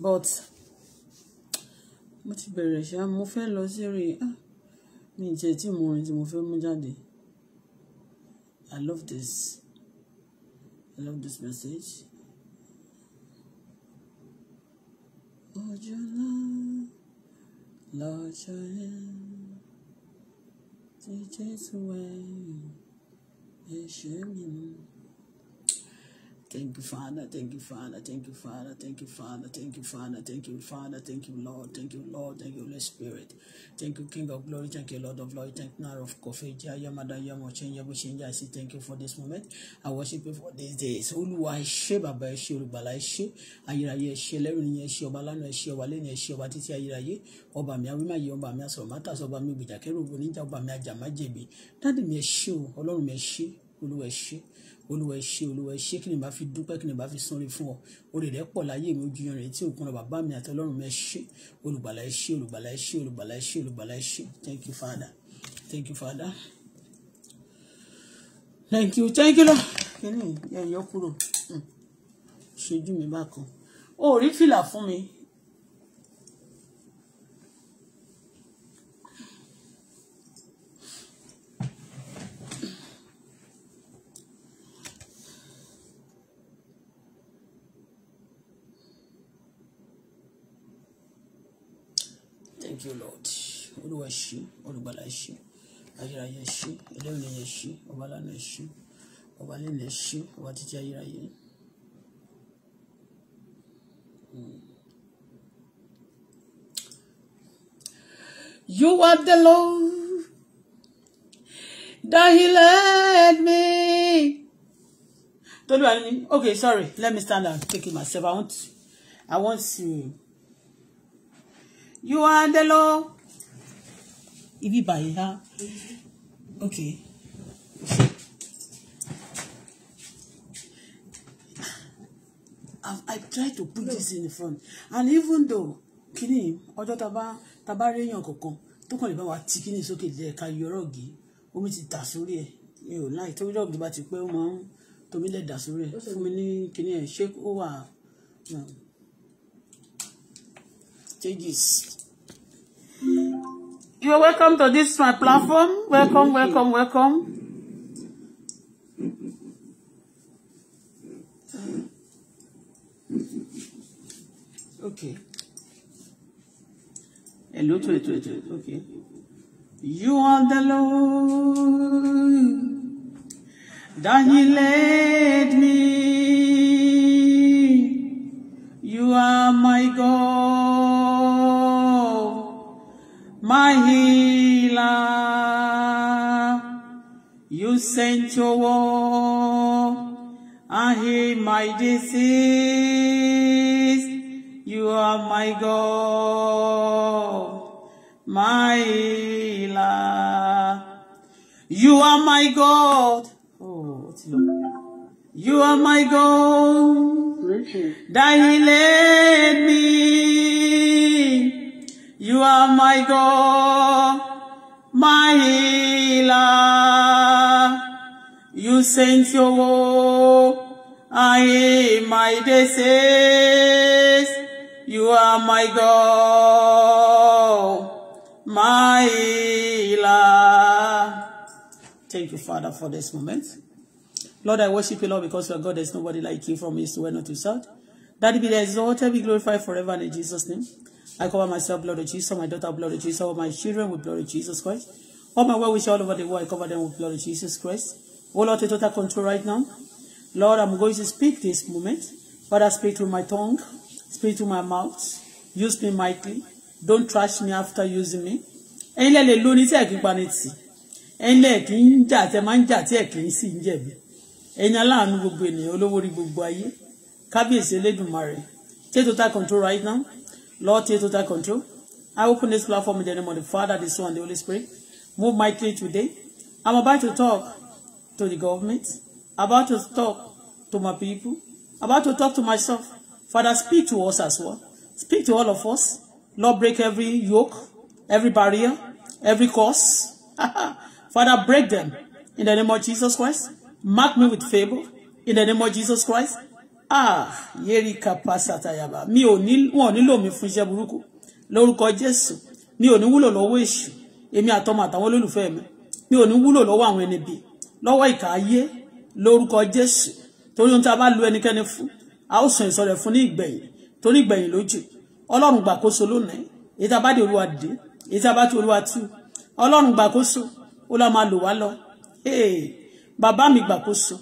but mo ti bẹ̀rẹ̀ ṣá mo fẹ́ lọ sí eré ah, mi ì jẹ́ tí mo rìn tí mo fẹ́ mú jáde I love this I love this message. Ọjọ́ náà lọ́jọ́ yẹn ti Jésù wẹ̀yìn ẹ̀ṣẹ̀ mi mú. Thank you, Father. Thank you, Father. Thank you, Father. Thank you, Father. Thank you, Father. Thank you, Father. Thank you, Lord. Thank you, Lord. Thank you, Holy Spirit. Thank you, King of Glory. Thank you, Lord of Glory. Thank you, Lord of Kofi. I say thank you for this moment. I worship you for these days. Olúwa ẹ ṣé bàbá ẹ ṣé olùgbàlà ẹ ṣé ayérayé ẹ ṣé lẹ́rù ni ẹ ṣé ọba lánàá ẹ ṣé ọba lẹ́nu ẹ ṣé mi awímáyé ọba mi asọ̀rọ̀ mátàsọ ọba mi gbìjà kẹrù ogun níjà ọba mi ajàmájèbi olúwa ẹ ṣé olúwa ẹ ṣé kí ni bá fi dúpẹ́ kí ni bá fi sanre fún ọ orí rẹ pọ̀ láyé mi ojú yan rẹ tí òkun rẹ bàbá mi àti ọlọ́run mi ẹ olùgbàlà ẹ olùgbàlà ẹ olùgbàlà ẹ olùgbàlà ẹ thank you father thank you father thank you thank you lọ kí ni yẹn yọ kúrò hmm. ṣojú mi bá kan o rí fìlà fún mi olúwa ẹ olùgbàlà ẹ ṣé ayérayé ẹ ṣé ẹlẹ́rìí ẹ ṣé ọba ọba títí ayérayé. You are the Lord that He led me. Don't do Okay, sorry. Let me stand up, take it myself. I want I want to. You are the Lord ibi báyìí ha ok I, I try to put this in the front and even though kíní ọjọ́ taba taba réèyàn kankan tó kàn lè bá wa ti kíní sókè lẹ́ẹ̀ ká yọ rọ́ọ̀gì omi ti dà sórí ẹ̀ mi ò láì tó rọ́ọ̀gì bá ti pẹ́ ó máa ń tomi lẹ̀ dà sórí ẹ̀ fún mi ní kíní ẹ̀ ṣé ó wà um, changes. Mm -hmm. You're welcome to this my platform. Welcome, welcome, welcome. Okay. Hello, to it, Okay. You are the Lord that you led me. You are my God my You sent your word and healed my disease. You are my God, my You are my God. Oh, what's it? You are my God. Richard. That he led me. You are my God, my healer. You sent your word, I am my disease. You are my God, my healer. Thank you, Father, for this moment. Lord, I worship you, Lord, because you are God. There's nobody like you from east to west, north to south. That be exalted, be glorified forever in Jesus' name. I cover myself, blood of Jesus, my daughter, blood of Jesus, all my children with blood of Jesus Christ. All my well wishes all over the world, I cover them with blood of Jesus Christ. Oh Lord, take total control right now. Lord, I'm going to speak this moment. Father, speak through my tongue, speak through my mouth. Use me mightily. Don't trash me after using me. Ẹ̀yin lẹ lè tí ẹ kì í pa tì. Ẹ̀yin lẹ kì í jà tẹ máa ń jà tí ẹ kì í sì ń jẹ̀bi. Ẹ̀yin aláàánú gbogbo ènìyàn olówó orí gbogbo ayé. Kábíyèsí Elédùmarè. Take total control right now. Lord, take total control. I open this platform in the name of the Father, the Son, and the Holy Spirit. Move my mightily today. I'm about to talk to the government, about to talk to my people, about to talk to myself. Father, speak to us as well. Speak to all of us. Lord, break every yoke, every barrier, every curse. Father, break them in the name of Jesus Christ. Mark me with favor in the name of Jesus Christ ah yeri kapa satayaba mi ò ní wọn nílò mi fún iṣẹ́ burúkú lórúkọ Jésù mi ò ní wúlò lọ́wọ́ èṣù èmi àtọmọ àtàwọn olólùfẹ́ mi mi ò ní wúlò lọ́wọ́ àwọn ẹni bí lọ́wọ́ ìkà ayé lórúkọ Jésù torí ohun tí a bá lu ẹnikẹ́ni fún a ó sàn ìsọ̀rẹ̀ fún ní ìgbẹ̀yìn torí ìgbẹ̀yìn lójú Ọlọ́run gbàkóso lónìí èyí tá a bá dé Olúwa dé èyí tá a bá tú Olúwa tú Ọlọ́run gbàkóso ó lọ máa lò wá lọ bàbá mi gbàkóso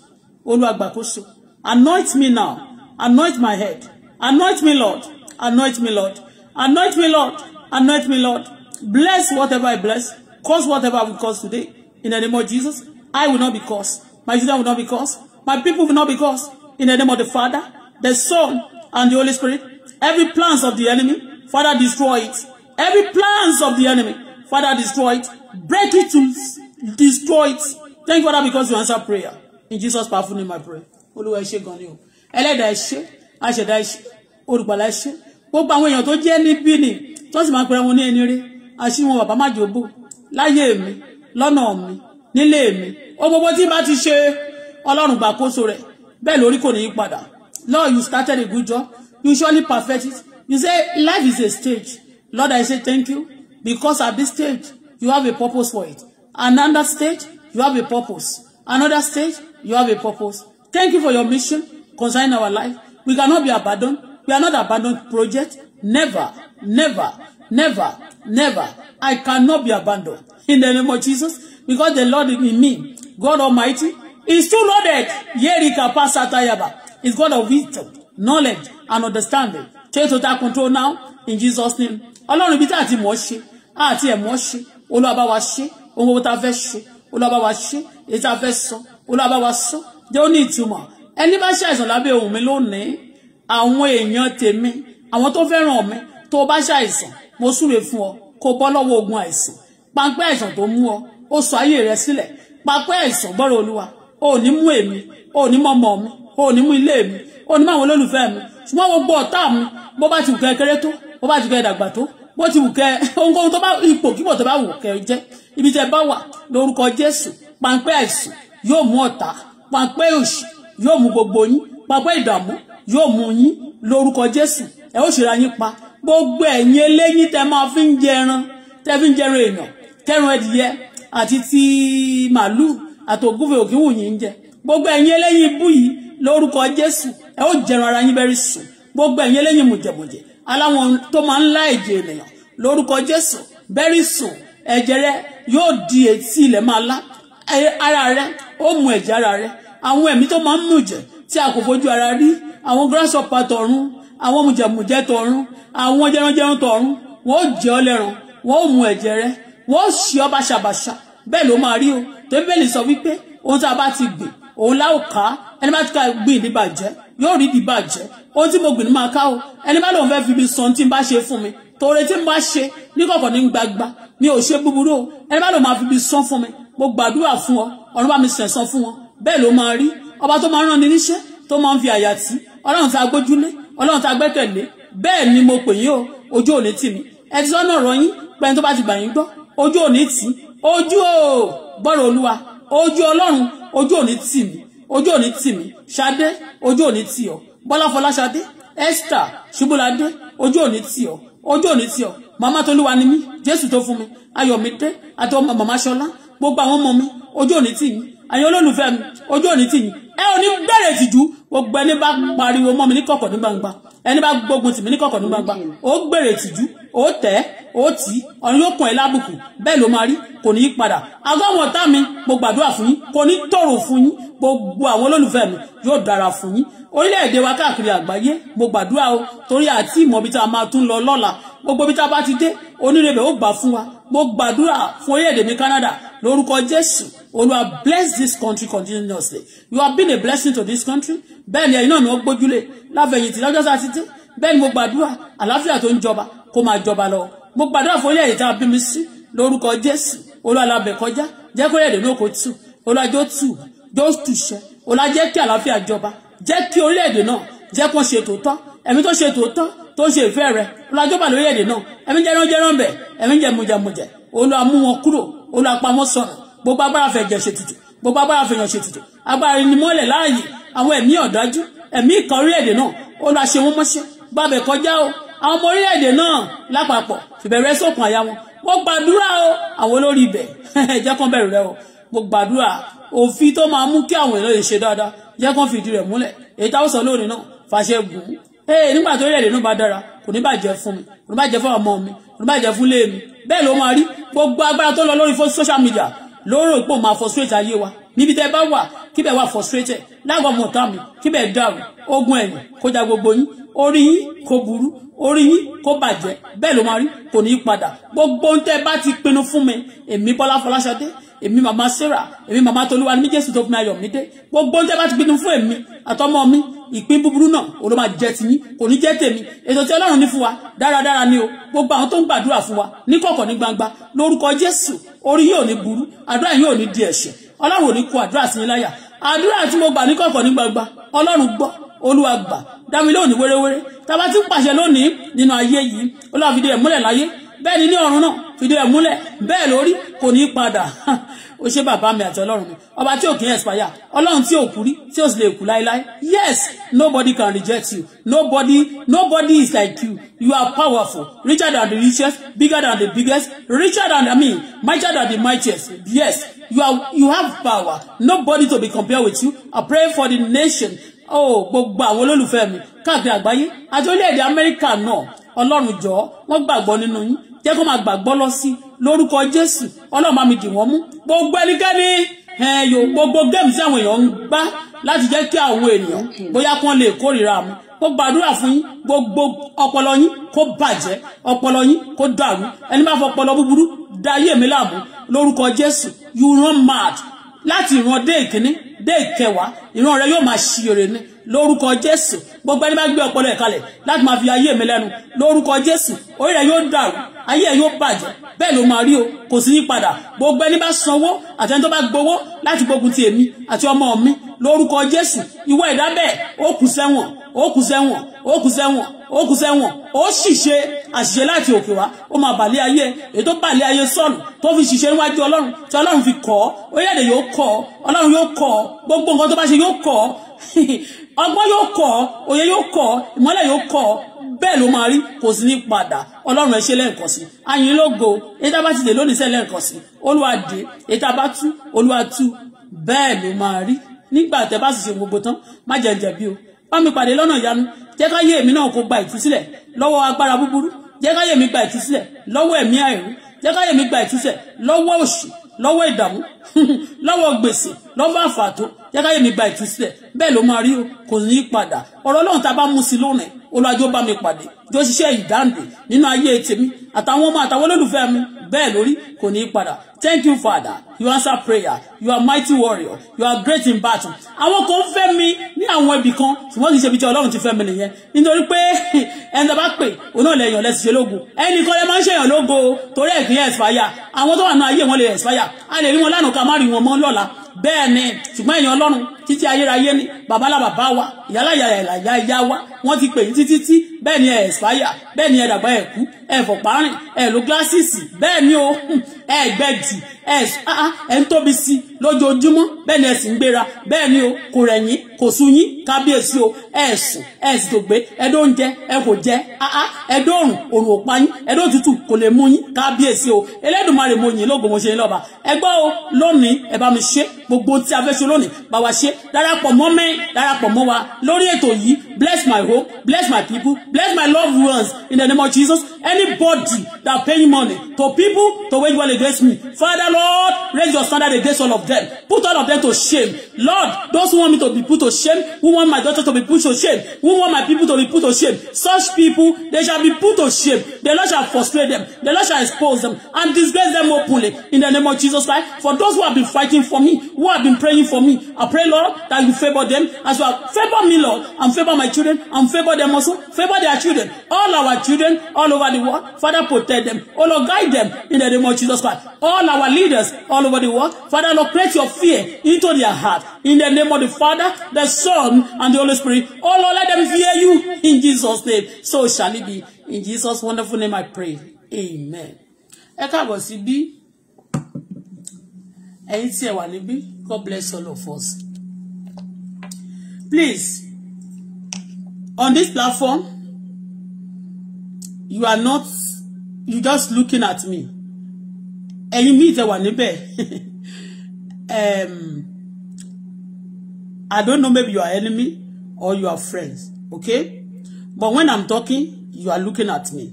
Olúwa gbàkóso Anoint me now. Anoint my head. Anoint me, Lord. Anoint me, Lord. Anoint me, Lord. Anoint me, Lord. Bless whatever I bless. Cause whatever I will cause today. In the name of Jesus, I will not be cursed. My children will not be cursed. My people will not be cursed. In the name of the Father, the Son, and the Holy Spirit. Every plans of the enemy, Father, destroy it. Every plans of the enemy, Father, destroy it. Break it to destroy it. Thank you, Father, because you answer prayer. In Jesus' powerful name, I pray olúwa ẹ ṣé gan ni o ẹlẹ́dàá ẹ ṣé aṣẹ̀dá ẹ ṣé olùgbàlà ẹ ṣé gbogbo àwọn èèyàn tó jẹ́ níbí ni tó sì máa pẹ́ra wọn ní ẹni rí àṣìwọ̀n bàbá májòbó láyé mi lọ́nà mi nílé mi ó gbogbo tí bá ti ṣe ọlọ́run gbàkóso rẹ̀ bẹ́ẹ̀ lórí kò ní í padà Lord you started a good job you surely perfect it you say life is a stage Lord I say thank you because at this stage you have a purpose for it another stage you have a purpose another stage you have a purpose Thank you for your mission concerning our life. We cannot be abandoned. We are not abandoned project. Never, never, never, never. I cannot be abandoned. In the name of Jesus, because the Lord in me, God Almighty, is too loaded. Yerika pasatayaba. Is God of wisdom, knowledge, and understanding. Take total control now in Jesus' name. Ọlọ́run ibi tí àti mọ̀ ṣe, àti ẹ̀mọ́ ṣe, olúwa bá wa ṣe, ohun gbogbo tá a fẹ́ ṣe, olúwa bá wa ṣe, èyí tá a fẹ́ sọ, olúwa bá wa sọ, jẹ́ ó ní ìtumọ̀ ẹni bá ṣàìsàn lábẹ́ ohùn mi lónìí àwọn èèyàn tèmi àwọn tó fẹ́ràn mi tó bá ṣàìsàn mo súre fún ọ kó bọ́ lọ́wọ́ ogun àìsàn pápẹ́ àìsàn tó mú ọ ó sọ ayé rẹ sílẹ̀ pápẹ́ àìsàn gbọ́rọ̀ olúwa ó ní mú èmi ó ní mọ́ ọmọ mi ó ní mú ilé mi ó ní mú àwọn olólùfẹ́ mi ṣùgbọ́n gbogbo ọ̀tá mi bó bá ti wù kẹ́ kéré tó bó bá ti wù kẹ́ dàgbà tó bó ti wù kẹ́ ohunkóhun tó bá ipò kíkò tó bá wù kẹ́ jẹ́ ibi tẹ́ bá wà lórúkọ jésù pápẹ́ àìsàn yóò mú ọ̀tá pàpẹ́ òṣì yóò mú gbogbo yín pàpẹ́ ìdààmú yóò mú yín lórúkọ jésù ẹ ó ṣèrà yín pa gbogbo ẹ̀yin eléyín tẹ máa fi ń jẹran tẹ fi ń jẹran èèyàn ẹdìyẹ àti ti màálù àtògúnfẹ òkìwù yín ń jẹ gbogbo yìí lórúkọ jésù ẹ ó jẹran ara yín gbogbo mùjẹ̀mùjẹ̀ aláwọn tó máa ń lá ẹ̀jẹ̀ ènìyàn jésù sùn ẹ̀jẹ̀ rẹ di ara rẹ ó mu ẹ̀jẹ̀ ara rẹ àwọn ẹ̀mí tó máa ń mú jẹ tí a kò fojú ara rí àwọn grasshopper tọ̀run àwọn mùjẹmùjẹ tọ̀run àwọn jẹranjẹran tọ̀run wọ́n ó jẹ ọ́ lẹ́ran wọ́n ó mu ẹ̀jẹ̀ rẹ wọ́n ó ṣì ọ́ báṣabàṣa bẹ́ẹ̀ ló máa rí o torí bẹ́ẹ̀ lè sọ wípé ohun tí a bá ti gbìn òun láò ká ẹni bá ti ká gbìn ní yóò rí di ohun tí mo gbìn ní máa ká o ẹni bá lòun fẹ́ fi mi san tí n bá ṣe fún mi torí tí n bá ṣe ní kọ̀kọ̀ ní gbagba mi ò búburú o ẹni bá lòun máa fi mi san fún mi mo gbàdúrà fún ọ ọ̀run bá mi sẹ̀sán fún wọn bẹ́ẹ̀ ló máa rí ọba tó máa ń rán ni níṣẹ́ tó máa ń fi àyà tí ọlọ́run tá a gbójúlé ọlọ́run tá a gbẹ́kẹ̀lé bẹ́ẹ̀ ni mo pè yín o ojú òní tì mí ẹ ti sọ́nà ọ̀rọ̀ yín pẹ́ni tó bá ti gbà yín gbọ́ ojú òní tì í ojú o gbọ́rọ̀ olúwa ojú ọlọ́run ojú òní tì mí ojú òní tì mí ṣadé ojú òní tì ọ bọ́lá fọlá ṣadé esther ṣubúladé ojú òní tì ọ ojú òní tì ọ màmá tolúwa ni mí jésù tó fún mi ayọ̀ mi dé àti màmá ṣọlá gbogbo àwọn ọmọ mi ojú òní tì yín àyìn olólùfẹ́ mi ojú òní tì yín ẹ ò ní bẹ̀rẹ̀ ìtìjú gbogbo ẹni bá pariwo mọ́ mi ní kọ̀kọ̀ ní gbangba ẹni bá gbógun tì mí ní kọ̀kọ̀ ní gbangba ó gbèrè ìtìjú ó tẹ̀ ó tì í ọ̀run yóò pọ̀ ẹ́ lábùkù bẹ́ẹ̀ ló máa rí kò ní í padà agbáwọn ọ̀tá mi mo gbàdúrà fún yín kò ní tòrò fún yín gbogbo àwọn olólùfẹ́ mi yóò dára fún yín orílẹ̀-èdè wa káàkiri àgbáyé mo gbàdúrà o torí àti ìmọ̀ bí tá máa tún lọ lọ́la gbogbo bí tá bá ti dé onírèbè ó gbà fún wa mo gbàdúrà fún orílẹ̀-èdè mi Canada lórúkọ Jésù Olúwa bless this country continuously you have been a blessing to this country bẹ́ẹ̀ ni ẹ̀yin náà ni wọ́n gbójúlé láfẹ̀yìntì lọ́jọ́ sátidé bẹ́ẹ̀ ni mo gbàdúrà àlàáfíà tó ń jọba kó máa jọba lọ mo gbàdúrà fún orílẹ̀-èdè tá a bí mi sí lórúkọ jésù olúwalàbẹ̀ kọjá jẹ́ kó orílẹ̀-èdè náà kó tù olúwàjọ́ tù jọ́ tùṣẹ́ olúwàjẹ́ kí àlàáfíà jọba jẹ́ kí orílẹ̀-èdè náà jẹ́ kó ṣe tòótọ́ ẹ̀mí tó ṣe tòótọ́ tó ṣe ìfẹ́ rẹ̀ olúwàjọba lórílẹ̀-èdè náà ẹ̀mí jẹ́rán jẹ́rán bẹ̀ ẹ̀mí jẹ̀mujẹ̀mujẹ̀ olúwamú wọn kúrò olúwapamọ́ sọ̀rọ̀ gbogbo agbára fẹ̀jẹ̀ ṣètùtù gbogbo agbára fẹ̀yàn agbára ìnimọ́lẹ̀ láàyè ṣe wọ́n mọ́ṣẹ́ gbàbẹ̀ kọjá àwọn ọmọ orílẹ̀-èdè náà lápapọ̀ fìbẹ̀rẹ̀ sókun àyà wọn mo gbàdúrà o àwọn olórí ibẹ̀ jẹ́ kán bẹ̀rù rẹ o mo gbàdúrà òfin tó máa mú kí àwọn èèyàn lè ṣe dáadáa jẹ́ kán fìdí rẹ̀ múlẹ̀ èyí táwọn sọ lónìí náà fàṣẹgùn ee nígbà tó orílẹ̀-èdè náà bá dára kò ní bàjẹ́ fún mi kò ní bàjẹ́ fún ọmọ mi kò ní bàjẹ́ fún lé mi bẹ́ẹ̀ ló máa rí gbogbo agbára tó lọ lórí social media lóró ìpò máa frustrate ayé wa níbi tẹ́ bá wà kíbẹ̀ wà frustrated láwọn ọmọ ọ̀tá mi kíbẹ̀ dàrú ogun ẹ̀yìn kó ja gbogbo yín orí yín kó burú orí yín kó bàjẹ́ bẹ́ẹ̀ ló máa rí kò ní í padà gbogbo ń tẹ́ bá ti pinnu fún mi èmi Bọ́lá Fọláṣadé èmi màmá sarah èmi màmá tolúwa ní jésù tó fi máa yọ mí dé gbogbo ń tẹ́ bá ti pinnu fún èmi àtọmọ mi ìpín búburú náà òun ló máa jẹ kò ní jẹ tèmi ètò tí ọlọ́run ní fún wa dáradára ni o gbogbo àwọn tó ń gbàdúrà fún wa ní kọ̀kọ̀ ní gbangba lórúkọ jésù orí yóò ní burú àdúrà yóò ní di ẹ̀ṣẹ̀ ọlọ́run ò ní kó àdúrà sí láyà àdúrà tí mo gbà ní kọ̀ọ̀kan ní gbangba ọlọ́run gbọ́ olúwa gbà dámi lónìí wéréwéré tàbá tí ń pàṣẹ lónìí nínú ayé yìí olúwa fìdí ẹ̀ múlẹ̀ láyé bẹ́ẹ̀ ni ní ọ̀run náà fìdí ẹ̀ múlẹ̀ bẹ́ẹ̀ lórí kò ní padà ó ṣe bàbá mi àti ọlọ́run mi ọba tí ò kí ń expire ọlọ́run tí ò kú rí tí ò sì lè kú láéláé yes nobody can reject you nobody nobody is like you you are powerful richer than the richest bigger than the biggest richer than I mean mightier than the mightiest yes you are you have power nobody to be compared with you I pray for the nation oh gbogbo àwọn olólùfẹ́ mi káàkiri àgbáyé àti orílẹ̀-èdè Amẹ́ríkà náà ọlọ́run jọ̀ọ́ wọ́n gbàgbọ́ nínú yín jẹ́ kó máa gbàgbọ́ lọ sí i lórúkọ jésù ọlọ́run má mi dì wọ́n mú gbogbo ẹnikẹ́ni ẹ̀yọ́ gbogbo games àwọn èèyàn ń gbá láti jẹ́ kí àwọn ènìyàn bóyá kí wọ́n lè kórìíra mu kó gbàdúrà fún yín gbogbo ọpọlọ yín kó bàjẹ́ ọpọlọ yín kó dàrú ẹni máa fọ ọpọlọ búburú da ayé mi láàmú lórúkọ jésù you run mad láti ìran dé ìkíní dé ìkẹwàá ìran rẹ yóò máa ṣiyèrè ni lórúkọ jésù gbogbo ẹni bá gbé ọpọlọ ẹ̀ kalẹ̀ láti máa fi ayé mi lẹ́nu lórúkọ jésù orí rẹ̀ yóò dàrú ayé ẹ̀ yóò bàjẹ́ bẹ́ẹ̀ ló máa rí o kò sí ní padà gbogbo ẹni bá sanwó àti ẹni tó bá gbowó láti gbógun ti èmi àti ọmọ mi lórúkọ jésù ìwọ ẹ̀dá bẹ́ẹ̀ ó kù sẹ́wọ̀n ó kù sẹ́wọ̀n ó kù sẹ́wọ̀n ó kù sẹ́wọ̀n ó sì ṣe àṣìṣe láti òkè wá ó máa bàlẹ́ ayé èyí tó bàlẹ́ ayé sọ̀nù tó fi ṣiṣẹ́ níwájú ọlọ́run tí ọlọ́run fi kọ́ ó yẹ̀dẹ̀ yóò kọ́ ọlọ́run yóò kọ́ gbogbo nǹkan tó bá ṣe yóò kọ́ ọgbọ́n yóò kọ́ òye yóò kọ́ ìmọ́lẹ̀ yóò kọ́ bẹ́ẹ̀ ló máa rí kò sí ní padà ọlọ́run ẹ ṣe lẹ́ǹkan sí àyìn lógo èyí tá a bá ti dè lónìí sẹ́ lẹ́ǹkan sí olúwa dè èyí tá a bá tú olúwa tú bẹ́ẹ̀ ló máa rí nígbà tẹ́ bá sì ṣe gbogbo tán má jẹ́ jẹ̀bi o bá mi pàdé lọ́nà ìyanu jẹ́ ká yé èmi náà kó gba ìtúsílẹ̀ lọ́wọ́ agbára búburú jẹ́ ká yé mi gba ìtúsílẹ̀ lọ́wọ́ lọ́wọ́ gbèsè lọ́wọ́ àfàtó jẹ́ká yèmí gba ìtúsílẹ̀ bẹ́ẹ̀ ló máa rí o kò ní í padà ọ̀rọ̀ ọlọ́run tá a bá mú sí lónìí olùwàjò bá mi pàdé jó ṣiṣẹ́ ìdáǹdè nínú ayé tèmi àtàwọn ọmọ àtàwọn olólùfẹ́ mi bẹ́ẹ̀ lórí kò ní í padà thank you father you answer prayer you are mighty warrior you are great in battle àwọn kan fẹ́ mi ní àwọn ibì kan ṣùgbọ́n kì í ṣe ibi tí ọlọ́run ti fẹ́ mi nìyẹn nítorí pé ẹni tó bá pè òun náà lẹ́yìn ọ̀lẹ́sìn ṣe lógo ẹnì kan lè máa ń ṣèyàn lógo torí ẹ̀kínyẹ̀ ẹ̀sìfáyà àwọn tó wà ní ayé wọn lè ẹ̀sìfáyà a lè rí wọn lánàá ká má rí wọn mọ́ lọ́la bẹ́ẹ̀ ni ṣùgbọ́n èèyàn ọlọ́run títí ayérayé ni babalá bàbá wa ìyálàyà ìlàyà ìyá wa wọ́n ti pè yín títí tí bẹ́ẹ̀ ni ẹ̀ ẹ̀sìpáyà bẹ́ẹ̀ ni ẹ̀ dàgbà ẹ̀ kú ẹ̀ fọ̀párìn ẹ̀ ló gíláṣìsì bẹ́ẹ̀ ni o ẹ̀ gbẹ̀jì ẹ̀ ń tóbi sí lójoojúmọ́ bẹ́ẹ̀ ni ẹ̀ sì ń gbéra bẹ́ẹ̀ ni o kò rẹ̀yìn kò sun yín kábíyèsí o ẹ̀ sùn ẹ̀ sì tó gbé ẹ̀dọ́ oúnjẹ ẹ̀ kò jẹ ah, ah, ẹ̀dọ́ òrùn òrùn òpa yín ẹ̀dọ́ òtútù kò lè mú yín kábíyèsí o Elédùmarè mo yìn lógo mo ṣe ń lọ́ba ẹgbọ́ o lónìí ẹ mi ṣe gbogbo tí a fẹ́ ṣe lónìí bá wa ṣe darapọ̀ mọ́ mẹ́ darapọ̀ mọ́ wa lórí ètò yìí bless my home bless my people bless my loved ones in the name of Jesus anybody that pay money to people to wage war against me Father Lord raise your standard against all of them put all of them to shame Lord those who want me to be put to shame who want my daughter to be put to shame who want my people to be put to shame such people they shall be put to shame the Lord shall frustrate them the Lord shall expose them and disgrace them openly in the name of Jesus Christ for those who have been fighting for me who have been praying for me. I pray, Lord, that you favor them as well. Favor me, Lord, and favor my children, and favor them also. Favor their children, all our children, all over the world. Father, protect them. Oh, Lord, guide them in the name of Jesus Christ. All our leaders, all over the world. Father, Lord, place your fear into their heart. In the name of the Father, the Son, and the Holy Spirit. Oh, Lord, let them fear you in Jesus' name. So shall it be. In Jesus' wonderful name I pray. Amen. Eka káàbọ̀ sí ẹ̀yin tí ẹ wà níbí God bless all of us please on this platform you are not you just looking at me ẹ̀yin mi tẹ́ wà níbẹ̀ um, I don't know maybe you are enemy or you are friends okay but when I'm talking you are looking at me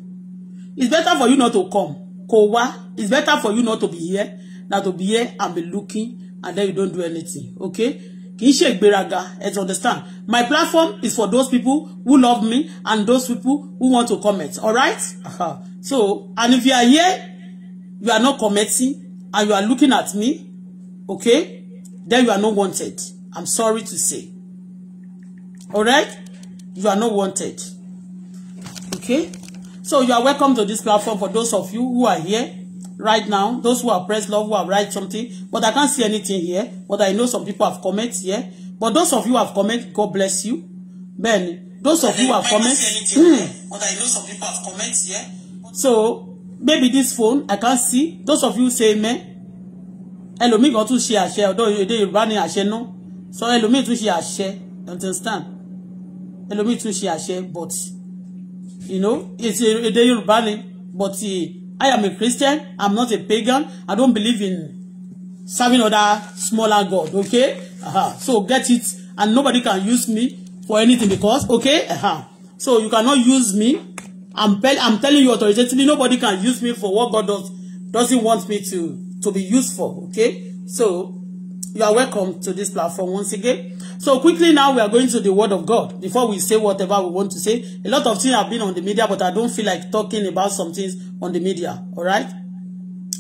it's better for you not to come kò wá it's better for you not to be here that to be here and be looking and then you don't do anything okay kì í ṣe ìgbéraga ẹ ti understand my platform is for those people who love me and those people who want to comment alright uh-huh. so and if you are here you are not commenting and you are looking at me okay then you are not wanted I'm sorry to say alright you are not wanted okay so you are welcome to this platform for those of you who are here right now. Those who are pressed, love who have write something. But I can't see anything here. But I know some people have comment here. But those of you have comment, God bless you. Ben, those of you who have comments. Mm, but I know some people have comments here. So, maybe this phone, I can't see. Those of you say amen. Ẹlòmíì go to ṣe àṣẹ ọ̀dọ̀ you dey ni àṣẹ no, So to tún ṣe àṣẹ. Understand? Ẹlòmíì to ṣe àṣẹ but you know, it's a day Yorùbá ni but. Uh, I am a Christian. I'm not a pagan. I don't believe in serving other smaller God. Okay? Uh-huh. So get it. And nobody can use me for anything because, okay? Uh-huh. So you cannot use me. I'm, I'm telling you authoritatively, nobody can use me for what God does, doesn't want me to, to be used for. Okay? So you are welcome to this platform once again. So quickly now we are going to the word of God before we say whatever we want to say. A lot of things have been on the media, but I don't feel like talking about some things on the media. All right.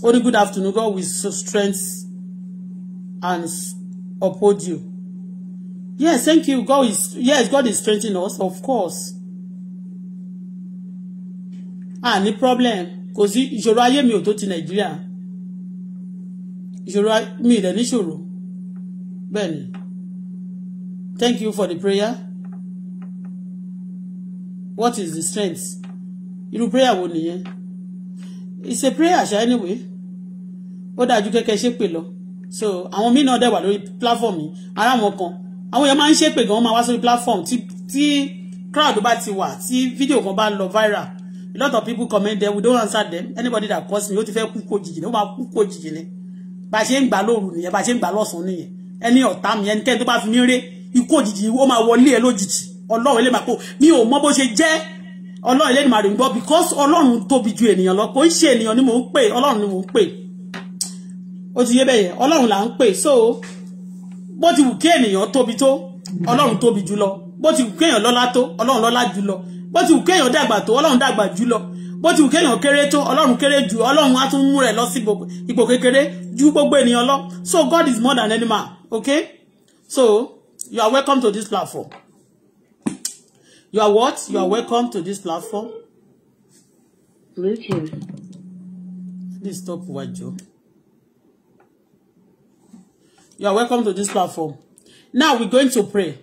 Only good afternoon, God will strength and uphold you. Yes, thank you. God is yes, God is strengthening us, of course. Ah, ní problem kò you ìṣòro me mi ò tó ti Nàìjíríà ìṣòro mi ìdẹ̀ níṣòro bẹ́ẹ̀ Thank you for the prayer. What is the strength? Irú prayer wo nìyẹn? It's a prayer ṣá anyway. Ó dájú kẹ́kẹ́ ṣépè lọ. So àwọn míì náà dẹ̀ wà lórí platform yìí. Ara wọn kan. Àwọn èèyàn máa ń ṣépè gan, wọ́n máa wá sórí platform tí tí crowd bá ti wà tí fídíò kan bá lọ viral. A lot of people comment there, we don't answer them. Anybody that calls me, ó ti fẹ́ kú kó jìjì ni, ó máa kú kó jìjì ni. Bá a ṣe ń gbà lóru nìyẹn, bá a ṣe ń gbà lọ́sàn-án nìyẹn. Ẹni ọ̀tá mi, ẹnikẹ́ni tó bá fi mí ré ikú òjijì ó máa wọlé ẹ lójijì ọlọ́run ilé máa kó mi ò mọ bó ṣe jẹ́ ọlọ́run ilé màá rí gbọ́ because ọlọ́run tóbi ju ènìyàn lọ kò ń ṣe ènìyàn ni mò ń pè ọlọ́run ni mò ń pè ó ti yé bẹ́ẹ̀ yẹn ọlọ́run là ń pè so bó ti wù kí ènìyàn tóbi tó ọlọ́run tóbi jù lọ bó ti wù kí èèyàn lọ́lá tó ọlọ́run lọ́lá jù lọ bó ti wù kí èèyàn dàgbà tó ọlọ́run dàgbà jù lọ bó ti wù kéèyàn kéré tó ọlọ́run kéré jù ọlọ́run á tún mú rẹ̀ lọ sí ipò kékeré ju gbogbo ènìyàn lọ so God is more than any man okay so you are welcome to this platform you are what you are welcome to this platform. Bluetooth. Please stop Joe? You are welcome to this platform. Now we're going to pray.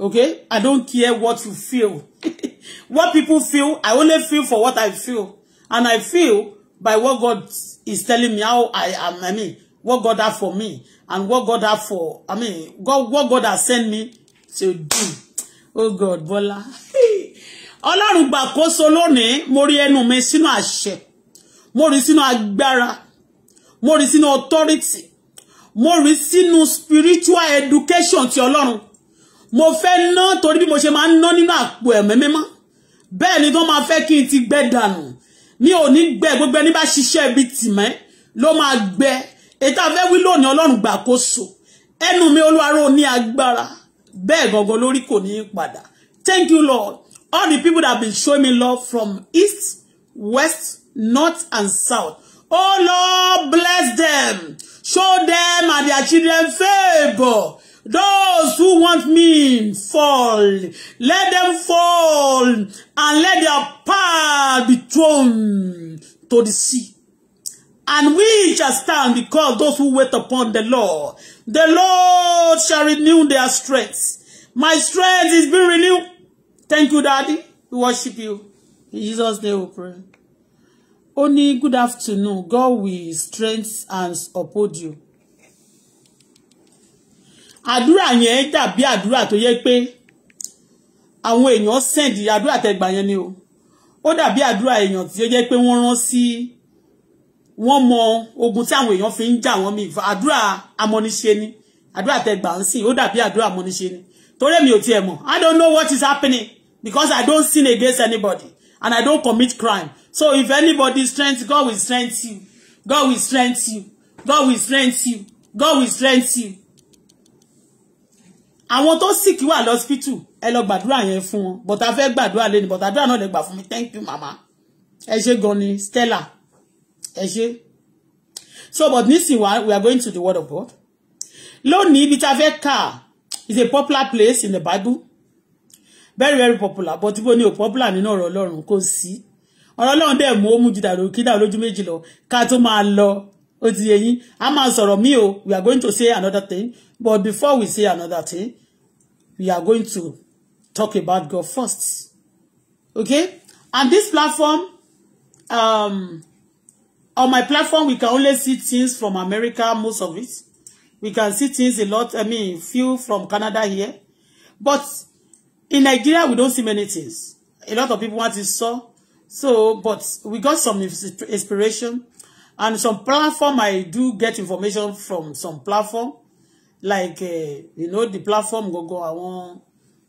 Okay? I don't care what you feel. What people feel, I only feel for what I feel. And I feel by what God is telling me how I am. I mean, what God has for me and what God has for, I mean, God, what God has sent me to do. Oh God, Bola. Ọlọ́run gbàkóso lónìí, mo rí ẹnu mi sínú àṣẹ, mo rí sínú agbára, mo rí sínú authority, mo rí sínú spiritual education ti Ọlọ́run. Mo fẹ́ ná torí bí mo ṣe máa ń ná nínú àpò ẹ̀mí mímọ́. Bẹ́ẹ̀ ni tó máa fẹ́ kí n ti gbẹ dànù. Mi ò ní gbẹ gbogbo ẹni bá ṣiṣẹ́ ibi tì mẹ́ ló máa gbẹ ètò àfẹ́ wí lónìí ọlọ́run gbàkóso ẹnu mi olúwarò ní agbára bẹ́ẹ̀ gangan lórí kò ní padà thank you lord all the people that have been showing me love from east west north and south oh lord bless them show them and their children favour those who want me fall let them fall and let their path be thrown to the sea. And we shall stand because those who wait upon the Lord, the Lord shall renew their strength. My strength is being renewed. Thank you, Daddy. We worship you. In Jesus' name we pray. Only good afternoon. God will strength and uphold you. Adura yẹn dàbí bi adura to pé àwọn èèyàn sendi àdúrà tẹ́gbà yẹn ni o. Ó dàbí àdúrà èèyàn tí ó Si wọ́n mọ ogun tí àwọn èèyàn fi ń jà wọ́n mi àdúrà amọ́niṣe ni àdúrà tẹgbà ń sìn ó dàbí àdúrà amọ́niṣe ni torí èmi ò tiẹ̀ mọ̀ I don't know what is happening because I don't sin against anybody and I don't commit crime so if anybody strength God will strength you God will strength you God will strength you God will strength you. àwọn tó sick wà lọ́sípítù ẹ lọ gbàdúrà yẹn fún wọn bọ̀tà fẹ́ gbàdúrà lẹ́nu bọ̀tà àdúrà náà lè gbà fún mi thank you mama ẹ ṣe gan ni Stella ẹ so but nísìnyí wa we are going to the word of God lónìí ibi tá a fẹ́ is a popular place in the Bible very very popular but bó ni ò popular nínú ọ̀rọ̀ Ọlọ́run kò sí ọ̀rọ̀ Ọlọ́run dẹ̀ mú ó mú ju dàrú kí dàrú lójú méjì lọ ká tó máa lọ ó ti yé a máa sọ̀rọ̀ mí o we are going to say another thing but before we say another thing we are going to talk about God first okay and this platform um, on my platform we can only see things from America most of it we can see things a lot I mean few from Canada here but in Nigeria we don't see many things a lot of people want to saw so but we got some inspiration and some platform I do get information from some platform like uh, you know the platform go go àwọn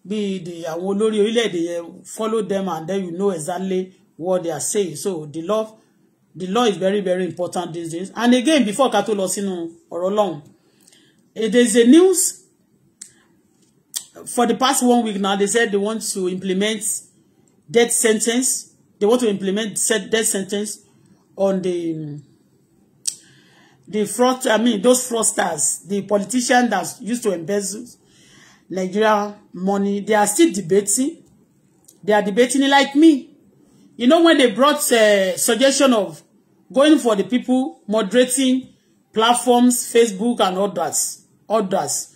be the àwọn olórí orílẹ̀-èdè yẹn follow them and then you know exactly what they are saying so the love the law is very very important these days and again before ká tó lọ sínú ọ̀rọ̀ ọlọ́run there is a news for the past one week now they said they want to implement death sentence they want to implement death sentence on the the fraud i mean those fraudsters the politicians that used to embezzle Nigeria money they are still debating they are debating like me You know, when they brought a uh, suggestion of going for the people, moderating platforms, Facebook and others, others,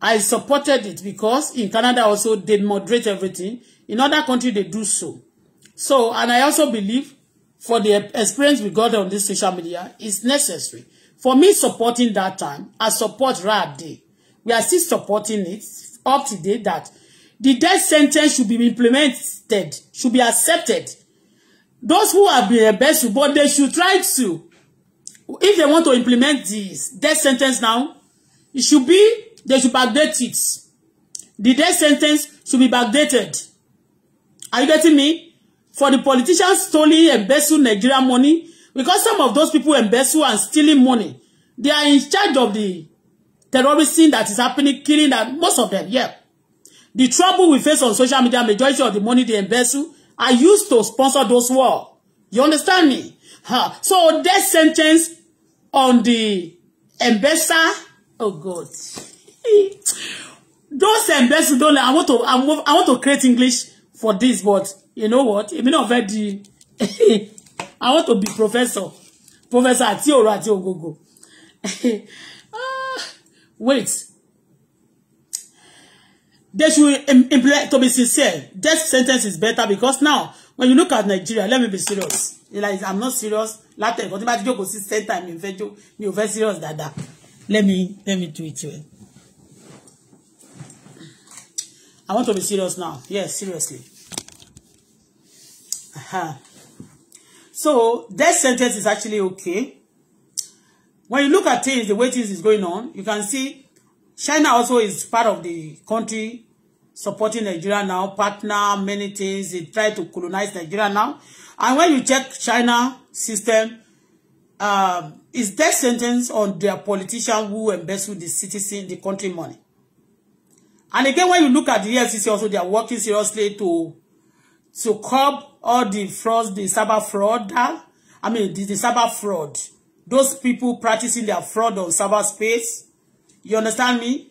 I supported it because in Canada also they moderate everything. In other countries, they do so. So, and I also believe for the experience we got on this social media is necessary. For me, supporting that time, I support right day. We are still supporting it up to date that the death sentence should be implemented, should be accepted Those who have been embezzled, but they should try to, if they want to implement this death sentence now, it should be, they should backdate it. The death sentence should be backdated. Are you getting me? For the politicians stealing embezzled Nigeria money, because some of those people embezzle and stealing money, they are in charge of the terrorism that is happening, killing that, most of them, yeah. The trouble we face on social media, majority of the money they embezzle I used to sponsor those war. You understand me? Huh. So death sentence on the embassy. Oh God. those embassy don't I want to I want, to create English for this, but you know what? Èmi not fẹ́ di I want to be professor. Professor àti ọ̀rọ̀ àti ògógó. wait they should implement to be sincere death sentence is better because now when you look at Nigeria let me be serious like i'm not serious Latin, but tí you go see sí center in fẹ́ jó very serious Dada, let me let me do it well i want to be serious now yes seriously aha so death sentence is actually okay when you look at things the way things is going on you can see China also is part of the country supporting Nigeria now, partner, many things. They try to colonize Nigeria now. And when you check China system, um, is death sentence on their politician who embezzle the citizen, the country money. And again, when you look at the EFCC also, they are working seriously to to curb all the frauds, the cyber fraud, uh, I mean, the, the cyber fraud. Those people practicing their fraud on cyberspace, You understand me?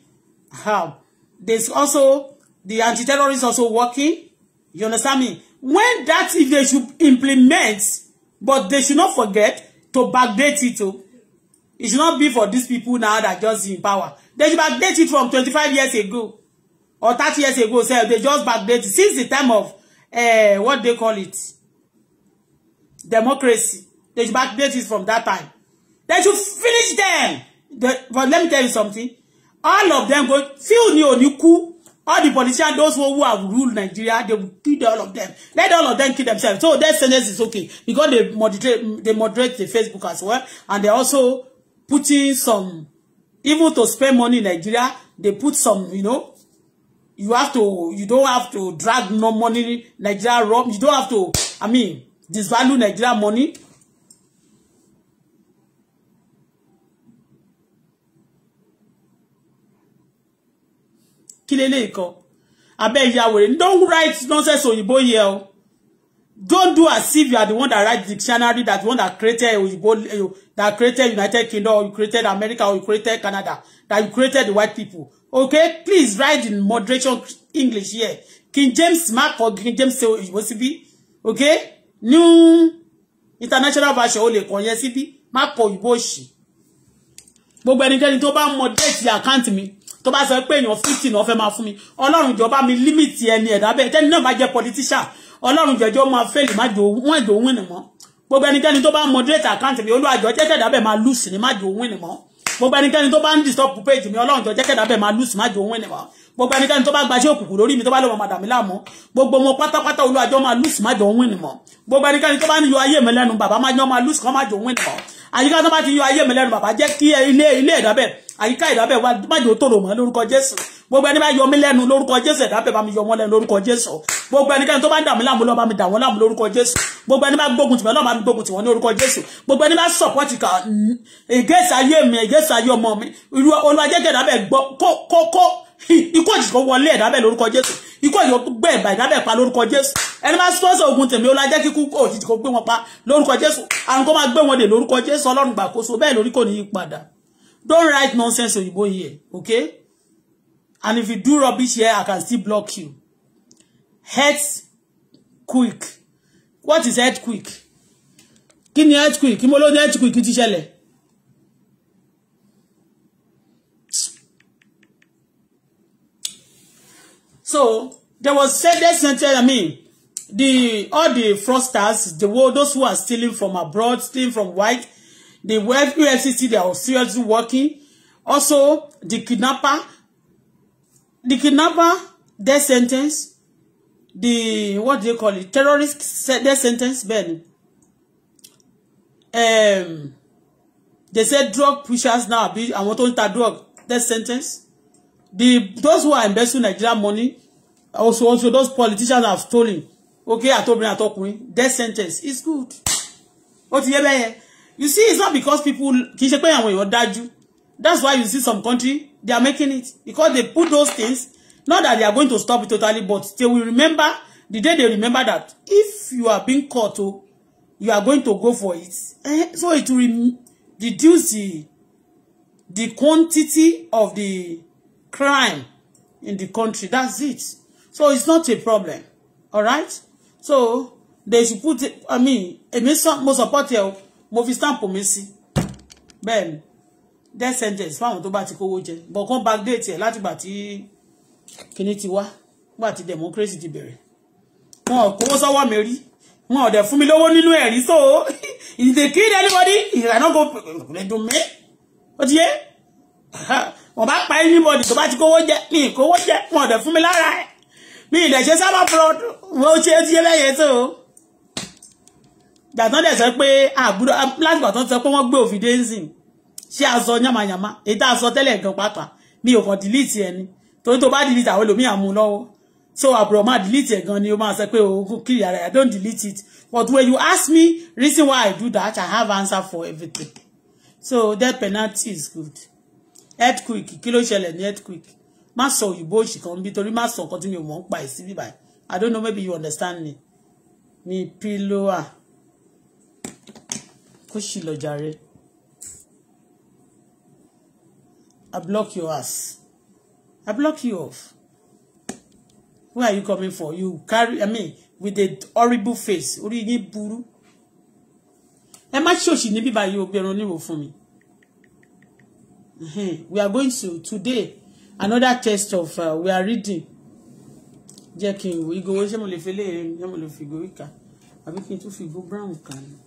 How? There's also the anti-terrorists also working. You understand me? When that, if they should implement, but they should not forget to backdate it. To. Oh. It should not be for these people now that just in power. They should backdate it from 25 years ago or 30 years ago. So they just backdate since the time of uh, what they call it, democracy. They should backdate it from that time. They should finish them the, but let me tell you something all of them go few ni oni ku all the politicians those who have ruled Nigeria they will kill all of them let all of them kill themselves so that sentence is okay because they moderate they moderate the Facebook as well and they also putting some even to spend money in Nigeria they put some you know you have to you don't have to drag no money Nigeria rob you don't have to I mean disvalue Nigeria money kí leléyìí kan abẹ́ ìyá don't write nonsense òyìnbó here. o don't do as if you are the one that write dictionary that one that created òyìnbó eh, that created United Kingdom or you created America or you created Canada that you created the white people okay please write in moderation English here King James mark or King James ṣe òyìnbó síbí okay new international version o lè kàn yẹn síbí má kọ òyìnbó òṣì gbogbo ẹnikẹ́ni to bá mọ déètì àkáǹtì mi tó bá sọ pé èèyàn fifty náà fẹ́ máa fún mi ọlọ́run jọba mi límìtì ẹni ẹ̀dá bẹ́ẹ̀ tẹ́ni náà bá jẹ́ politician ọlọ́run jẹjọ́ máa fẹ́lì má jò wọ́n jò wín mọ́ gbogbo ẹnikẹ́ni tó bá ń moderate account mi olúwàjọ jẹ́kẹ́ dábẹ́ ma lùsì ni ma jò win mọ́ gbogbo ẹnikẹ́ni tó bá ń disturb page mi ọlọ́run jọ jẹ́kẹ́ dábẹ́ máa lùsì má jò wín mọ́ gbogbo ẹnikẹ́ni tó bá gbaṣẹ́ òkùnkùn lórí mi tó bá lọ́wọ́ màdàmí láàmú gbogbo mo pátápátá olúwàjọ máa lùsì má jò wín mọ́ gbogbo ẹnikẹ́ni tó bá ń yọ ayé mi lẹ́nu bàbá ma jọ ma lùsì kọ́ má jò wín mọ́ àyíká tó bá ti yọ ayé mi lẹ́nu bàbá jẹ́ kí ilé ilé ẹ̀dá bẹ́ẹ̀ àyíká ìdábẹ̀ wa májò tòrò mọ́ lórúkọ jésù gbogbo ẹni bá yọ mí lẹ́nu lórúkọ jésù ìdábẹ̀ bá mi yọ wọ́n lẹ́nu lórúkọ jésù gbogbo ẹnikẹ́ni tó bá ń dààmú láàmú lọ́ọ́ bá mi dà wọ́n láàmú lórúkọ jésù gbogbo ẹni bá gbógun tìwọ́n náà bá mi gbógun tìwọ́n ní orúkọ jésù gbogbo ẹni bá sọ̀pọ̀tì kà ìgẹ́sì ayé mi ìgẹ́sì ayé ọmọ mi ìlú olùwàjẹ́kẹ̀ ìdábẹ̀ gbọ́ kókó ikú òjijì kò wọlé ìdábẹ̀ lórúkọ jésù ikú òjijì kò gbẹ ìbà ìdábẹ̀ pa lórúkọ jésù ẹni máa sọ́sọ̀ ogun tèmi ó la kíkú òjijì kò gbé wọn pa lórúkọ jésù àrùn kó máa gbé wọn dè lórúkọ jésù ọlọ́run gbàkóso bẹ́ẹ̀ lórí kò ní í padà. Don't write nonsense Oyibo here, okay? And if you do rubbish here, I can still block you. Earthquake! What is earthquake? Kini earthquake? Kimo health earthquake? Kí mo So, there was said that sentence, I mean, the all the fraudsters, the those who are stealing from abroad, stealing from white, The UFCC, they are seriously working. Also, the kidnapper, the kidnapper, death sentence, the, what do they call it, terrorist death sentence, Ben. Um, they said drug pushers now, I want to ta drug, death sentence. The, those who are investing Nigerian money, also, also those politicians have stolen. Okay, I I told me, àtobìnrin àtọkùnrin, death sentence, it's good. What ti yé you see it's not because people kì í ṣe pé àwọn that's why you see some country they are making it because they put those things not that they are going to stop it totally but they will remember the day they remember that if you are being caught o oh, you are going to go for it eh, so it will reduce the the quantity of the crime in the country that's it so it's not a problem all right so they should put i mean èmi sọ mo support ẹ mo fi stamp mi sí bẹ́ẹ̀ ni death sentence fáwọn tó bá ti kówó jẹ bọ̀kan backdate ẹ̀ látìgbà tí kinní ti wá nígbà tí democracy ti bẹ̀rẹ̀ wọn ò kówó sọ́wọ́ mi rí wọn ò dẹ̀ fún mi lówó nínú ẹ̀rí so if they kill anybody ìlànà go lẹ́dùn mi ó ti yé wọn bá pa anybody tó bá ti kówó jẹ mi kówó jẹ wọn ò dẹ̀ fún mi lára ẹ̀ mi ìdẹ̀ṣẹ́ sábà fraud wọn ó ṣe é ti yé lẹ́yẹ tó gbàtàn dẹ̀ sọ pé àbúrò láti gbàtàn sọ pé wọ́n gbé òfin dẹ́nsìn ṣé aṣọ yàmàyàmà èyí tá a sọ tẹ́lẹ̀ gan pàpà mi ò kàn dìlítì ẹni torí tó bá dìlítì àwọn ẹlòmíì àmú lọ́wọ́ so àbúrò máa dìlítì ẹ̀ gan ni ó máa sọ pé òun kiri ara ẹ̀ don't delete it but when you ask me reason why I do that I have answer for everything so that penalty is good earthquake kí ló ṣẹlẹ̀ ní earthquake má sọ òyìnbó òṣì kan bí torí má sọ nǹkan tí mi ò mọ̀ ń pa ẹ̀ sí bíbáyìí I don't know maybe you understand me mi pillow ah kó sì lọ jàre I block your ass I block you off Who are you coming for you carry I mean with a horrible face orí yín burú ẹ má ṣòṣì níbí báyìí obìnrin oníwò fún mi we are going to today another test of uh, we are reading jẹ́ kí n wo ìgò wo ṣé mo lè fi lè ṣé mo lè fi ìgò ìka àbí kí n tún fi ìgò brown kà ni.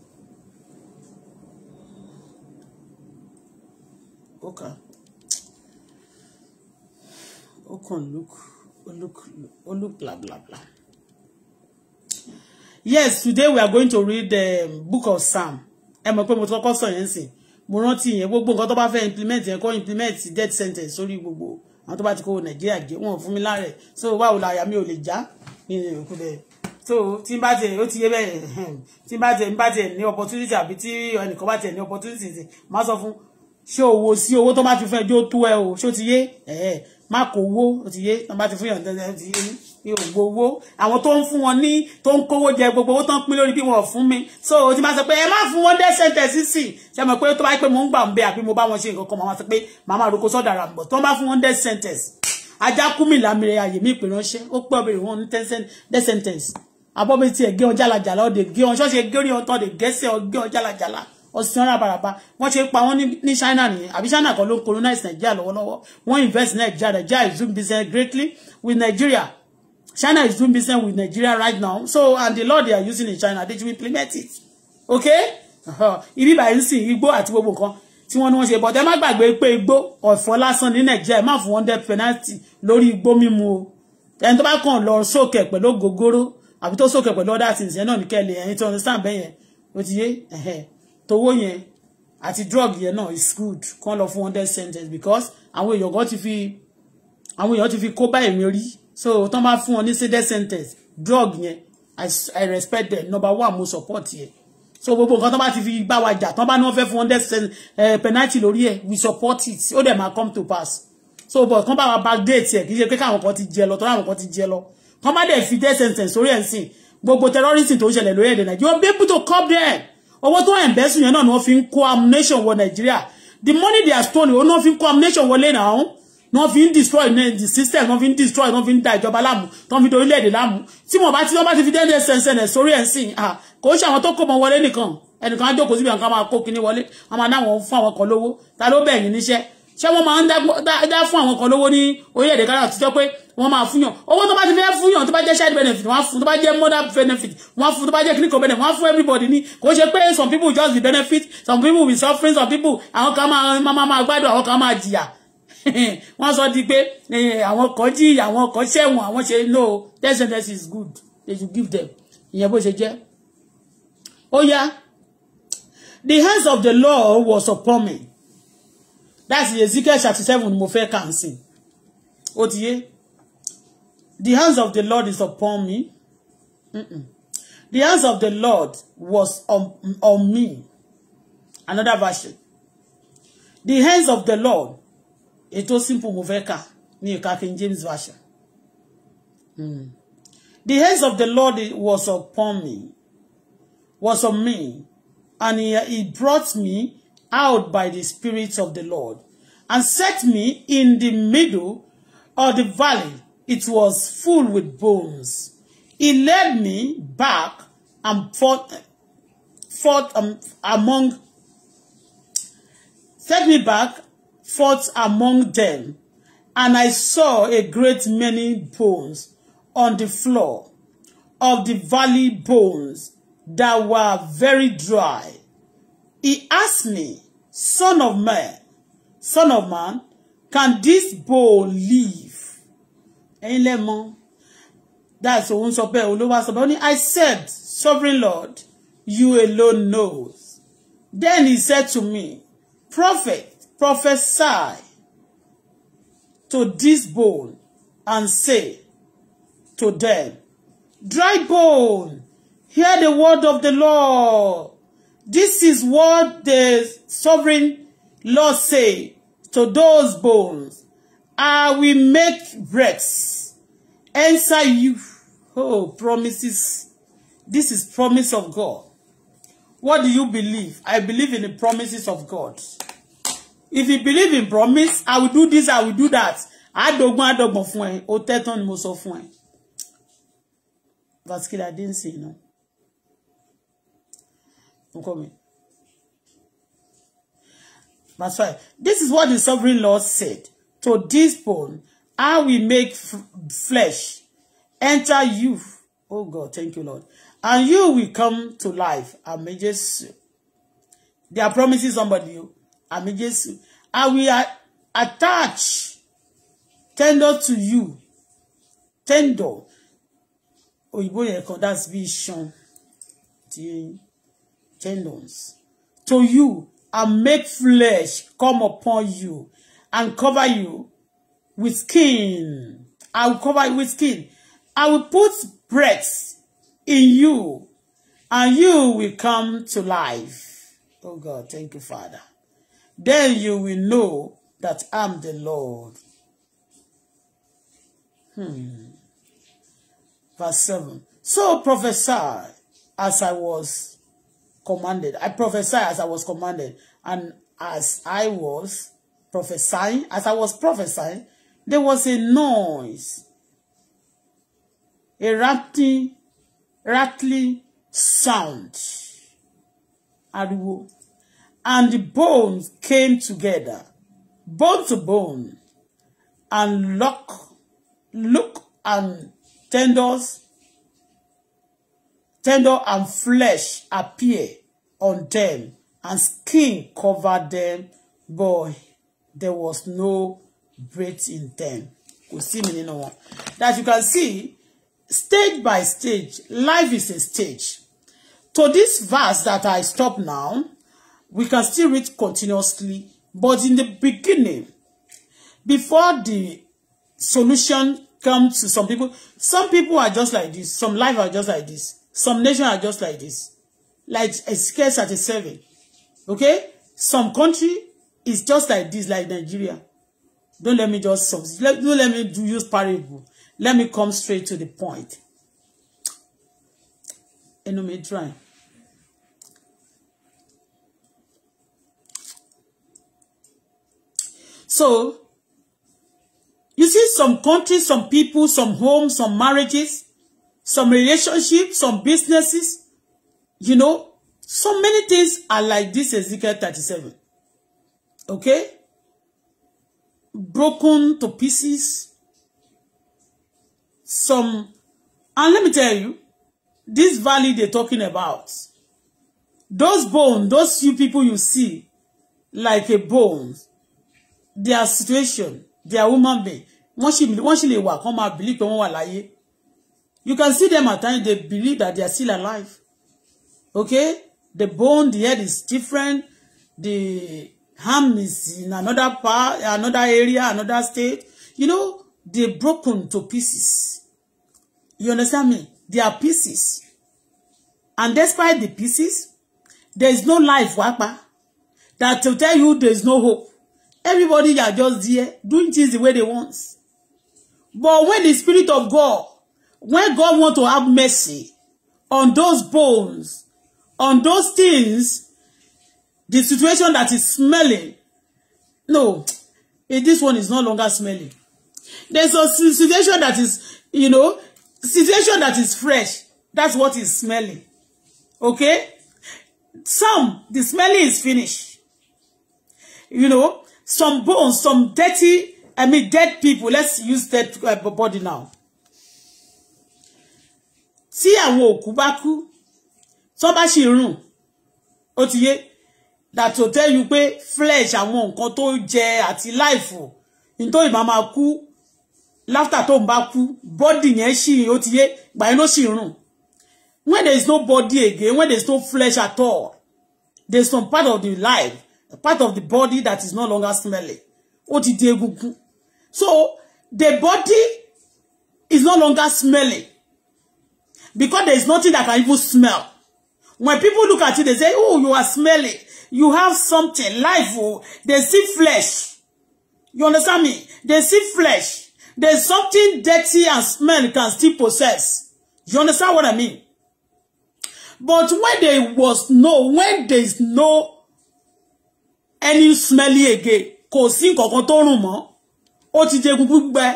okay ó kàn look look look bla bla bla yes today we are going to read the um, book of Psalm ẹ mọ̀ pé mo ti kọ́kọ́ sọ yẹn sìn mo rántí yẹn gbogbo nǹkan tó bá fẹ́ implement yẹn kọ́ implement death sentence sórí gbogbo àwọn tó bá ti kó nàìjíríà jẹ wọn fún mi láàrẹ so báwo la àyà mi ò lè já mi ò lè so tí n bá tiẹ̀ ó ti yé bẹ́ẹ̀ tí n bá tiẹ̀ n bá tiẹ̀ ní opportunity àbí tí ẹnìkan bá tiẹ̀ ní opportunity máa sọ fún ṣé owó sí owó tó bá ti fún ẹjọ́ tó ẹ o ṣé o ti yé ẹ má kó owó o ti yé tó bá ti fún yàn dandan ti yé mi ò gbowó àwọn tó ń fún wọn ní tó ń kówó jẹ gbogbo owó tó ń pín lórí bí wọn ò mi so o ti máa sọ pé ẹ má fún wọn dẹ́sẹ̀ntẹ̀ si ṣe mọ̀ pé tó bá pé mò ń gbà ń bẹ àbí mo bá wọn ṣe nǹkan kan màmá sọ pé màmá àròkọ sọ́dà rà bọ̀ tó bá fún wọn dẹ́sẹ̀ntẹ̀ ajá kú mi lámìrẹ àyè mi ìpè ránṣẹ́ ó pẹ́ obìnrin wọn ní dẹ́sẹ̀ntẹ̀ àbọ̀bẹ̀ tiẹ̀ gé wọn jálajàla ó de gé wọn ṣọ́ọ̀ṣì gé on ọ̀tọ̀ de gẹ́sẹ̀ ọ gé wọn jálajàla ọ̀sìn ọ̀rà bàràbà wọ́n ṣe pa wọ́n ní China nìyẹn àbí China kan ló ń colonize Nigeria lọ́wọ́lọ́wọ́ wọ́n invest Nigeria Nigeria is doing business greatly with Nigeria China is doing business with Nigeria right now so and the law they are using in China they should implement it okay ibi bàyí ń sìn igbó àti gbogbo nǹkan tí wọ́n ní wọ́n ṣe but ẹ má gbàgbé pé igbó ọ̀fọ̀ lásán ní Nigeria má fún wọn dẹ penalty lórí igbó mímu o ẹni tó bá kàn lọ sókè pẹ̀lú ògógóró àbí tó sókè pẹ̀lú other things yẹn náà ní kẹ́lẹ̀ ẹni tó understand bẹ́yẹn ó ti yé towó yẹn àti drug yẹn náà is good kán lọ fún hundred sentence because àwọn èèyàn kan ti fi àwọn èèyàn ti fi kó bá èmi rí so tán bá fún wọn ní hundred sentence drug yẹn I, I respect them number one mo support yẹn so gbogbo nǹkan tán bá ti fi bá wa jà tán bá ní wọ́n fẹ́ fún hundred eh, penalty lórí ẹ̀ we support it ó dẹ̀ máa come to pass so but kán bá wa backdate ẹ̀ kì í ṣe pé káwọn kan ti jẹ lọ tọ́lá àwọn kan ti jẹ lọ kán má dẹ̀ fi death sentence sórí ẹ̀ sìn gbogbo terrorism tó ń ṣẹlẹ̀ lórí ẹ̀dẹ̀ Nàìjíríà you are able to come there owó tó embezzle yẹn náà ni wọ́n fi ń kó ammunition wọ Nàìjíríà the money they are stolen òun náà fi ń kó ammunition wọlé náà náà fi ń destroy the system náà fi destroy náà fi ń da ìjọba láàmú náà fi ń da orílẹ̀-èdè láàmú tí wọ́n bá ti wọ́n bá ti fi dẹ́ndé sẹ̀nsẹ̀nẹ̀ sórí ẹ̀ ń sìn kò ń ṣe àwọn tó kó mọ wọlé nìkan ẹnìkan á jókòó síbi àwọn máa kó kinní wọlé wọn máa náwọn fún àwọn kan lówó ta ló bẹ̀ yín níṣẹ́ ṣé wọ́n máa ń dá fún àwọn kan lówó ní orílẹ̀-èdè kára àtijọ́ pé wọ́n máa fúnyàn owó tó bá ti fẹ́ fúnyàn tó bá jẹ́ child benefit wọ́n á fún tó bá jẹ́ mother benefit wọ́n á fún tó bá jẹ́ clinical benefit wọ́n á fún everybody ní kò ṣe pé some people just be benefit some people be suffering some people àwọn kan máa máa máa gbádùn àwọn kan máa jìyà wọ́n sọ di pé eh, àwọn kan jí àwọn kan ṣẹ̀wọ̀n àwọn ṣe no ten sentence is good they should give them ìyẹn bó ṣe jẹ́ ó yá the hands of the law was upon me that's Ezekiel chapter seven mo fẹ́ kà ń sìn ó ti yé. The hands of the Lord is upon me. Mm-mm. The hands of the Lord was on, on me. Another version. The hands of the Lord. Ètò simple mo fẹ́ kà King James version. Mm. The hands of the Lord was upon me, was on me, and he, he brought me out by the Spirit of the Lord, and set me in the middle of the valley It was full with bones. He led me back and fought, fought um, among, led me back, fought among them, and I saw a great many bones on the floor of the valley bones that were very dry. He asked me, Son of man, son of man, can this bone live? ẹ̀yin lẹ́mọ that's òun sọ bẹ́ẹ̀ olówó sọ bẹ́ẹ̀ ó ní I said sovereign Lord you alone knows then he said to me prophet prophesy to this bone and say to them dry bone hear the word of the Lord this is what the sovereign Lord say to those bones I will make breaths Answer you. Oh, promises. This is promise of God. What do you believe? I believe in the promises of God. If you believe in promise, I will do this, I will do that. Adogun adogun fún ẹ, ó tẹ́tàn ni mo sọ That's what Vascular didn't say no. I'm coming. That's why. This is what the sovereign Lord said to this bone, I will make flesh enter you. Oh God, thank you, Lord. And you will come to life. Àmín Jésù. They are promising somebody you. Àmín I will attach tender to you. Tender. Oh, you kan, that's vision. Tendons. To you, I make flesh come upon you and cover you with skin. I will cover you with skin. I will put breath in you and you will come to life. Oh God, thank you, Father. Then you will know that I'm the Lord. Hmm. Verse 7. So prophesy as I was commanded. I prophesy as I was commanded and as I was prophesying, as I was prophesying, there was a noise, a rattling, rattling sound, ariwo, and the bones came together, bone to bone, and lock, look and tendons, tendon and flesh appear on them, and skin covered them, but there was no breath in them kò sí mi nínú wọn that you can see stage by stage life is a stage to this verse that I stop now we can still read continuously but in the beginning before the solution come to some people some people are just like this some life are just like this some nation are just like this like a scarce at a serving okay some country It's just like this, like Nigeria. Don't let me just let, don't let me do use parable. Let me come straight to the point. And let me try. So, you see some countries, some people, some homes, some marriages, some relationships, some businesses, you know, so many things are like this Ezekiel 37 okay broken to pieces some and let me tell you this valley they're talking about those bones those few people you see like a bone their situation their woman being Once sì once sì lè wà come máa believe pé wọ́n wà you can see them at times they believe that they are still alive okay the bone the head is different the harm is in another part, another area, another state. You know, they're broken to pieces. You understand me? They are pieces. And despite the pieces, there is no life, Wapa. That to tell you there is no hope. Everybody are just there, doing things the way they want. But when the Spirit of God, when God want to have mercy on those bones, on those things, The situation that is smelling. No, eh, this one is no longer smelling. There's a situation that is, you know, situation that is fresh. That's what is smelling. Okay? Some, the smelling is finished. You know, some bones, some dirty, I mean, dead people. Let's use dead uh, body now. Tí àwọn òkú bá kú, tó bá that to tell you pé flesh àwọn nǹkan tó jẹ àti life nítorí màá máa kú láfta tó ń bá kú bọ́dì yẹn ṣì ó ti yé gbà yẹn ló ṣì rùn when there is no body again when there is no flesh at all there is some part of the life a part of the body that is no longer smelly ó ti di egungun so the body is no longer smelly because there is nothing that can even smell when people look at you they say oh you are smelly you have something. Life, oh, they see flesh. You understand me? They see flesh. There's something dirty and smell can still possess. You understand what I mean? But when there was no, when there's no any smelly again, kò sí nǹkankan tó rùn mọ́, ó ti jẹ gbígbẹ,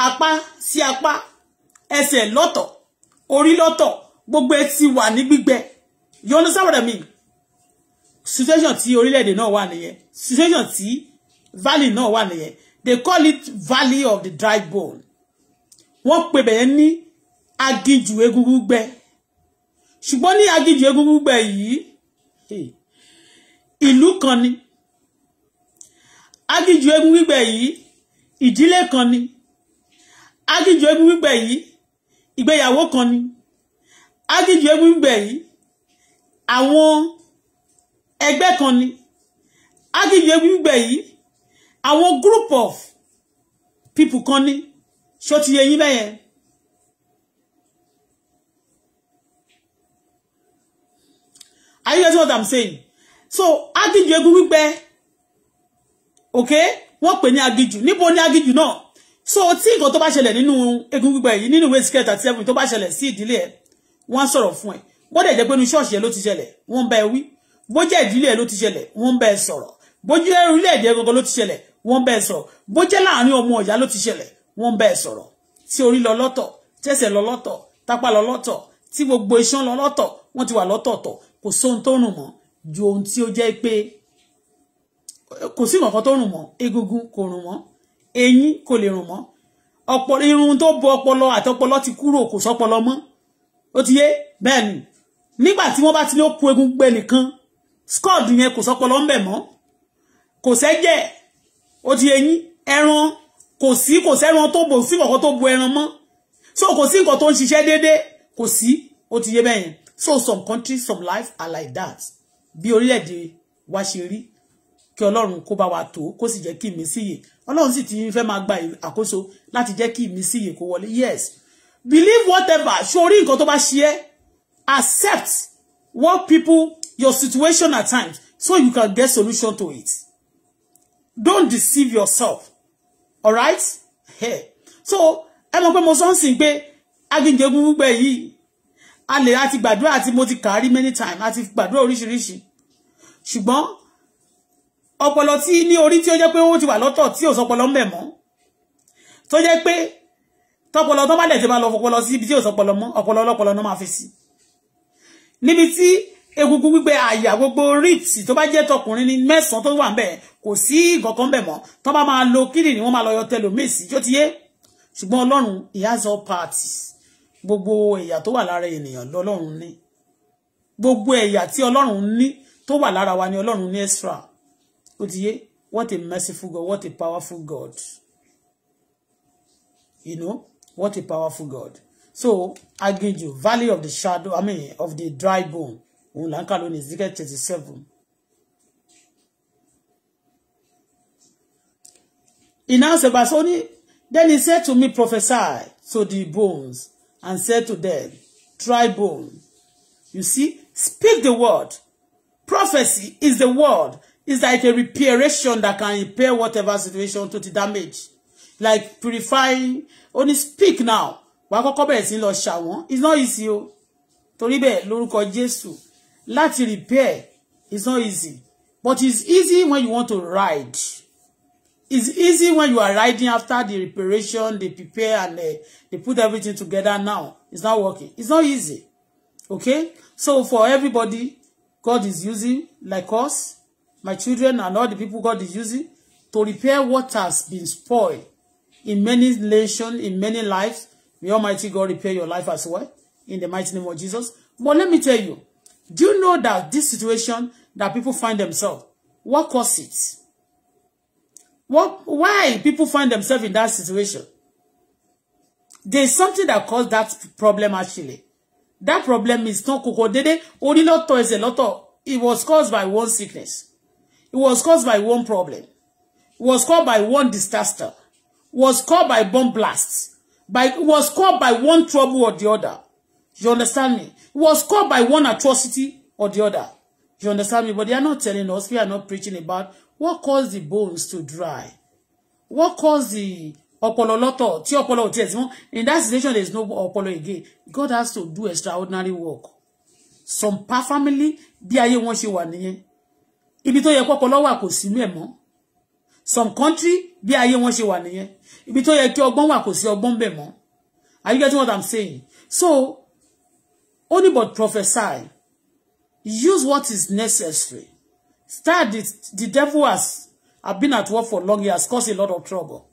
apá sí apá, ẹsẹ̀ lọ́tọ̀, orí lọ́tọ̀, gbogbo ẹ̀ ti wà ní gbígbẹ. You understand what I mean? situation tí orílẹ̀-èdè náà wà situation tí valley náà wà nìyẹn they call it valley of the dry bone wọ́n pè bẹ̀yẹn ní aginjù egungun gbẹ ṣùgbọ́n ní aginjù egungun gbẹ yìí ìlú kan ni aginjù egungun gbẹ yìí ìdílé kan ni aginjù egungun gbẹ yìí ìgbéyàwó kan ni aginjù egungun gbẹ yìí àwọn ẹgbẹ́ kan ni agbègbè gbígbẹ̀ yìí àwọn group of people kan ni ṣó ti yẹ yín bẹ́yẹn. Are you getting what I'm saying? So, Agiju egun gbígbẹ. Okay? Wọ́n pè ní Agiju. Níbo ni Agiju náà? So, tí nǹkan tó bá ṣẹlẹ̀ nínú egun gbígbẹ yìí nínú ìwé sikẹ́ẹ̀tì àti ẹ̀bùn tó bá ṣẹlẹ̀ sí ìdílé ẹ̀, wọ́n á sọ̀rọ̀ fún ẹ. Bọ́dẹ̀ jẹ́ pé inú ṣọ́ọ̀ṣì yẹn ló ti ṣẹlẹ̀, wọ́n bá ẹ wí bó jẹ́ ìdílé ẹ̀ ló ti ṣẹlẹ̀ wọ́n ń bẹ́ ẹ sọ̀rọ̀ bó jẹ́ orílẹ̀-èdè gangan ló ti ṣẹlẹ̀ wọ́n ń bẹ́ ẹ sọ̀rọ̀ bó jẹ́ láàrin ọmọ ìyá ló ti ṣẹlẹ̀ wọ́n ń bẹ́ ẹ sọ̀rọ̀ tí orí lọ lọ́tọ̀ tẹsẹ̀ lọ lọ́tọ̀ tápá lọ lọ́tọ̀ tí gbogbo iṣan lọ lọ́tọ̀ wọ́n ti wà lọ́tọ̀ọ̀tọ̀ kò sóhun tó rùn mọ́ ju ohun tí ó jẹ́ pé kò sí nǹkan tó rùn mọ́ egungun kò rùn mọ́ eyín kò lè rùn mọ́ ọpọlọ irun tó bo ọpọlọ àti ọpọlọ ti kúrò kò sọpọlọ mọ́ ó ti yé bẹ́ẹ̀ ni nígbà tí wọ́n bá ti ló ku egungun ẹnìkan scud yẹn kò sọpọlọ ń bẹ̀ mọ́ kò sẹ́jẹ̀ ó ti eyín ẹran kò sí kò sẹ́ran tó bò sí kọ̀kọ́ tó bu ẹran mọ́ so kò sí nǹkan tó ń ṣiṣẹ́ déédéé kò sí ó ti yé bẹ́yẹn so some countries some life are like that bí orílẹ̀-èdè wa ṣe rí kí ọlọ́run kó bá wa tó kó sì jẹ́ kí ìmísíyè ọlọ́run sì ti fẹ́ máa gba àkóso láti jẹ́ kí ìmísíyè kó wọlé yes believe whatever sórí nǹkan tó bá ṣe accept what people your situation at times so you can get solution to it. Don't deceive yourself. All right? Hey. So, I'm mọ̀ pé mo sọ ń sìn pé agíjẹgún gbígbẹ yìí a lè àti gbàdúrà àti mo ti kàárí many times àti gbàdúrà oríṣiríṣi ṣùgbọ́n ọpọlọ tí ní orí tí ó jẹ́ pé ti wà lọ́tọ̀ tí ò sọpọlọ ń bẹ̀ mọ́ tó jẹ́ pé tọpọlọ tó bá dẹ̀ ti máa lọ fọpọlọ sí ibi tí ò sọpọlọ mọ́ ọpọlọ ọlọpọlọ náà fi sí níbi tí egungun gbígbẹ àyà gbogbo ríìtì tó bá jẹ́ tọkùnrin ní mẹ́sàn-án tó wà ń bẹ̀ kò sí ìkọ̀kan bẹ̀ mọ́ tó bá máa lo kídìní wọ́n máa lọ yọ tẹlòmíì sí tó ti yé ṣùgbọ́n ọlọ́run he has all parties gbogbo ẹ̀yà tó wà lára ènìyàn lọ́lọ́run ní gbogbo ẹ̀yà tí ọlọ́run ní tó wà lára wa ni ọlọ́run ní extra ó ti yé what a merciful God what a powerful God you know what a powerful God so aginjù valley of the shadow i mean of the dry bone òun là ń kà lónìí Ezekiel thirty seven. He now said, verse then he said to me, prophesy to the bones, and said to them, "Try bone. You see, speak the word. Prophecy is the word. It's like a reparation that can repair whatever situation to the damage. Like purifying. Only speak now. Wà á kọ́kọ́ bẹ̀rẹ̀ lọ ṣà wọ́n. It's not easy o. Torí bẹ́ẹ̀ lórúkọ Jésù láti repair is not easy but it's easy when you want to ride it's easy when you are riding after the reparation they prepare and they, eh, they put everything together now it's not working it's not easy okay so for everybody God is using like us my children and all the people God is using to repair what has been spoiled in many nations in many lives may Almighty God repair your life as well in the mighty name of Jesus but let me tell you Do you know that this situation that people find themselves, what causes it? What, why people find themselves in that situation? There's something that caused that problem actually. That problem is not kokodede, only not is a lot of, it was caused by one sickness. It was caused by one problem. It was caused by one disaster. It was caused by bomb blasts. By, it was caused by one trouble or the other. You understand me? was caused by one atrocity or the other. You understand me? But they are not telling us, we are not preaching about what caused the bones to dry. What caused the ọpọlọ lọ́tọ̀ tí ọpọlọ ò in that situation there is no ọpọlọ again God has to do extraordinary work some pa family bí ayé wọn ṣe wà nìyẹn ibi tó yẹ pọpọlọ wà kò sínú ẹ̀ mọ́ some country bí ayé wọn ṣe wà nìyẹn ibi tó yẹ kí ọgbọ́n wà kò sí ọgbọ́n bẹ̀ mọ́ are you getting what I'm saying so Only but prophesy. Use what is necessary. Start it. the devil has, I've been at work for long. He has caused a lot of trouble.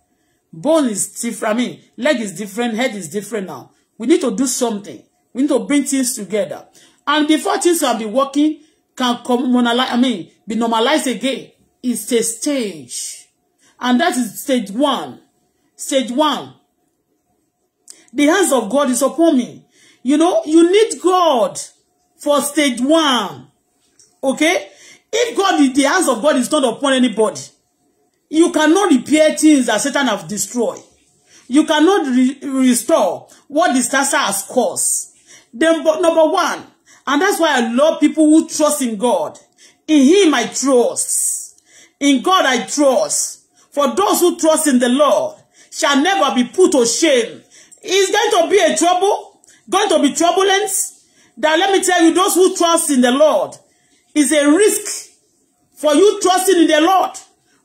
Bone is different. I mean, leg is different. Head is different now. We need to do something. We need to bring things together. And before things have been working, can commonalize, I mean, be normalized again. It's a stage. And that is stage one. Stage one. The hands of God is upon me. You know, you need God for stage one. Okay? If God the hands of God is not upon anybody, you cannot repair things that Satan have destroyed. You cannot re restore what disaster has caused. Then, but number one, and that's why I love people who trust in God. In Him I trust. In God I trust. For those who trust in the Lord shall never be put to shame. Is going to be a trouble? going to be turbulence. That let me tell you, those who trust in the Lord is a risk for you trusting in the Lord.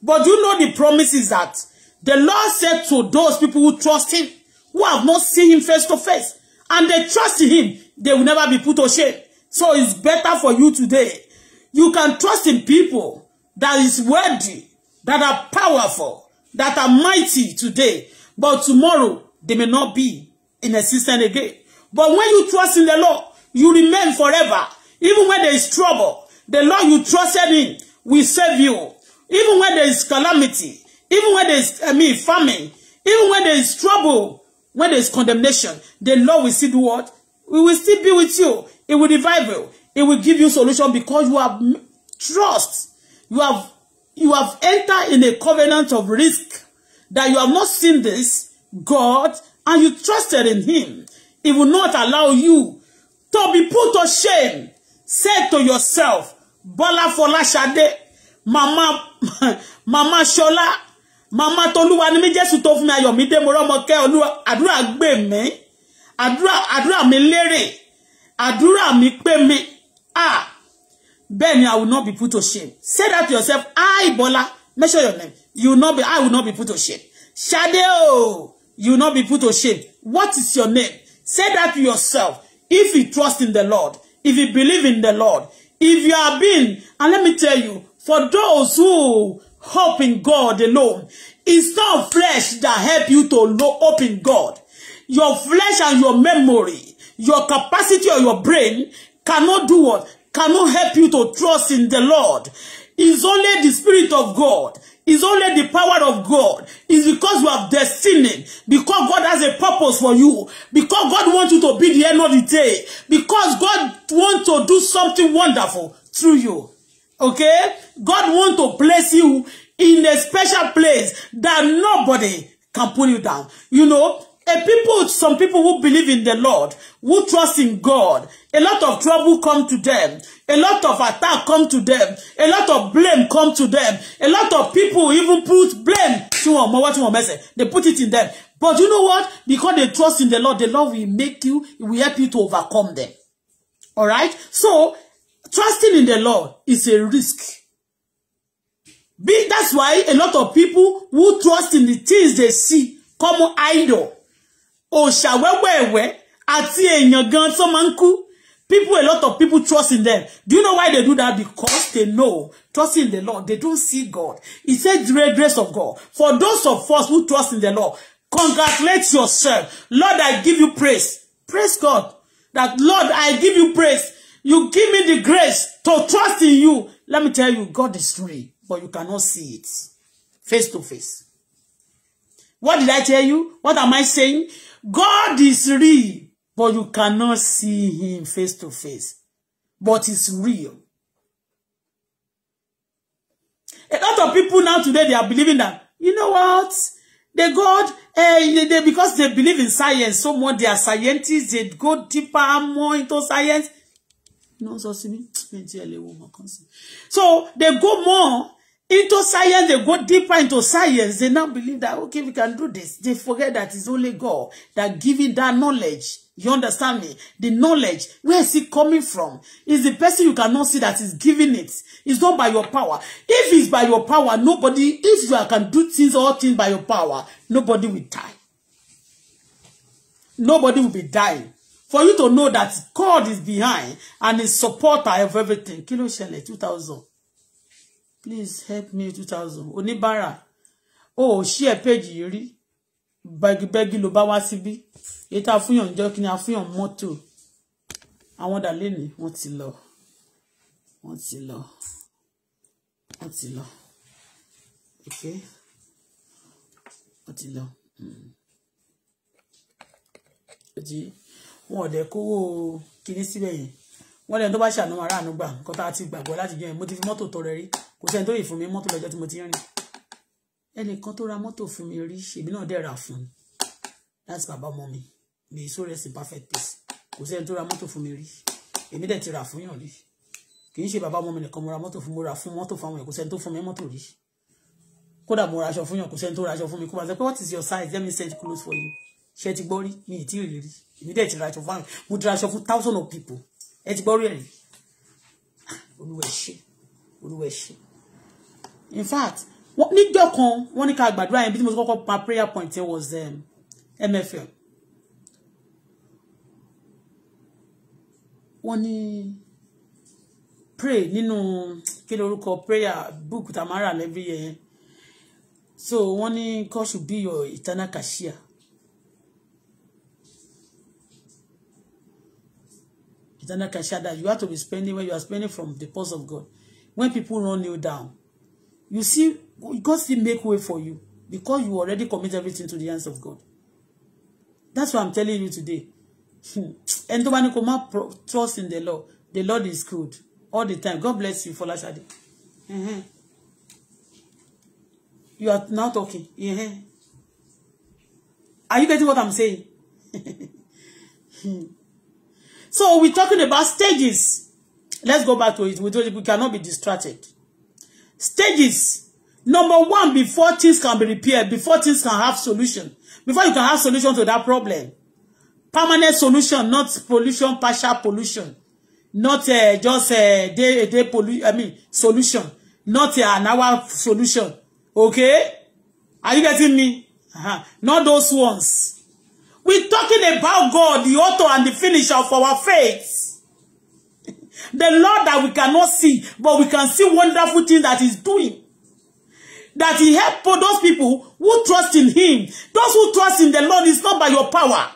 But you know the promises that the Lord said to those people who trust him, who have not seen him face to face, and they trust in him, they will never be put to shame. So it's better for you today. You can trust in people that is worthy, that are powerful, that are mighty today. But tomorrow, they may not be in existence again. But when you trust in the Lord, you remain forever. Even when there is trouble, the Lord you trusted in will save you. Even when there is calamity, even when there is, I mean, famine, even when there is trouble, when there is condemnation, the Lord will still do what? We will still be with you. It will revive you. It will give you solution because you have trust. You have you have entered in a covenant of risk that you have not seen this God and you trusted in him. It will not allow you to be put to shame. Say to yourself, Bola Fola Shade, Mama, Mama Shola, Mama Toluwa ni mi Jésù tó fún mi ayọ̀ mi dé mo romo ke Olúwa àdúrà gbè mí adura àdúrà mi lérè àdúrà mi pè me ah bẹ́ẹ̀ I will not be put to shame say that to yourself I Bola measure your name you will not be I will not be put to shame Shadeo. you will not be put to shame what is your name Say that to yourself. If you trust in the Lord, if you believe in the Lord, if you are being, and let me tell you, for those who hope in God alone, it's not flesh that help you to hope in God. Your flesh and your memory, your capacity or your brain cannot do what? Cannot help you to trust in the Lord. It's only the Spirit of God It's only the power of God. It's because you have destiny. Because God has a purpose for you. Because God wants you to be the end of the day. Because God wants to do something wonderful through you. Okay? God wants to place you in a special place that nobody can pull you down. You know, A people, some people who believe in the Lord, who trust in God, a lot of trouble come to them. A lot of attack come to them. A lot of blame come to them. A lot of people even put blame They put it in them. But you know what? Because they trust in the Lord, the Lord will make you, will help you to overcome them. All right? So, trusting in the Lord is a risk. Be, that's why a lot of people who trust in the things they see come idle òòṣà wẹ́wẹ́ ẹ̀wẹ́ àti èèyàn gan tó máa ń kú people a lot of people trust in them do you know why they do that because they know trust in the Lord they don't see God He said, the grace of God for those of us who trust in the Lord congratulate yourself Lord I give you praise praise God that Lord I give you praise you give me the grace to trust in you let me tell you God is real but you cannot see it face to face what did I tell you what am I saying God is real, but you cannot see him face to face. But it's real. A lot of people now today, they are believing that, you know what? They God, eh they, because they believe in science so much, they are scientists, they go deeper, more into science. No, so see me. so they go more into science they go deeper into science they now believe that okay we can do this they forget that it's only God that giving that knowledge you understand me the knowledge where is it coming from is the person you cannot see that is giving it it's not by your power if it's by your power nobody if you can do things all things by your power nobody will die nobody will be dying for you to know that God is behind and is supporter of everything kí ló ṣẹlẹ̀ 2000 please help me two thousand oníbàárà o ò ṣí ẹ péjì yìí rí bẹgibẹgi ló bá wá síbí èyí tá a fúnyàn jọ kí ni a fúnyàn mọ́tò àwọn dàlẹ́ni wọ́n ti lọ wọ́n ti lọ wọ́n ti lọ èké wọ́n ti lọ ọjí hmm. wọn ò dẹ̀ kówó kinní síbẹ̀ yẹn wọ́n lẹ́nu tó bá ṣàánú aráàánú gbà nǹkan tá a ti gbàgbọ́ láti jẹun mo ti fi mọ́tò tọrẹ rí kò sẹ́ni tó lè fún mi mọ́tò lọ́jọ́ tí mo ti rìn ẹnìkan tó ra mọ́tò fún mi rí ṣèbí náà dẹ̀ rà fún mi láti bàbá ọmọ mi mi so rest in perfect peace kò sẹ́ni tó ra mọ́tò fún mi rí èmi dẹ̀ ti rà fún yàn rí kì í ṣe bàbá ọmọ mi nìkan mo ra mọ́tò fún mo ra fún mọ́tò fún àwọn kò sẹ́ni tó fún mi mọ́tò rí kódà mo ra aṣọ fún yàn kò sẹ́ni tó ra aṣọ fún mi kó bá sọ pé what is your size let me send clothes for you ṣe ti gbọ́ rí mi ì tí ì rí rí èmi dẹ̀ ti ra aṣọ fún mo ti ra aṣọ fún thousand of people ẹ ti gbọ́ rí ẹ̀rí ah, olúwa ẹ ṣé in fact níjọ́ kan wọ́n ní ká gbàdúrà yẹn bí mo ti kọ́kọ́ pa prayer point yẹn was um, mfl wọ́n ní pray nínú kí lorúkọ prayer book tamara lẹ́bí yẹn so wọ́n ní God should be your eternal cashier. eternal cashier that you have to be spending when you are spending from the purse of God when people run you down You see, God still make way for you because you already commit everything to the hands of God. That's why I'm telling you today. And hmm. tó bá ní kó trust in the Lord. The Lord is good all the time. God bless you, Folashade. Mm-hmm. You are now talking. Mm-hmm. Are you getting what I'm saying? Hmm. So we're talking about stages. Let's go back to it. We cannot be distracted stages number one before things can be repaired before things can have solution before you can have solution to that problem permanent solution not pollution partial pollution not uh, just a uh, day day pollution I mean solution not uh, an hour solution okay are you getting me uh-huh. not those ones we're talking about God the author and the finisher of our faith The Lord that we cannot see, but we can see wonderful things that he's doing. That he helped those people who trust in him. Those who trust in the Lord is not by your power.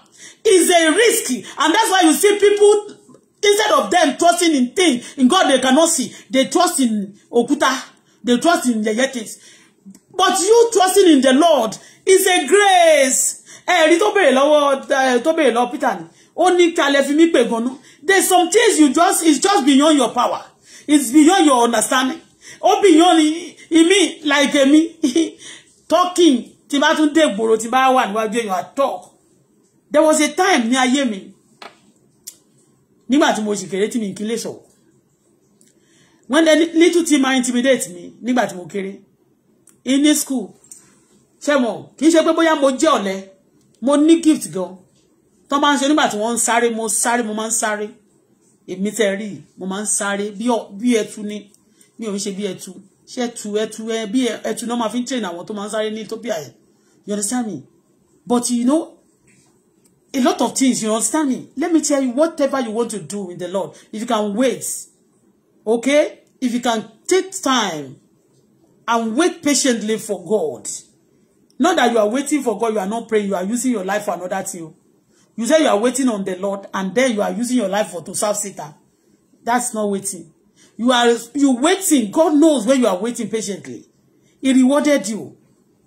It's a risk. And that's why you see people, instead of them trusting in things, in God they cannot see, they trust in Okuta. They trust in the Yetis. But you trusting in the Lord is a grace. Eh, tó bèrè lọ́wọ́ tó bèrè lọ́wọ́ Peter ó ní kalẹ̀ fi mí pè gan-an there's some things you just it's just beyond your power it's beyond your understanding ó beyond imi like emi talking tí bá tún dé gbòòrò tí bá wà níwájú èèyàn i talk there was a time ní ayé mi nígbà tí mo sì kéré tí mi kí lè sọ̀rọ̀ when the little team are intimidate me nígbà tí mo kéré in ní school ṣé mo kì í ṣe pé bóyá mo jẹ́ ọ̀lẹ mo ní gift gan-an tó máa ń ṣe nígbà tí wọ́n ń sáré mo sáré mo máa ń sáré èmi tẹ́ rí mo máa ń sáré bí ẹtu ni mi ò ń ṣe bí ẹtu ṣé ẹtu ẹtu ẹ bí ẹtu náà máa fi ń train àwọn tó máa ń sáré ní Ethiopia yẹn you understand me but you know a lot of things you understand me let me tell you whatever you want to do with the Lord if you can wait okay if you can take time and wait patiently for God not that you are waiting for God you are not praying you are using your life for another thing You say you are waiting on the Lord and then you are using your life for to serve Satan. That's not waiting. You are you waiting. God knows when you are waiting patiently. He rewarded you.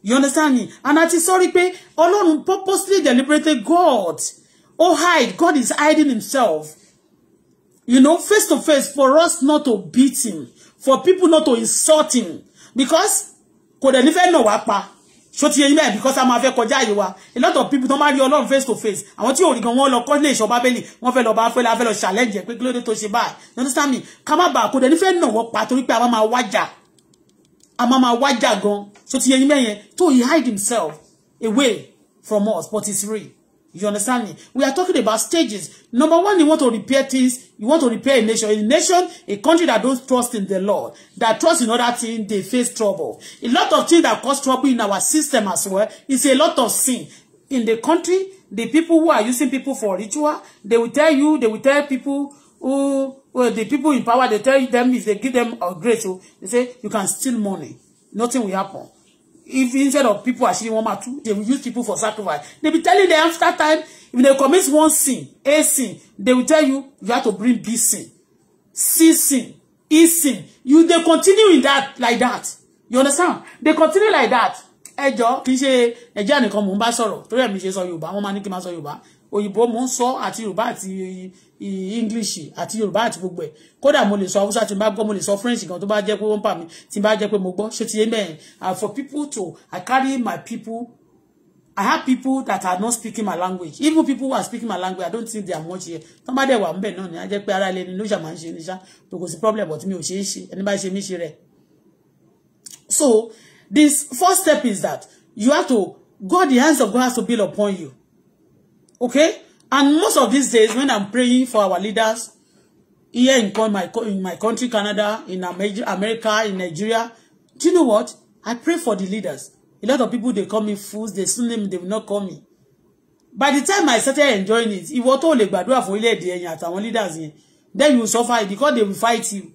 You understand me? And àti sorry, pé Alone, purposely deliberately God oh hide God is hiding himself. You know face to face for us not to beat him for people not to insult him because could dẹ̀ nífẹ̀ẹ́ náà so ti yin be because a ma fẹ́ kọjá ayé wa a lot of people don ma rí Ọlọ́run face to face àwọn tí ò rí gan wọ́n lọ kọ́ le so babeli wọ́n fẹ́ lọ bá fẹ́ la fẹ́ lọ challenge pé kílódé tó ṣe báyìí you understand me Come má bàa kó dé ní fẹ́ na wo pa torí pé a ma ma wájà a ma ma gan so ti yin be yẹn tó he hide himself away from us but he's free. You understand me? We are talking about stages. Number one, you want to repair things. You want to repair a nation. A nation, a country that don't trust in the Lord, that trust in other things, they face trouble. A lot of things that cause trouble in our system as well is a lot of sin. In the country, the people who are using people for ritual, they will tell you, they will tell people who, well, the people in power, they tell them if they give them a grace, they say, you can steal money. Nothing will happen if instead of people àṣírí wọn máa tú they will use people for sacrifice they be telling them after time if they commit one sin a sin they will tell you you have to bring b sin c sin e sin you they continue in that like that you understand they continue like that ẹjọ kì í ṣe ẹjẹ nìkan mò ń bá sọ̀rọ̀ torí ẹ̀mí ṣe sọ yorùbá wọ́n máa ní kí n máa sọ yorùbá òyìnbó mo ń sọ àti yorùbá àti english àti yorùbá àti gbogbo ẹ̀ kódà mo lè sọ haúsá tí n bá gbọ́ mo lè sọ french gan tó bá jẹ́ pé wọ́n pa mi tí bá jẹ́ pé mo gbọ́ ṣé ti yé mẹ́rin uh, for people to i carry my people I have people that are not speaking my language. Even people who are speaking my language, I don't think they are much here. Tọ́ba dẹ̀ wà ń bẹ̀ náà ni, a jẹ́ pé ara ilé ni ló ṣàmà ń ṣe ní Tó kò sí problem but mi ò ṣe é ṣe, ẹni bá ṣe mí ṣe rẹ̀. So, this first step is that you have to, God, the hands of God has to build upon you. Okay? And most of these days, when I'm praying for our leaders here in my, in my country, Canada, in America, in Nigeria, do you know what? I pray for the leaders. A lot of people, they call me fools. They soon name, they will not call me. By the time I started enjoying it, ìwọ tó lè gbàdúrà fún orílẹ̀-èdè ẹ̀yin àtàwọn leaders yẹn, then you suffer because they will fight you.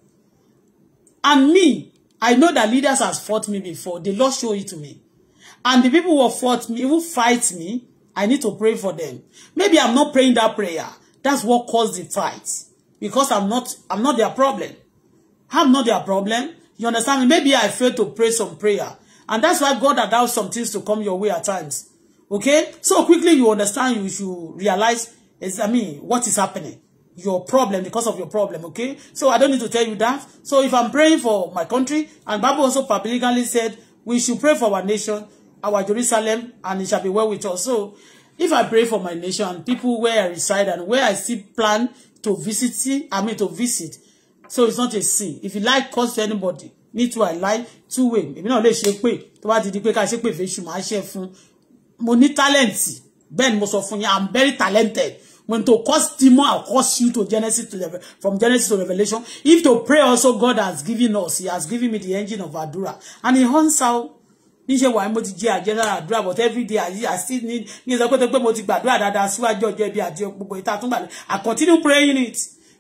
And me, I know that leaders has fought me before. The Lord show it to me. And the people who have fought me, who fight me, I need to pray for them. Maybe I'm not praying that prayer. That's what caused the fight. Because I'm not, I'm not their problem. I'm not their problem. You understand me? Maybe I failed to pray some prayer. And that's why God allows some things to come your way at times. Okay? So quickly you understand, you should realize, I mean, what is happening. Your problem, because of your problem, okay? So I don't need to tell you that. So if I'm praying for my country, and Bible also publicly said, we should pray for our nation, our Jerusalem, and it shall be well with us. So, if I pray for my nation and people where I reside and where I see plan to visit, I mean to visit, so it's not a sin. If you like, cause to anybody. Me too, I like two way. If you lè ṣe pé tó bá ti di pé ká ṣe pé fesu ma ṣe fún. Mo ní talent. Ben mo sọ fún I'm very talented. When to cause demon, I'll cause you to Genesis to from Genesis to Revelation. If to pray also, God has given us, He has given me the engine of Adura. And He hunts out níṣẹ́ wà mo ti jẹ àjẹsára àdúrà but every day i still need ní sọ pé mo ti gbàdúrà dáadáa síwájú ọjọ́ ibi àti gbogbo ìta tún gbàdúrà i continue praying it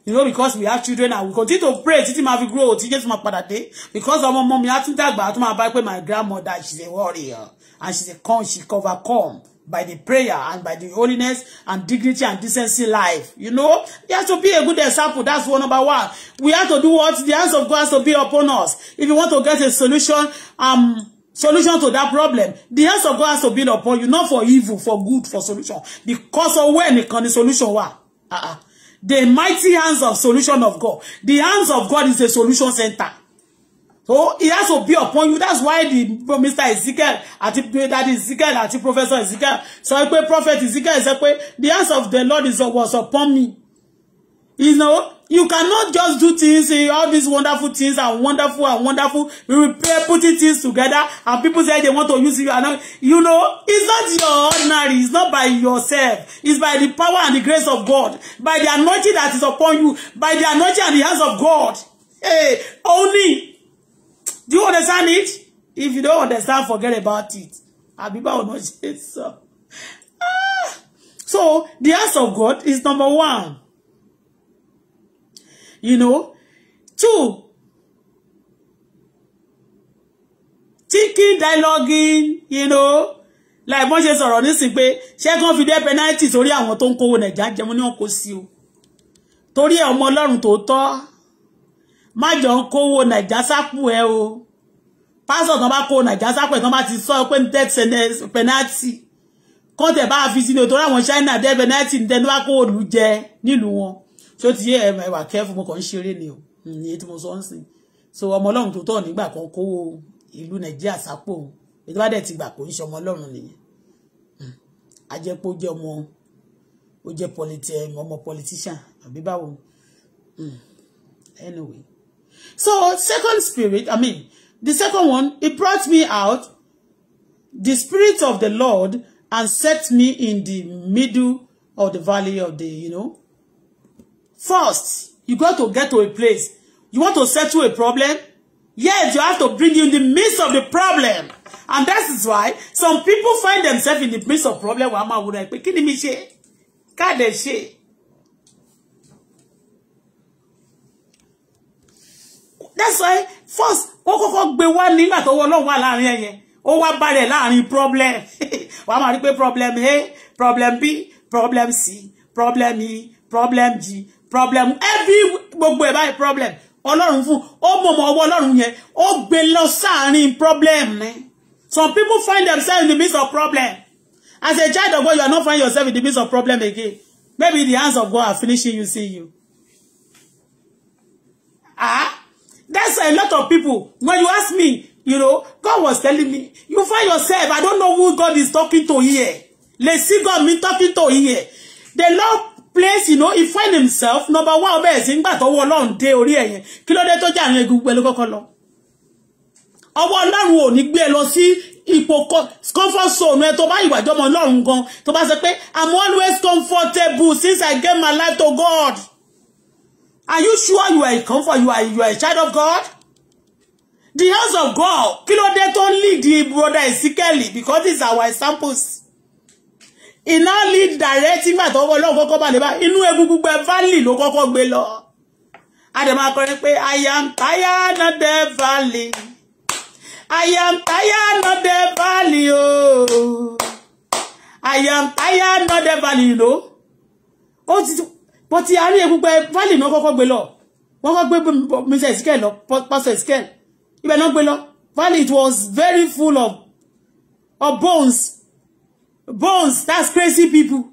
you know because we have children and we continue to pray títí máa fi grow tí Jésù máa padà dé because ọmọ ọmọ mi á tún dàgbà á tún máa bá pé my grandmother she's a warrior and she's a con she overcome by the prayer and by the holiness and dignity and decency life. You know, you have to be a good example. That's one number one. We have to do what the hands of God has to be upon us. If you want to get a solution, um, solution to that problem the hands of God has to be upon you not for evil for good for solution because ọwọ́ ẹnìkan the solution wà ah ah the mighty hands of solution of God the hands of God is a solution center so it has to be upon you that's why the Mr. Ezekiel àti daddy Ezekiel àti professor Ezekiel so I pé prophet Ezekiel I pé the hands of the Lord is was upon me You know, you cannot just do things, all these wonderful things are wonderful and wonderful. We repair, putting things together, and people say they want to use you. And you know, it's not your ordinary. It's not by yourself. It's by the power and the grace of God, by the anointing that is upon you, by the anointing and the hands of God. Hey, only. Do you understand it? If you don't understand, forget about it. Abiba will not say so. Ah. So, the hands of God is number one you know two thinking dialoguing you know like wọ́n ṣe sọ̀rọ̀ nísìnyí pé ṣé kàn fi dé penalty torí àwọn tó ń kówó nàìjíríà jẹun ní ọkọ̀ sí o torí ẹ ọmọ ọlọ́run tòótọ́ má jọ ń kówó nàìjíríà sápò ẹ o pásọ̀ tán bá kówó nàìjíríà sápò ẹ tán bá ti sọ pé ní death penalty kọ́ńtẹ̀ bá fi sínú torí àwọn china death penalty ní tẹ́ni bá kówó lù jẹ nílùú wọn ṣé ó ti yé ẹ wà kẹ́fù mo kàn ń ṣeré ni o ìyẹn hmm, tí mo sọ ń sìn so ọmọ ọlọ́run tó tọ̀ nígbà kan kówó ìlú nàìjíríà sápò ètò bá dẹ̀ ti gbà kó ń ṣe ọmọ ọlọ́run nìyẹn hmm. ajẹ́pó jẹ́ ọmọ ó jẹ́ ọmọ politician àbí báwo hmm. anyway so second spirit i mean the second one it brought me out the spirit of the lord and set me in the middle of the valley of the you know First, you got to get to a place. You want to settle a problem? Yes, you have to bring you in the midst of the problem. And that is why some people find themselves in the midst of problem. Wàá máa wúra ẹ̀ pé kí ni mi She, Káàdẹ̀ ṣe. That's why first ó kọ́kọ́ gbé wá nígbà tó wọ́ ọlọ́run wà láàrin ẹ̀yẹn. Ó wá bàrẹ̀ láàrin problem. Wàá máa rí pé problem A, problem B, problem C, problem E, problem G, problem every gbogbo ẹ̀ báyìí problem ọlọ́run fún ó mọ̀mọ́ ọwọ́ ọlọ́run yẹn ó gbé e lọ sáàárín problem ni some people find themselves in the midst of problem as a child of God you are not find yourself in the midst of problem again maybe the hands of God are finishing you see you ah that's a lot of people when you ask me you know God was telling me you find yourself I don't know who God is talking to here they see God me talking to here the Lord place you know he find himself number one ọbẹ̀ ẹ̀sìn nígbà tọwọ́ ọlọ́run dé orí ẹ̀yẹn kí ló dé tó jà àwọn egungun pẹ̀lú kọ́kọ́ lọ ọwọ́ ọlọ́run ò ní gbé ẹ e lọ sí ipò comfort zone ẹ tó bá ìwà ìjọmọ ọlọ́run gan tó bá sọ pé i'm always comfortable since i get my life to god are you sure you are a comfort you are, you are a child of god the house of god kí ló dé tó lead the brother ezekiel because these are our examples iná lead direct nígbà tó wọ́n lọ́wọ́ kọ́kọ́ balẹ̀ bá inú egungun gbẹ valley ló kọ́kọ́ gbé lọ àdèmà kọrin pé I am tired not the valley I am tired not the valley ooo I am tired not the valley you know ó ti wọ́n ti àárín egungun gbẹ valley náà kọ́kọ́ gbé lọ wọ́n kọ́ gbé mr ezekiel lọ pastor ezekiel ibẹ̀ náà gbé lọ valley it was very full of of bones bones that's crazy people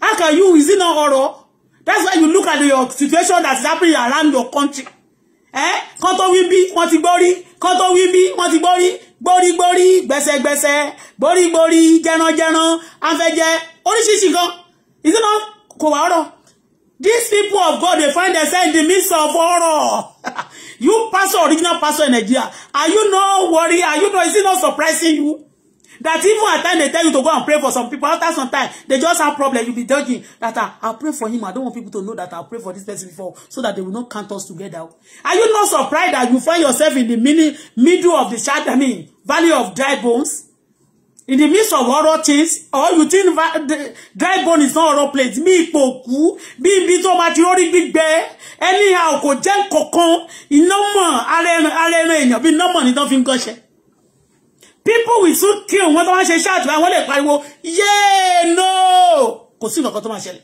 how can you is it not horror that's why you look at your uh, situation that is happening around your country eh kan tó wí bí wọ́n ti gbórí kan tó wí bí wọ́n ti gbórí gbórí gbórí gbẹ̀sẹ̀ gbẹ̀sẹ̀ gbórí gbórí jẹran jẹran afẹ́jẹ oríṣiríṣi kan is it not kò wá ọ̀rọ̀ these people of God they find themselves in the midst of horror you pastor original pastor in Nigeria are you not worried are you not is it not surprising you That even at time they tell you to go and pray for some people. After some time, they just have problem. You'll be judging that I, ah, I'll pray for him. I don't want people to know that I'll pray for this person before so that they will not count us together. Are you not surprised that you find yourself in the mini, middle of the shadow, I mean, valley of dry bones? In the midst of horror things, or you think the dry bone is not horror place. Mi ipoku, bí ibi tó ma ti orí gbígbẹ, anyhow kò jẹ́ nǹkankan, iná mọ̀, ara ẹran èèyàn, bí iná mọ̀ ni tán fi people will soon kill wọn tó wá ṣe ṣáàtì wọn lè pariwo yéé no kò sí nǹkan tó máa ṣẹlẹ̀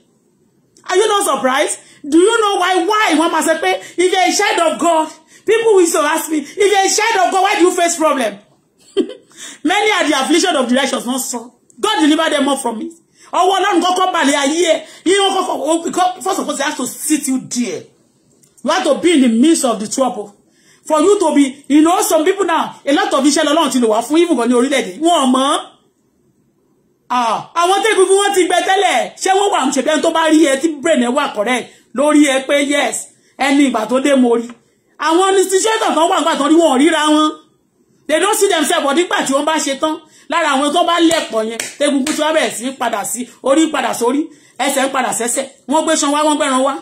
are you not surprised do you know why why wọ́n máa sọ pé if you are a child of God people will so ask me if you are a child of God why do you face problem many are the affliction of the righteous not so God deliver them up from it ọwọ́ ọlọ́run kọ́kọ́ balẹ̀ ayé ẹ̀ yíyan kọ́kọ́ first of all they have to sit you there you have to be in the midst of the trouble for you to be you know some people now a lot of iṣẹ́ lọ́lọ́run ti lò wá fún even gan ní orílẹ̀-èdè wọn mọ̀ ah, àwọn tẹ́lẹ̀ fífún wọn ti gbẹ tẹ́lẹ̀ ṣé wọ́n wà ṣẹ̀bí ẹni tó bá rí ẹ tí brain ẹ wà correct lórí ẹ pé yes any ìgbà tó dé mo rí àwọn institution kan wà nígbà tó rí wọn ríra wọn they don't see themselves but nígbà tí wọ́n bá ṣe tán lára àwọn tó bá lẹ̀pọ̀ yẹn tẹ́gungun tí wọ́n bẹ̀rẹ̀ sí padà sí orí padà sórí ẹsẹ̀ ń padà sẹ́sẹ̀ wọ́n gbé ṣan wá wọ́n gbẹ̀ràn wá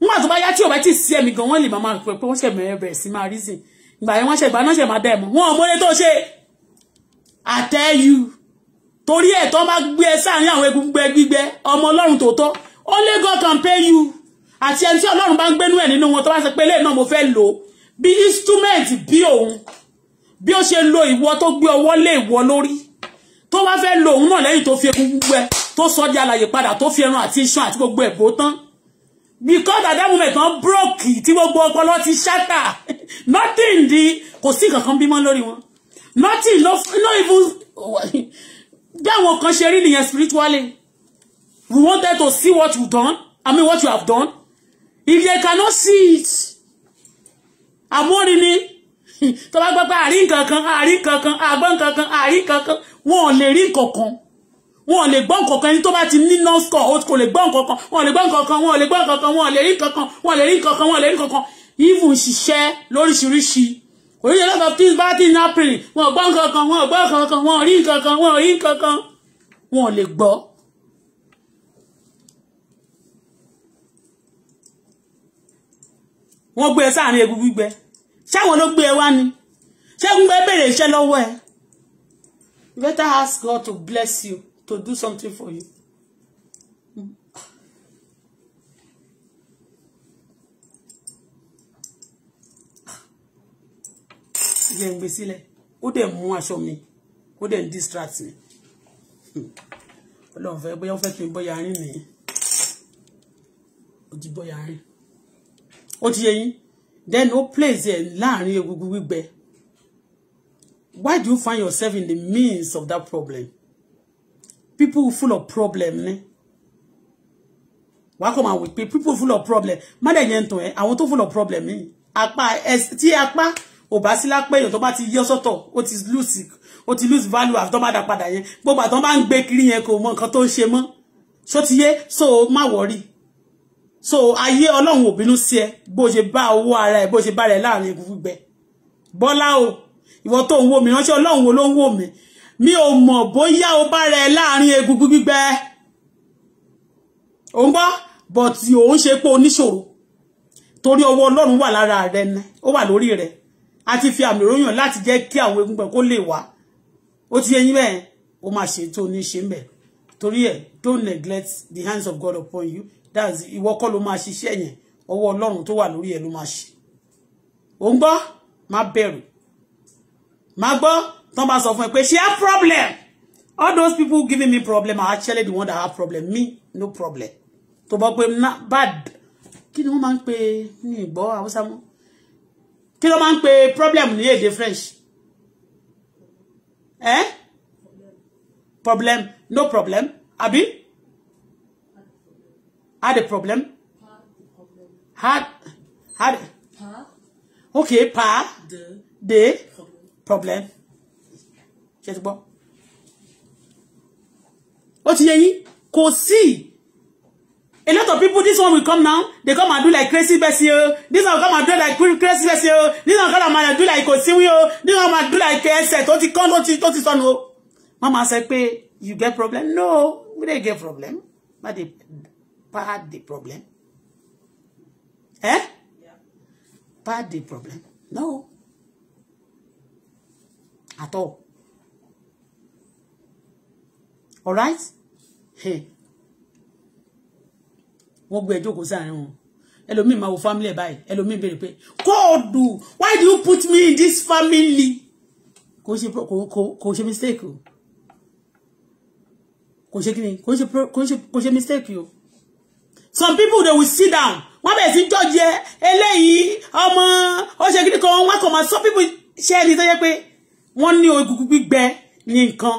nígbà tó bá yá tí ò bá ti sí ẹ̀mí gan wọ́n lè máa pẹ́ pé wọ́n ṣẹ̀ mẹ́rẹ̀ bẹ̀rẹ̀ sí máa rí sìn ìgbà yẹn wọ́n ṣẹ̀ ìgbà náà ṣẹ̀ máa dá wọn ò mọ́lẹ́ tó ṣe àtẹ́yù torí ẹ̀ tó máa gbé sáàrin àwọn egun gbẹ gbígbẹ ọmọ ọlọ́run tòótọ́ only God can pay you àti ẹni tí ọlọ́run bá ń gbénú ẹ̀ nínú wọn tó bá ṣe pé eléyìí náà mo fẹ́ lò bí instrument bí òun bí ó ṣe lo ìwọ tó gbé ọwọ́ lé ìwọ lórí tó wá fẹ́ lo òun náà lẹ́yìn tó fi egun gbígbẹ tó sọ di alàyè padà tó fi ẹran àti iṣan àti gbogbo ẹ̀bọ tán because at that moment wọ́n broke tí gbogbo ọpọlọ ti shatter nothing di kò sí kankan bímọ lórí wọn nothing no no even bí àwọn kan ṣe rí nìyẹn spiritually we wanted to see what you done i mean what you have done if they cannot see it àmórí ni tó bá gbọ́ pé àrí nǹkan kan àrí nǹkan kan àgbọ̀n nǹkan kan àrí nǹkan wọn lè gbọ́ nǹkan kan ẹni tó bá ti ní nọ́ọ̀sìkọ̀ ó kò lè gbọ́ nǹkan kan wọn lè gbọ́ nǹkan kan wọn lè gbọ́ nǹkan kan wọn lè rí nǹkan kan wọn lè rí nǹkan kan wọn lè rí nǹkan kan even ṣiṣẹ́ lóríṣiríṣi oríṣi lọ́sọ̀ tí bá ti ní april wọn gbọ́ nǹkan wọn gbọ́ nǹkan wọn rí nǹkan wọn rí nǹkan wọn lè gbọ́. wọ́n gbé ẹ sáàrin egun gbígbẹ ṣáwọn ló gbé ẹ wá ni ṣé gbígbẹ béèrè iṣẹ́ lọ́wọ́ ẹ better ask God to bless you to do something for you. jẹ́ ń gbé sílẹ̀ ó dẹ̀ mú aṣọ mi ó dẹ̀ ń distract mi ọlọ́run fẹ́ bóyá ó fẹ́ kí n bóyá rìn nìyí ó ti bóyá rìn ó ti yẹ yín then ó place ẹ̀ láàrin egungun gbígbẹ why do you find yourself in the means of that problem people full of problem ni wàá kọ́ máa wí people full of problem má dẹ̀ yẹn tàn ẹ́ àwọn tó full of problem ni apá tí apá ò bá sí lápá èèyàn tó bá ti yọ sọ́tọ̀ ó ti lose ó ti lose value àfi tó bá dá padà yẹn gbogbo àtọ́ bá ń gbé kiri yẹn kò mọ nǹkan tó ń ṣe mọ́ ti yé so ma worry. so aye ọlọ́run ò bínú sí ẹ bó ṣe bá owó ara ẹ bó ṣe bá rẹ láàrin egungun gbẹ bọ́lá o ìwọ tó ń wò mí ránṣẹ́ wo ló ń wò mi ò mọ̀ bóyá o bá rẹ láàrin egungun gbígbẹ ò ń gbọ́ but òun ṣe pé oníṣòro torí ọwọ́ ọlọ́run wà lára rẹ ni ó wà lórí rẹ a ti fi àmì ròyìn láti jẹ́ kí àwọn egungun gbẹ̀ kó lè wà ó ti yẹyin bẹ́ẹ̀ ó máa ṣe tó ní ṣe ń bẹ̀ torí ẹ̀ don't neglect the hands of God upon you that's ìwọ kọ́ ló máa ṣiṣẹ́ yẹn ọwọ́ ọlọ́run tó wà lórí ẹ̀ ló máa ṣe ò ń gbọ́ má bẹ̀rù má gbọ́ tán bá sọ fún ẹ she have problem all those people giving me problem are actually the one that have problem me no problem tó bọ́ pé bad kí ni wọ́n máa ń pè ní ìgbọ́ haúsá mọ́ kí ló máa problem ní èdè french eh problem no problem Abi? had a problem had had okay pa de problem ṣe ti gbọ́ ó ti yẹ yín kò sí a lot of people this one will come now they come and do like crazy person o oh. this one come and do like crazy person o oh. this one come and do like kò sí wí o oh. this one come and do like ẹsẹ̀ tó ti kán tó ti sọnù o wọ́n máa sọ pé you get problem no we dey get problem na dey part the problem eh yeah. part the problem no at all alright wọ́n gbé ẹjọ́ kó sáàrin wọn ẹlòmíì máa wo family ẹ̀ báyìí ẹlòmíì béèrè pé kóòdù why do you put me in this family kò ṣe kò ṣe mistake o kò ṣe kíni kò ṣe kò ṣe mistake o some people they will sit down wọ́n bẹ̀rẹ̀ sí jọ́ọ̀jì ẹ eléyìí ọmọ ó ṣe kíni kan wọ́n kàn máa some people ṣe ẹni tó yẹ pé wọ́n ní egungun gbígbẹ ní nǹkan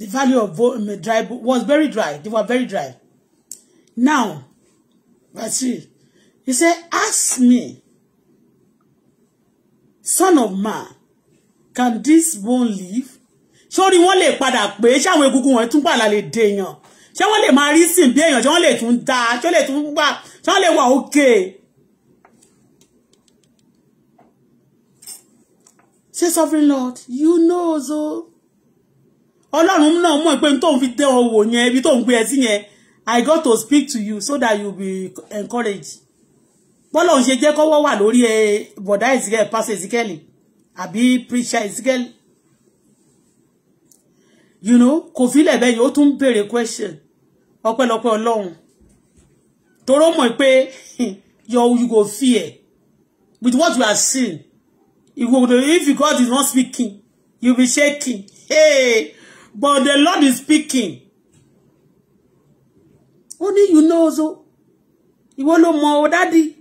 the value of um, dry was very dry. They were very dry. Now, verse 3, he said, Ask me, son of man, can this bone live? Sórí wọ́n lè padà pé ṣáwọn egungun wọn tún pàlà lè dé èèyàn. Ṣé wọ́n lè máa rí sìn bí èèyàn? Ṣé wọ́n lè tún da? Ṣé wọ́n lè tún gbà? Ṣé wọ́n lè wà òkè? Say, sovereign Lord, you know, so ọlọ́run náà mọ̀ pé tóun fi dé wọn wò yẹn ibi tóun gbé ẹ sí yẹn i got to speak to you so that you be encouraged bọ́lọ́run ṣe jẹ́ kọ́wọ́ wà lórí ẹ bọ̀dá ezekiel pastor ezekiel àbí preacher ezekiel you know kò fílẹ̀ bẹ́ẹ̀ yìí ó tún béèrè question ọpẹ́lọpẹ́ ọlọ́run toró mọ̀ pé your you go fear with what you have seen if if God is not speaking you be shaking hey But the Lord is speaking. Only you know so. you won't know more, daddy.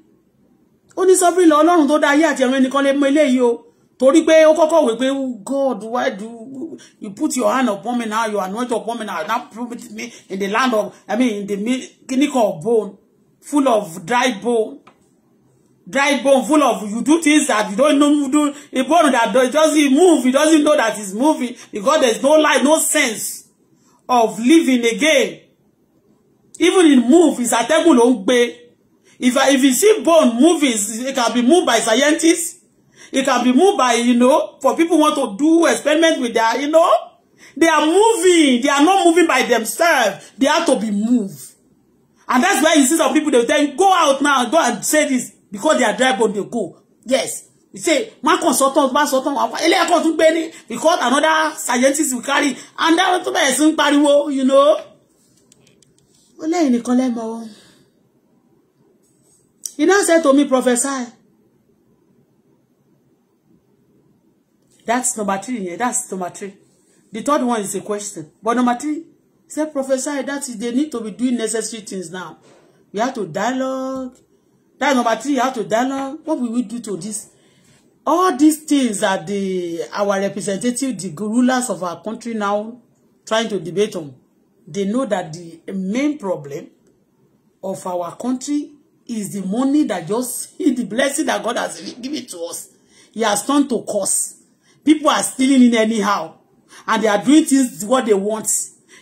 Only ní alone. lo that tó dá ayé àti ẹ̀rùn ẹnìkan lè mọ̀ eléyìí o. Torí pé ó kọ́kọ́ wí oh God why do you put your hand upon me now you anoint upon me now now prove me in the land of I mean in the clinic of bone full of dry bone dry bone full of you do things that you don't know do a bone that doesn't move it doesn't know that it's moving because there's no life no sense of living again even in move is atẹ́gùn ló ń if I, if you see bone moving it can be moved by scientists it can be moved by you know for people want to do experiment with their you know they are moving they are not moving by themselves they have to be moved and that's why you see some people they tell you go out now go and say this because they are dry they go yes you say my consultant my consultant ilé ẹ̀kọ́ tún gbé ní because another scientist We carry and that tó bẹ̀rẹ̀ sí pariwo you know ó lẹ́yìn nìkan lẹ́mọ o he now said to me Professor, that's number three yeah that's number three the third one is a question but number three say Professor, that is they need to be doing necessary things now we have to dialogue That number three, you have to dialogue. What will we do to this? All these things that the our representative, the rulers of our country now trying to debate on, they know that the main problem of our country is the money that just the blessing that God has given to us. He has turned to curse. People are stealing in anyhow. And they are doing things what they want.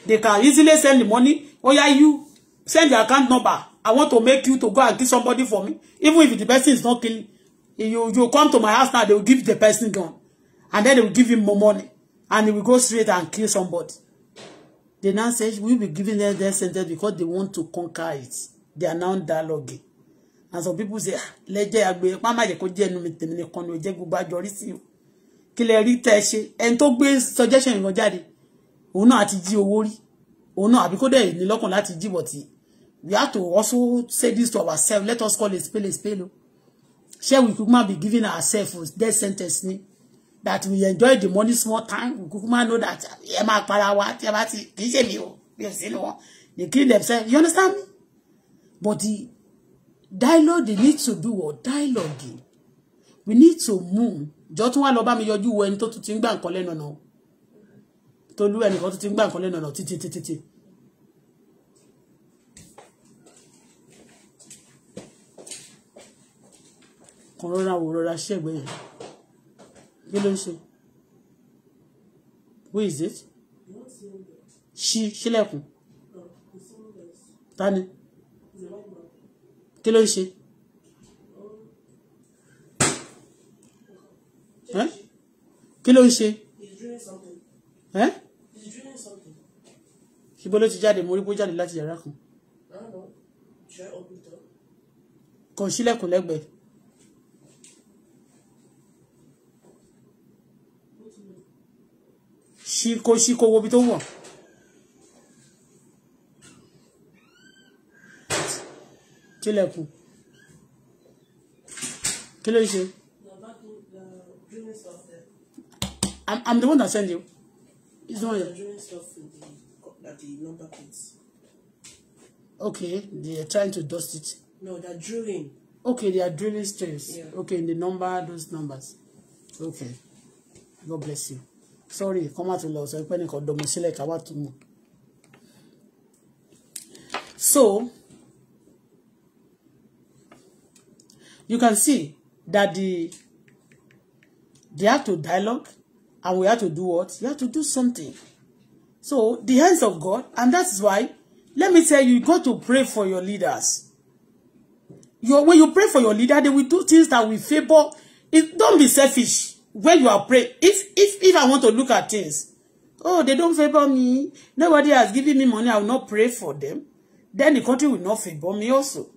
They can easily send the money. Oh yeah, you send your account number. I want to make you to go and kill somebody for me. Even if the person is not killing, you, you come to my house now, they will give the person gun. And then they will give him more money. And he will go straight and kill somebody. They now say, we'll be giving them their sentence because they want to conquer it. They are now dialoguing. And some people say, ah, lẹ́jẹ̀ àgbẹ̀, má má jẹ́ kó jẹ́ ẹnu mi tèmi nìkan ni ò jẹ́ gbogbo àjọrí sí o. Kí lẹ rí tẹ́ ṣe, ẹni tó suggestion ìran jáde, òun náà àti jí owó rí, òun náà àbí kó dẹ̀ ní lọ́kàn láti jí we have to also say this to ourselves let us call a spell, a spade o oh. we kukuma be giving ourselves death sentence ni that we enjoy the money small time we kukuma know that Yeah, my para wa tí ẹ bá ti kì í they kill themselves you understand me but the dialogue they need to do or dialogue we need to move jọ tún wá lọ bá mi yọjú wo ẹni tó tún ti ń gbà nǹkan lẹ́nu ọ̀nà tolú ẹnìkan tó ti ń gbà nǹkan lẹ́nu ọ̀nà títí títí títí. kàn rọra wò rọra ṣẹ̀gbẹ́ yẹn kí ló ń ṣe who is it ṣí ṣílẹ̀kùn tani kí ló ń ṣe. kí ló ń ṣe ṣùgbọ́n ló ti jáde mo rí bó jáde láti yàrá kan kàn ṣílẹ̀kùn lẹ́gbẹ̀ẹ́. ṣí kó ṣí kó wo ibi tó wọ̀. tilẹ̀kùn kí ló I'm, I'm the one that send you. It's not Okay, they are trying to dust it. No, they're drilling. Okay, they are drilling stones. Yeah. Okay, in the number, those numbers. Okay. God bless you sorry kọ́ má tún lọ sọ pé nìkan dọ̀mọ sílẹ̀ ká wà tún so you can see that the they have to dialogue and we have to do what you have to do something so the hands of God and that is why let me tell you you got to pray for your leaders your when you pray for your leader they will do things that will favour it don't be selfish when you are praying, if if if I want to look at things, oh, they don't favor me. Nobody has given me money. I will not pray for them. Then the country will not favor me also.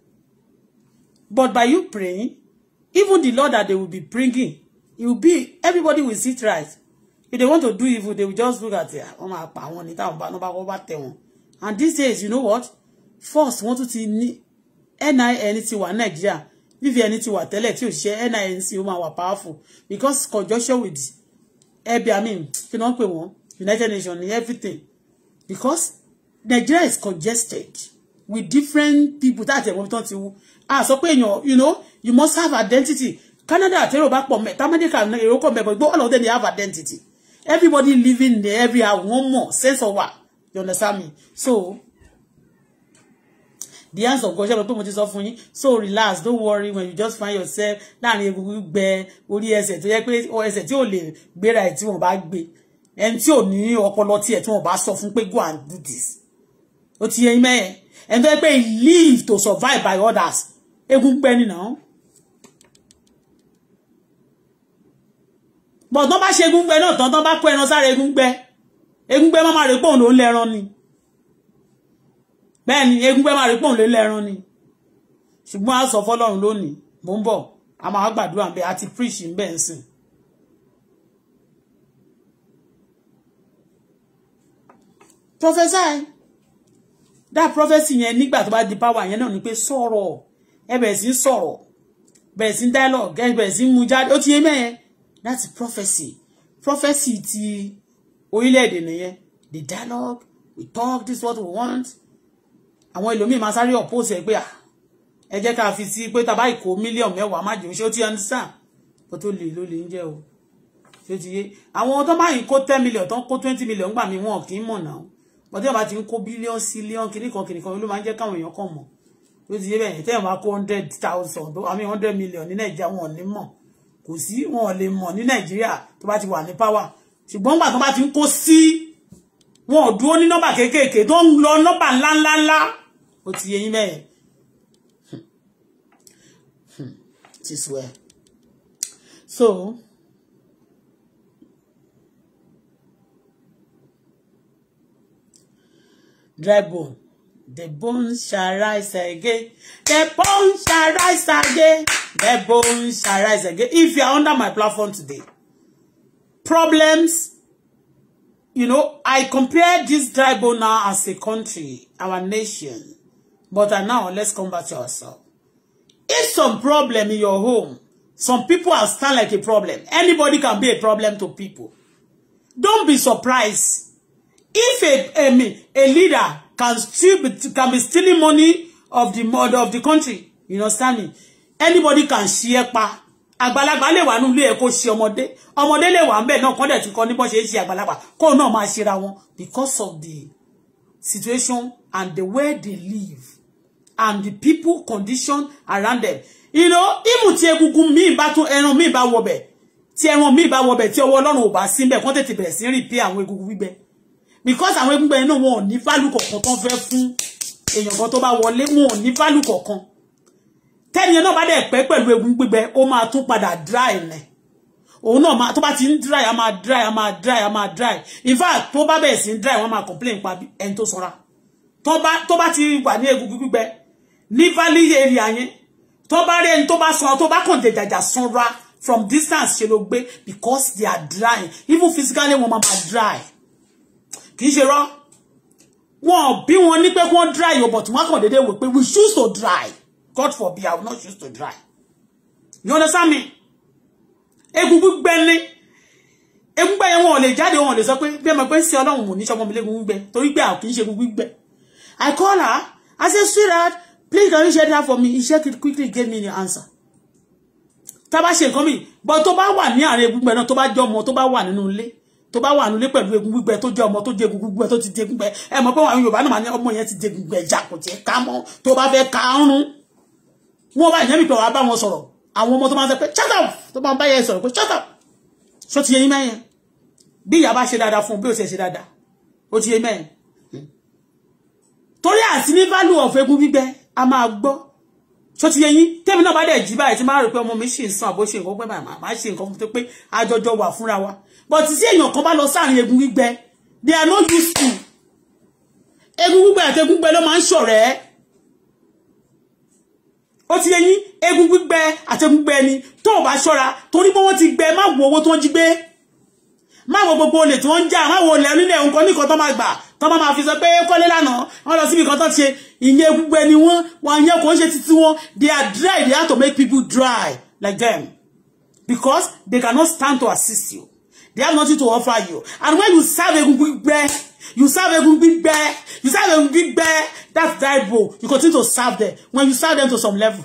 But by you praying, even the Lord that they will be bringing, it will be everybody will sit right. If they want to do evil, they will just look at their oh And these days, you know what? First, want to see NINT one Nigeria vvn ti wà tẹ́lẹ̀ tí òṣìṣẹ́ ninc ó máa wà powerful because conjunction with ẹbí i mean kí ni wọ́n pè wọ́n united nations ni everything because nigeria is congested with different people tá àtẹ̀wọ́n tán ti wú a sọ pé èèyàn you know you must have identity canada àtẹ̀rò bá pọ̀ mẹ́ta amẹ́ríkà èrò kọ̀ mẹ́kọ̀ gbọ́ all of them dey have identity everybody living there every hour one more sense of wa you understand me so the hands of God ṣe lọ pé mo ti sọ fún yín so relax don't worry when you just find yourself láàrin egungun gbẹ orí ẹsẹ̀ tó yẹ pé ẹsẹ̀ tí ò lè gbéra ẹ̀ tí wọ́n bá gbé ẹni tí ò ní ọpọlọ tiẹ̀ tí wọ́n bá sọ fún pé go and do this ó ti yẹ mẹ́ẹ̀ ẹni tó yẹ pé live to survive by others egun gbẹ nìyàn. bọ̀ tán bá ṣe egungbẹ náà tán tán bá kó ẹran sára egungbẹ egungbẹ má má rè pé òun ló ń lẹran ni bẹ́ẹ̀ ni egúngbẹ́ máa rí pòun lé lẹ́ran ni ṣùgbọ́n a sọ fọlọ́run lónìí mò ń bọ̀ a máa gbàdúrà ń bẹ àti preach ń bẹ ń sìn. prophesy dá prophecy yẹn nígbà tó bá di power yẹn náà ni pé sọ̀rọ̀ ẹ bẹ̀rẹ̀ sí sọ̀rọ̀ bẹ̀rẹ̀ sí dialogue ẹ bẹ̀rẹ̀ sí mú jáde ó ti yé mẹ́yẹn that's prophecy prophecy ti orílẹ̀-èdè nìyẹn the dialogue we talk this is what we want àwọn ẹlòmíì máa sáré ọ̀pọ̀ọ̀sì ẹ̀ pé à ah, ẹ jẹ́ ká fi sí pé tàbá ìkó mílíọ̀nù mẹ́wàá má jẹun ṣé ó ti understand kó tó lè ló lè ń jẹ́ o ṣé ó ti yé àwọn tó máa ń kó ten million tó ń kó twenty million gbà mí wọn kì í mọ̀ náà wọ́n tí wọ́n bá ti ń kó bílíọ̀n sílíọ̀n kìnnìkan kìnnìkan ló máa ń jẹ́ káwọn èèyàn kàn mọ̀ ló ti yé bẹ́ẹ̀ tẹ́yàn bá kó hundred thousand àmì hundred million ní nàìjíríà wọn ò ní mọ̀ kò sí wọn ò lè mọ̀ ní nàìjíríà tó bá ti wà ní power ṣùgbọ́n gbà tó bá ti ń kó sí wọn ò dúró ní nọ́mbà kéékèèké tó ń lọ nọ́mbà ńláńláńlá ó ti yé yín mẹ́yìn this way so dry bone the bone shall rise again the bone shall rise again the bone shall rise again if you are under my platform today problems you know, I compare this dry bone now as a country, our nation. But uh, now, let's come back to ourselves. If some problem in your home, some people are stand like a problem. Anybody can be a problem to people. Don't be surprised. If a, a, a leader can steal can be stealing money of the of the country, you understand me? Anybody can share pa. Àgbàlagbà lè wà nule ẹ kó ṣe ọmọdé. Ọmọdé lè wà ńbẹ̀ náà kon de tún kon ní bó ṣe ṣe àgbàlagbà. Kó because of the situation and the way they live and the people condition around them you know imu tí mi míì bá tún ẹran míì bá wọbẹ̀ tí ẹran míì bá wọbẹ̀ tí ọwọ́ Ọlọ́run ò bá sí ńbẹ̀ kọ́n tètè bẹ̀rẹ̀ sí repair àwọn egungun gbígbẹ because àwọn egungun gbígbẹ náà wọn ò ní value kankan tọ́n fẹ́ fún èèyàn kan tó bá wọlé wọn ò ní value kankan tẹ́ni náà bá dẹ̀ pẹ́ pẹ̀lú egungun gbígbẹ ó máa tún padà dry ni òun náà máa tó bá ti ń dry a máa dry a máa dry a máa dry in fact tó bá bẹ̀rẹ̀ sí ń dry wọ́n máa complain pa ẹni tó sanra tó bá ti wà ní egungun gbígbẹ ní valley area yẹn tó bá rí to tó bá sanra tó bá kàn jẹjàjà sanra from distance ṣe ló gbé because they are dry even physically wọn máa dry kì í ṣe rọ wọn bí wọn ní pé dry o but wọn kàn déédéé wò pé we choose to dry God forbid I will not choose to dry you understand me egungun gbẹni egungun gbẹyẹ wọn ò lè jáde wọn ò lè sọ pé bí ẹ mọ̀ pé ń ṣe Ọlọ́run ò ní sọmọ mi lẹgùn gbẹ torí pé àwọn kì í ṣe I call her I say sweetheart please can you share that for me it quickly Give me the answer tá bá ṣe nǹkan mi but tó bá wà ní àárín egun gbẹ náà tó bá jẹ́ ọmọ tó bá wà nínú ilé tó bá wà nínú ilé pẹ̀lú egun gbígbẹ tó jẹ́ ọmọ tó to egun gbígbẹ tó ti jẹ́ egun gbẹ ẹ mọ̀ pé àwọn Yorùbá náà máa ní ọmọ yẹn ti jẹ́ egun gbẹ jà kò tiẹ̀ to mọ́ tó bá fẹ́ ká ń rún wọn bá ìyẹn mi pé wàá bá wọn sọ̀rọ̀ àwọn ọmọ tó máa ń sọ pé shut up tó máa ń bá yẹn sọ̀rọ̀ pé shut up so ti yẹ yín mẹ́yẹn bí ìyá bá ṣe dáadáa fún un bí ó ti ṣe dáadáa ó ti yẹ mẹ́yẹn torí àti ní value of egun gbígbẹ a máa gbọ́ tó ti yẹyin tẹ́mi náà bá dẹ̀ jí báyìí tí máa rò pé ọmọ mi ṣì ń sàn àbó ṣe nǹkan pẹ́ màmá má ṣe nǹkan tó pé àjọjọ wà wa but tí èèyàn kan bá lọ sáàrin egun gbígbẹ they are not used to egun gbígbẹ àti egun gbígbẹ ló máa ń ṣọ̀rẹ́ ó ti yẹyin egun gbígbẹ àti egun gbígbẹ ni tó o bá ṣọ́ra torí pé wọ́n ti gbẹ má wo owó tó ń jí gbé má gbogbo olè tí wọ́n ń jà má olè onílẹ̀ nǹkan nìkan tó máa gbà tó máa fi sọ pé kọ́lé lánàá wọ́n lọ síbi kan tó ṣe ìyẹn gbogbo ẹni wọ́n wọn ìyẹn kò ń ṣe títí wọn they are dry they have to make people dry like them because they cannot stand to assist you they have nothing to offer you and when you serve egungun gbígbẹ you serve egungun gbígbẹ you serve egungun gbígbẹ that's dry bro you continue to serve them when you serve them to some level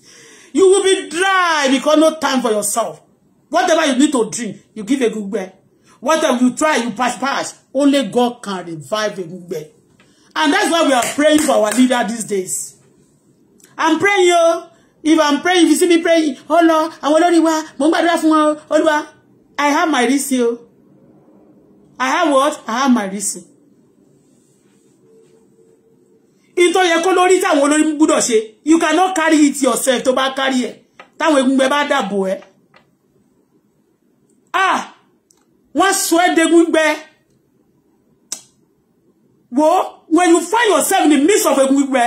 you will be dry because no time for yourself whatever you need to drink you give egungun gbẹ Whatever you try, you pass pass. Only God can revive a movement. And that's why we are praying for our leader these days. I'm praying, yo. If I'm praying, if you see me praying, hold on. àwọn olórí wa, mo ń gbàdúrà I have my reason, yo. I have what? I have my reason. Ìtọ́ yẹ kó lórí táwọn olórí You cannot carry it yourself To bá carry ẹ̀. Táwọn egungun bá dàbò Ah! wọ́n sọ ẹ́ degun gbẹ wo when you find yourself in the midst of egun gbígbẹ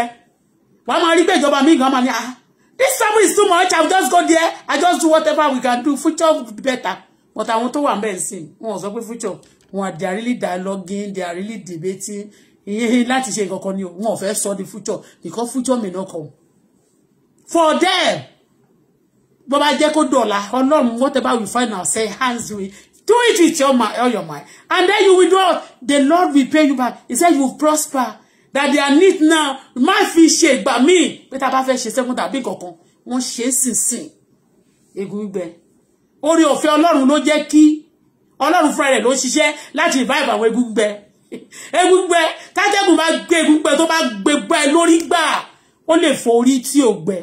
wàá máa rí pé ìjọba mi gan máa ní ah this family is too much i just go there i just do whatever we can do future will be better but àwọn tó wà ń bẹ̀ ń sìn wọn sọ pé future wọn they are really dialoguing they are really debating láti ṣe nǹkan kan ni o wọn ò fẹ́ sọ the future because future may not come for them bó bá jẹ́ kó dọ̀la ọlọ́run whatever we find ourselves hands we Do it with your mind, all your mind. And then you will know the Lord will pay you back. He said you will prosper. That they are need now. Má fi ṣe ìgbà míì. Pé tá bá fẹ́ ṣe segun tàbí kankan. Wọ́n ṣe nsinsin. Egun gbígbẹ. Orí ọ̀fẹ́ Ọlọ́run ló jẹ́ kí Ọlọ́run fúnra rẹ̀ ló ṣiṣẹ́ láti revive àwọn egun gbígbẹ. Egun gbígbẹ tájẹ́gùn bá gbé egun gbígbẹ tó bá gbé gbẹ lórí gbà. Ó lè fọ orí tí ò gbẹ.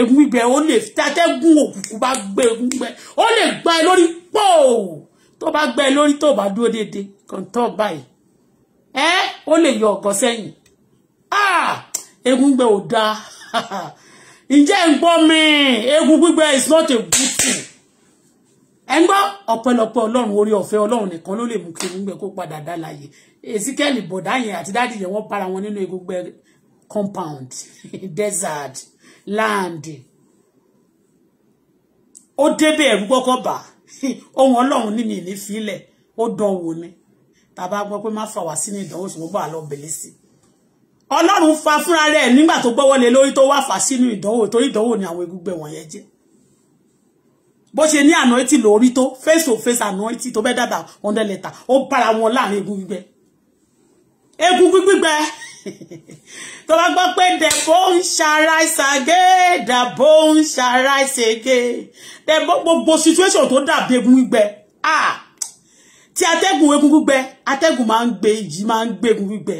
Egun gbígbẹ ó lè tatẹ́gùn òkùnkùn bá gbé egun gbẹ. Ó lè gbá ẹ lórí pọ́ọ̀ tó bá gbẹ lórí tó bá dúró déédéé kàn tọ́ báyìí ẹ ó lè yọ ọ̀gọ́ sẹ́yìn ah, egun gbẹ ò dáa ǹjẹ́ ń gbọ́ mi egun gbígbẹ is not a good thing ẹ ń gbọ́ ọ̀pẹ̀lọpẹ̀ ọlọ́run orí ọ̀fẹ́ ọlọ́run nìkan ló lè mú kí egun gbẹ kó padà dá láàyè èsìkẹ́lì bọ̀dá yẹn àti dáàdì yẹn wọ́n para wọn nínú egun gbẹ compound desert land ó débẹ̀ ẹ̀rú kọ́kọ́ bàá ohun ọlọ́run ní mi ní fílẹ̀ ó dánwò ni tàbá gbọ́ pé má fà wá sínú ìdánwò ṣùgbọ́n gbà lọ bẹ̀lẹ̀ sí ọlọ́run fa fúnra rẹ̀ nígbà tó gbọ́wọ́ lé lórí tó wà fà sínú ìdánwò torí ìdánwò ni àwọn egúngbẹ̀ wọ̀nyẹn jẹ́ bó ṣe ní anointing lórí tó face to face anointing tó bẹ́ dàgbà hundred letter ó bára wọn láàrin egun gbígbẹ egun gbígbẹ tó bá gbọ́ pé dẹ̀bó ń ṣaráìsì àgé dàbó ń ṣaráìsì àgé dẹ̀bó gbogbo situation tó dàbí egun gbígbẹ tí atẹ́gùn egun gbígbẹ atẹ́gùn máa ń gbé ìjì máa ń gbé egun gbígbẹ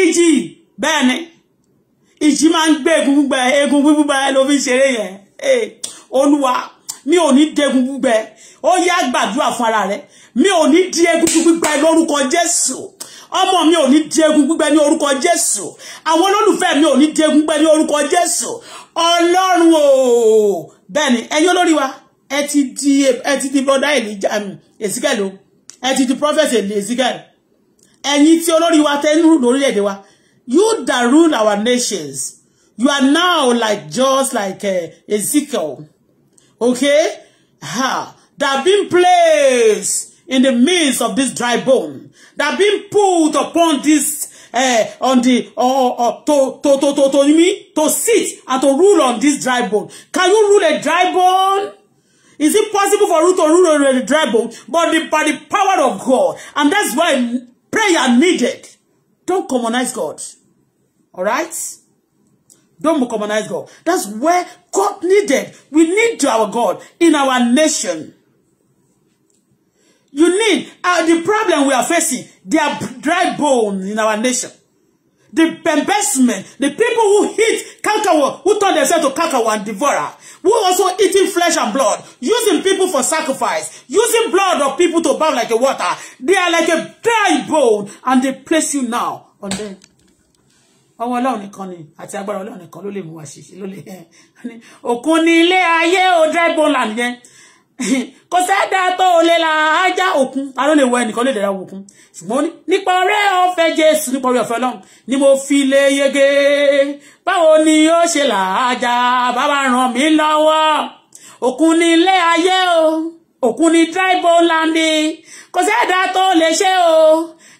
ìjì bẹ́ẹ̀ ni ìjì máa ń gbé egun gbígbẹ egun gbígbẹ ló fi ṣeré yẹn olúwa mi ò ní degun gbígbẹ ó yá gbàdúrà fún ara rẹ mi ò ní di egungun gbígbẹ lórúkọ Jésù ọmọ mi ò ní di egun gbígbẹ ní orúkọ Jésù àwọn olólùfẹ́ mi ò ní di egun gbígbẹ ní orúkọ Jésù Ọlọ́run o bẹ́ẹ̀ ni ẹ̀yin olórí wa ẹ ti di ẹ ti di brother Elijah um, Ezekiel o ẹ ti di prophet Ezekiel ẹ̀yin tí olórí wa tẹ́ ń rú lórílẹ̀‐èdè wa you that rule our nations you are now like just like uh, Ezekiel okay ha that been placed in the midst of this dry bone that being put upon this uh, on the uh, uh, to, to to to to me to sit and to rule on this dry bone. Can you rule a dry bone? Is it possible for you to rule on a dry bone? But the, by the power of God, and that's why prayer needed. Don't commonize God. All right. Don't commonize God. That's where God needed. We need our God in our nation. You need uh, the problem we are facing. They are dry bone in our nation. The embezzlement, the people who eat kakawa, who turn themselves to kakawa and devourer, who also eating flesh and blood, using people for sacrifice, using blood of people to bathe like a water. They are like a dry bone and they place you now on them. ọwọ́ ọlọ́run nìkan ni àti agbára ọlọ́run nìkan ló lè mú wa ṣe ló lè òkun ni ilé ayé o dry bone land yẹn kò sẹ́dá tó lè la ájá òkun ta ló lè wọ ẹnìkan lè dẹ̀ra òkun ṣùgbọ́n nípa ọrẹ ọ̀fẹ́ jésù nípa ọrẹ ọ̀fẹ́ ọlọ́run ni mo fi lè yege báwo ni ó ṣe là ájá bàbá ràn mí lọ́wọ́ òkun ni ilé ayé o òkun ni tribal land kò sẹ́dá tó lè ṣe o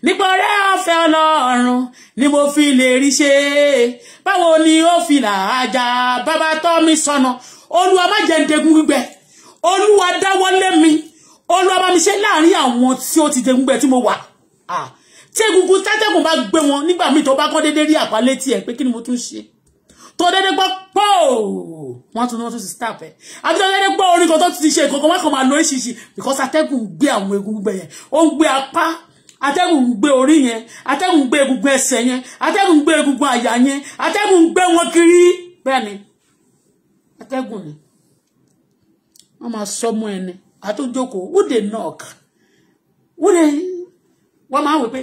nípa ọrẹ ọ̀fẹ́ ọlọ́run ni mo fi lè rí ṣe báwo ni ó fi là ájá bàbá tọ́ mi sọnà olúwa má olúwa dáwọ́lé mi olúwa bá mi ṣe láàrin àwọn tí ó ti jẹ gbígbẹ tí mo wà tí egungun tátẹ́gùn bá gbé wọn nígbà míì tó bá kọ́ déédéé rí àpálẹ́ tiẹ̀ pé kí ni mo tún ṣe tó déédéé gbọ́ pọ́ wọ́n tún wọ́n tún ti start ẹ̀ àbí tó déédéé gbọ́ orin kan tó ti ṣe kankan wọ́n kàn máa lọ oríṣiríṣi because atẹ́gùn gbé àwọn egungun gbẹ yẹn ó ń gbé apá atẹ́gùn gbé orí yẹn atẹ́gùn gbé egungun ẹsẹ̀ yẹn atẹ́gùn gbé egungun àyà yẹn atẹ́gùn gbé wọn kiri bẹ́ẹ̀ ni atẹ́gùn ni wọ́n máa sọ mọ́ ẹni àtúnjókòó ó dè knock ó dè wọ́n máa wò pé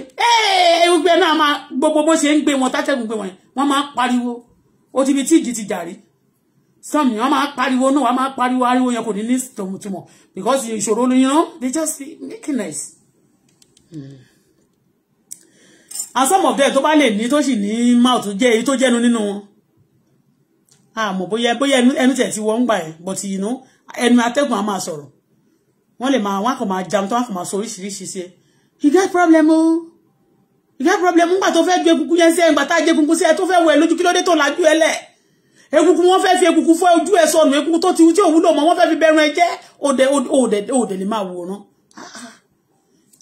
gbogbo ẹ̀ náà máa gbogbo bó ṣe ń gbé wọn tátẹ́gùn gbé wọn yẹn wọ́n máa pariwo ó ti bi tí ìjì ti jàrí sọmi wọ́n máa pariwo náà wọ́n máa pariwo ariwo yẹn kò ní ní tòmùtòmù because ìṣòro ni you know they just make it nice. and some of them tó bá lè ní tó sì ní mouth jẹ́ èyí tó jẹ́nu nínú wọn àmọ́ bóyá bóyá ẹnu tẹ̀ tí wọ́n ń gbà ẹ̀ but you know ẹnu atẹ́gùn á máa sọ̀rọ̀ wọ́n lè máa wọ́n kàn máa jam tó wọ́n kàn máa sọ oríṣiríṣi sí ẹ you get problem o you get problem ńgbà tó fẹ́ ju egungun yẹn sí ẹ ńgbà tá a jẹ egungun sí ẹ tó fẹ́ wọ ẹ lójú kí ló dé tó lajú ẹ lẹ̀ egungun wọn fẹ́ fi egungun fọ́ ojú ẹ sọnù egungun tó ti tí ò wúlò mọ́ wọ́n fẹ́ fi bẹ̀rù ẹ jẹ́ òde òde òde lè máa wòran ah, ah.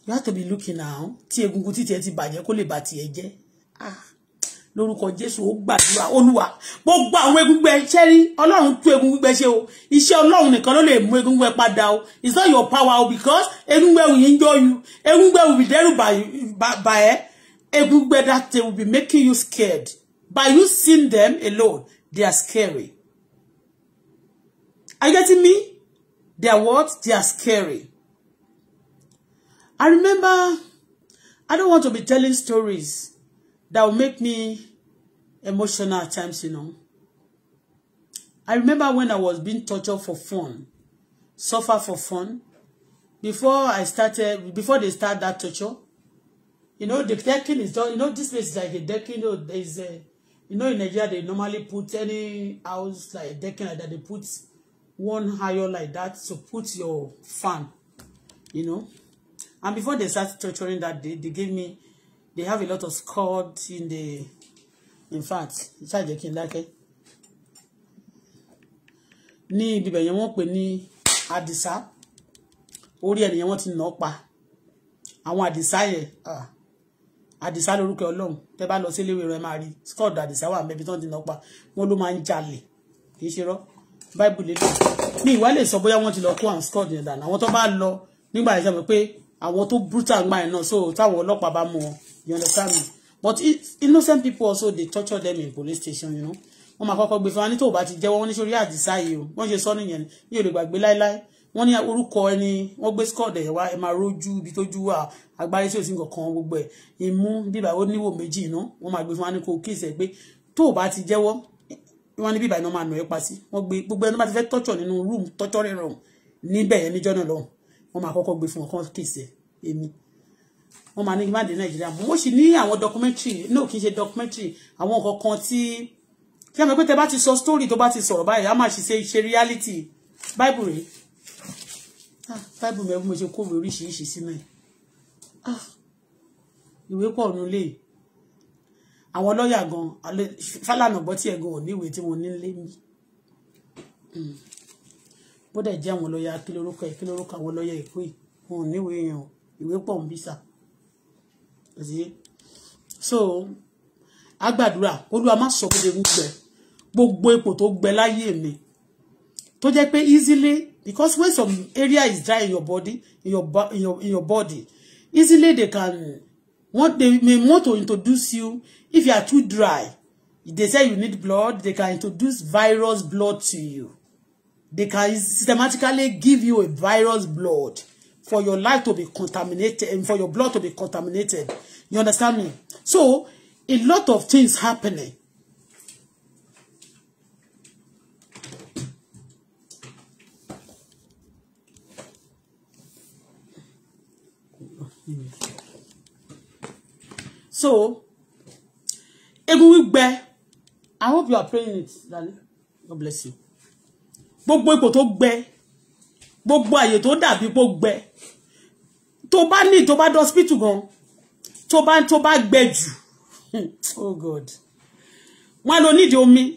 you have to be looking now Ti egungun ti ẹ ti bàjẹ́ kó lè bà tiẹ̀ jẹ́ ah lórúkọ jésù ó gbàdúrà olúwa gbogbo àwọn egungun ẹṣẹ rí ọlọ́run tú egungun gbẹ ṣe o iṣẹ́ ọlọ́run nìkan ló lè mú egungun ẹ padà o it's not your power o because egungun ẹwù yìí ń jọ you egungun ẹwù bí dẹ́rù bà ẹ́ egungun ẹ that they will be making you scared by you seeing them alone they are scary are you getting me they are what they are scary I remember I don't want to be telling stories that will make me emotional at times, you know. I remember when I was being tortured for fun, suffer for fun. Before I started, before they start that torture, you know, the decking is done. You know, this place is like a decking. You know, there's a, you know, in Nigeria, they normally put any house like a decking like that. They put one higher like that to put your fan, you know. And before they started torturing that day, they gave me they have a lot of scored in the in fact ṣàjẹ́ kí n dákẹ́ ní ibi bẹ̀yẹn wọ́n pè ní àdìsá orí ẹnìyẹn wọ́n ti nà pa àwọn àdìsá yẹn àdìsá lórúkọ ọlọ́run tẹ́ bá lọ sí ilé ìwé máa rí scott àdìsá wà mẹ́bi tán ti nà pa wọ́n ló máa ń jalè kì í ṣe rọ́ báìbù lélẹ̀ ní ìwà lè sọ bóyá wọ́n ti lọ kó àwọn scott yẹn dànù àwọn tó bá lọ nígbà yẹn sọ pé àwọn tó brutal gbà yẹn náà so táwọn ọlọ́pàá bá mú wọn you understand me but innocent people also dey torture them in police station you know wọ́n máa kọ́kọ́ gbé fún wa ní tó bá ti jẹ́wọ́ wọ́n ní sórí àdìsá yìí o wọ́n ṣe sọ nìyẹn ní ò lè gbàgbé láéláé wọ́n ní orúkọ ẹni wọ́n gbé scott ẹ̀ wá ẹ máa rójú ibi tójú wà agbárí sí òsín kankan gbogbo ẹ̀ imú bíbà ó níwò méjì iná wọ́n máa gbé fún wa ní kó kíìsì ẹ̀ pé tó bá ti jẹ́wọ́ wọ́n ní bíbà iná máa nà ẹ́ pa sí wọ́n gbé gbogbo ẹni bá ti fẹ́ tọ́jọ̀ nínú rúùmù tọ́jọ́ rẹ̀ rọrùn níbẹ̀ yẹn níjọ́ lọ́hùn wọ́n máa kọ́kọ́ gbé fún wọn kán kíìsì ẹ̀ èmi wọ́n máa ní kí n má dé nàìjíríà mọ́ wọ́n sì ní àwọn documentary náà kì í ṣe documentary àwọn nǹkan kan tí kí a mọ̀ pé tẹ bá ti sọ story tó bá ti sọ̀rọ̀ báyìí a máa ṣe ṣe ṣe reality bible rèé ah bible mẹ́rin mo ṣe kóòwé oríṣiríṣi sínú ẹ̀ ah ìwé pọ̀ nílé àwọn lọ́ọ̀yà gan Fálànà gbọ́ tí ẹ̀gàn ò ní ìwé tí mo ní lé mi hmm. bó dẹ̀ jẹ́ àwọn lọ́ọ̀yà kí lórúkọ ẹ̀ àwọn lọ́ọ̀yà èkó ìwé pọ̀ ń bí sáà so a gbàdúrà olúwa má sọ gbogbo ewu gbẹ gbogbo ipò tó gbẹ láyé mi tó jẹ́ pé easily because when some area is dry in your body in your, in your, in your body easily they can want they may want to introduce you if you are too dry they say you need blood they can introduce virus blood to you they can systematically give you a virus blood for your life to be contaminated and for your blood to be contaminated. You understand me? So, a lot of things happening. So, Egunwigbe, I hope you are praying it, darling. God bless you. boy, ipò tó gbẹ gbogbo àyè tó dàbí pó gbẹ tó bá ní tó bá dọ́spítù gan tó bá tó bá gbẹ jù oh god wọ́n lọ nídìí omi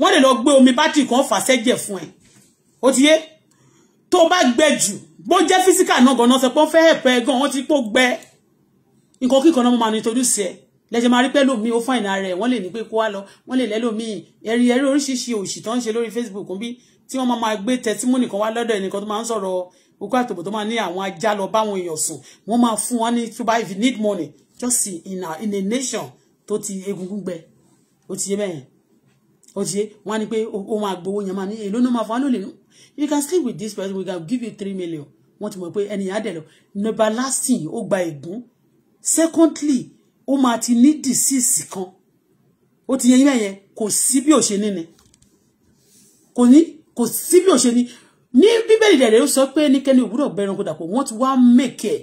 wọ́n lè lọ gbé omi bátìrì kan fà sẹ́jẹ̀ fún ẹ ó ti yé tó bá gbẹ jù bó jẹ́ físíkà náà gan náà sọ pé ó fẹ́ ẹ̀pẹ́ gan wọ́n ti pó gbẹ nǹkan kíkan náà mo máa ní tojú sí ẹ lẹ́jẹ̀ máa rí pẹ́ lómi ó fáìn ara ẹ̀ wọ́n lè ní pé kó wá lọ wọ́n lè lẹ́lòmíì ẹ̀rí ẹ̀rí oríṣiríṣi òṣì tó ń ṣe lórí Facebook bí tí wọ́n máa gbé testimony kan wá lọ́dọ̀ ẹnìkan tó máa ń sọ̀rọ̀ okó àtòbò tó máa ní àwọn ajá lọ báwọn èèyàn sùn wọ́n máa fún wọn ní tó if you need money just see in a, in a nation tó ti egungun gbẹ ó ti yé bẹ́ẹ̀ ó ti yé wọ́n á ní pé ó máa gbowó yẹn máa ní èló ló máa fún wọn lólè nù you can sleep with this person we can give you three million wọ́n ti mọ̀ pé ẹnìyàn á dẹ̀ lọ number lasting ó gba ègún secondly ó máa ti ní disease kan ó ti yẹ yín bẹ́ẹ̀ yẹn kò sí bí ò ṣe ní kò ní kò sí bí ò ṣe ni ní bíbélì rẹ̀ rẹ̀ ó sọ pé ẹnikẹ́ni òwúrọ̀ gbẹranko dàpọ̀ wọ́n ti wá mèkè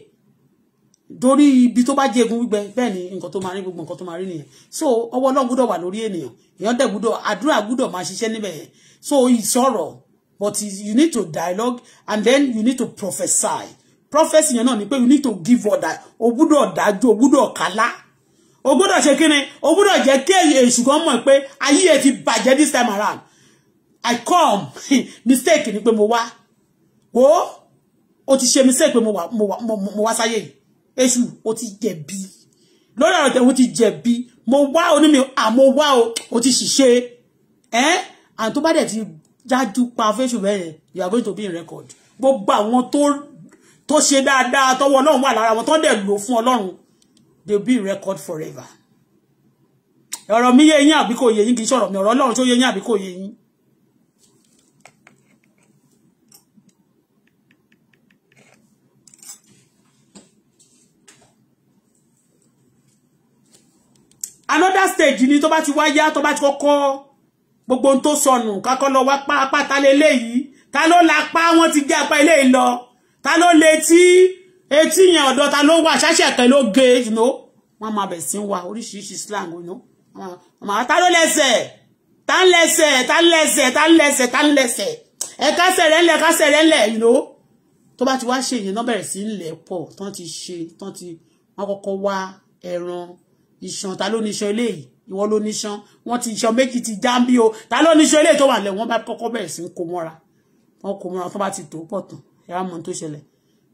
dorí e. ibi tó bá jẹ egun gbígbẹ bẹ́ẹ̀ ni nǹkan tó máa rí gbogbo nǹkan tó máa rí nìyẹn so ọwọ́ Ọlọ́run gbúdọ̀ wà lórí ènìyàn èèyàn dẹ̀ gbúdọ̀ àdúrà gbúdọ̀ máa ṣiṣẹ́ níbẹ̀ yẹn so ìsọ̀rọ̀ but you need to dialogue and then you need to prophesy prophesy yẹn náà ni pé you need to give order o gbúdọ̀ dájú o gbúdọ̀ kálá o gbúdọ̀ ṣe kíni o gbúdọ̀ jẹ́ kí èṣù kan mọ̀ pé ayé ẹ ti bàjẹ́ this time around I come mistake ni pé mo wa. wo o ti ṣe mistake pé mo wa, mo wa, mo wa sáyé Esu èṣù o ti jẹ̀bi lórí ọ̀rọ̀ tẹ̀wọ́n ti jẹ̀bi mo wa, oní mi àmọ́ wá o o ti ṣìṣe ẹ́ and tó bá dẹ̀ ti jájú pa fẹ́ṣù bẹ́ẹ̀ you are going to be in record gbogbo àwọn tó tó ṣe dáadáa tọwọ́ ọlọ́run wà lára wọn tó dẹ̀ lò fún ọlọ́run they be in record forever ọ̀rọ̀ mi yé yín àbí kò yé yín kì í ṣọ̀rọ̀ mi ọ̀rọ̀ ọlọ́run tó yé yín àbí kò yé yín. another stage ni tó bá ti wáyá tó bá ti kọ́kọ́ gbogbo ohun tó sọnù kákọ́ lọ wá pápá ta leléyìí ta ló lápá wọ́n ti gé apá eléyìí lọ ta ló létí etí yẹn ọ̀dọ̀ ta ló wà ṣáṣẹ̀ kan ló gé you know wọ́n máa bẹ̀ sí wa oríṣiríṣi slang you know wọ́n máa ta ló lẹ́sẹ̀ ta ń lẹ́sẹ̀ ta ń lẹ́sẹ̀ ta ń lẹ́sẹ̀ ta ń lẹ́sẹ̀ ẹ̀ka sẹ̀rẹ̀ ńlẹ̀ ẹ̀ka sẹ̀rẹ̀ ńlẹ̀ you know To bá ti wá ṣe ìyẹn náà bẹ̀rẹ̀ sí ńlẹ̀ pọ̀ tán ti ṣe tán ti wọ́n kọ́kọ́ wá ẹran ìṣàn ta ló níṣan eléyìí ìwọ ló níṣan wọ́n ti ìṣàn méjì ti já ń bí o ta ló níṣan eléyìí tó wà lẹ̀ wọ́n bá kọ́kọ́ bẹ̀rẹ̀ sí ń kó mọ́ra wọ́n kó mọ́ra tó bá ti tó pọ̀ tán ẹ̀rọ mọ̀ tó ṣẹlẹ̀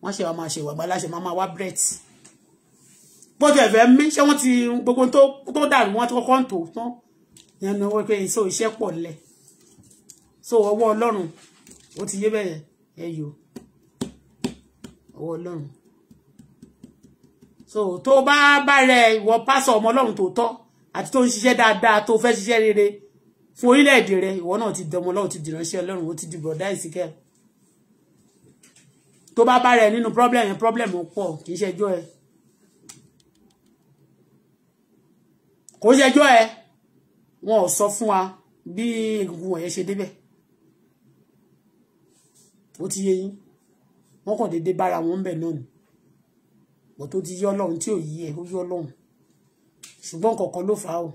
wọ́n ṣe wàá máa ṣe ìwàgbá láṣẹ máa máa wá brett bó ti ẹ̀fẹ̀ mí ṣé wọ́n ti gbogbo tó dàrú wọ́n ti kọ́kọ́ ń tò tán ẹnu wọ́n pé so iṣẹ́ pọ̀ lẹ̀ so ọwọ́ ọlọ́run ó ti yé bẹ́ẹ̀ ẹ̀yọ́ ọwọ́ ọlọ́run so tó bá bá rẹ ìwọ pásítọ̀ ọmọ Ọlọ́run tó tọ́ àti tó ń ṣiṣẹ́ dáadáa tó fẹ́ ṣiṣẹ́ rere fún orílẹ̀-èdè rẹ ìwọ náà ti dọmọ Ọlọ́run ti dìránṣẹ́ Ọlọ́run o ti di bọ̀dá ìsìnkẹ́ tó bá bá rẹ nínú problem yẹn problem pọ̀ kì í ṣẹjọ́ ẹ kò ṣẹjọ́ ẹ wọn ò sọ fún wa bí egungun wọ̀nyẹn ṣe débẹ̀ o ti yé yín wọ́n kàn déédéé bára wọn ń bẹ̀ bó tó ti yí ọlọ́run tí ò yí ẹ ó yí ọlọ́run ṣùgbọ́n kankan ló fà á o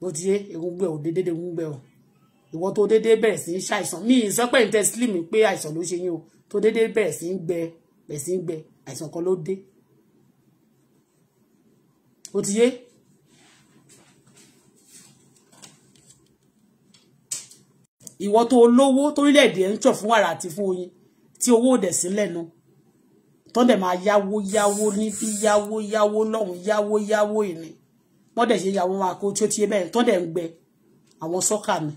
bó ti yé egungun ẹ ò déédéé egungun ẹ o ìwọ tó déédéé bẹ̀rẹ̀ sí í ṣàìsàn mí ìsọpẹ́ ní tẹ́sílìmù pé àìsàn ló ṣe yín o tó déédéé bẹ̀rẹ̀ sí í gbẹ bẹ̀rẹ̀ sí í gbẹ àìsàn kan ló dé ó ti yé ìwọ tó olówó torílẹ̀-èdè ń tọ̀ fún wàrà àti fún oyin tí owó òdẹ̀ sílẹ̀ náà tán dẹ̀ máa yáwó yáwó níbí yáwó yáwó lọ́hùn yáwó yáwó ìní wọ́n dẹ̀ ṣe yàwó máa kó tí ó ti yé bẹ́ẹ̀ tán dẹ̀ ń gbẹ àwọn sọ́kà mi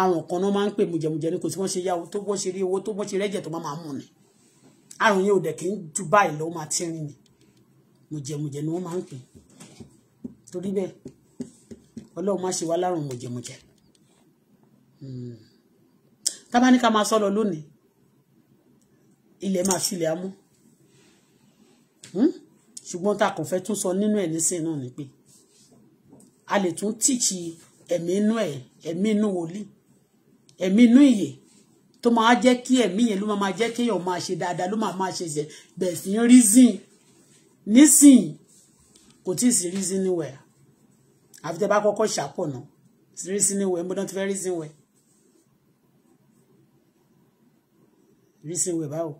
àrùn kan náà máa ń pè mùjẹ̀mùjẹ̀ ni kò sí wọ́n ṣe yáwó tó wọ́n ṣe rí owó tó wọ́n ṣe rẹ́jẹ̀ tó máa mú ni àrùn yẹn ò dẹ̀ kí ń ju báyìí lọ́wọ́ máa ti rìn ni mùjẹ̀mùjẹ̀ ni wọ́n máa ń pè torí bẹ́ẹ̀ ọlọ́run má ṣe wá lárùn mùjẹ̀mùjẹ̀ hmm. tábánikà máa sọ lọ lónìí ilẹ̀ máa filẹ̀ amú Hmm? ṣùgbọ́n tá a kàn fẹ́ tún sọ nínú ẹ̀ nísìn náà ni pé a lè tún tíìchì ẹ̀mí inú ẹ̀ ẹ̀mí inú wòlíì ẹ̀mí inú ìyè tó máa jẹ́ kí ẹ̀mí yẹn ló máa jẹ́ kéèyàn máa ṣe dáadáa ló máa máa ṣe ṣe bẹ̀sí reason nísìn kò tí ì sí reason anywhere àfi tẹ́ bá kọ́kọ́ ṣàpọ̀nà reason anywhere mo náà ti fẹ́ reason anywhere reason anywhere báwo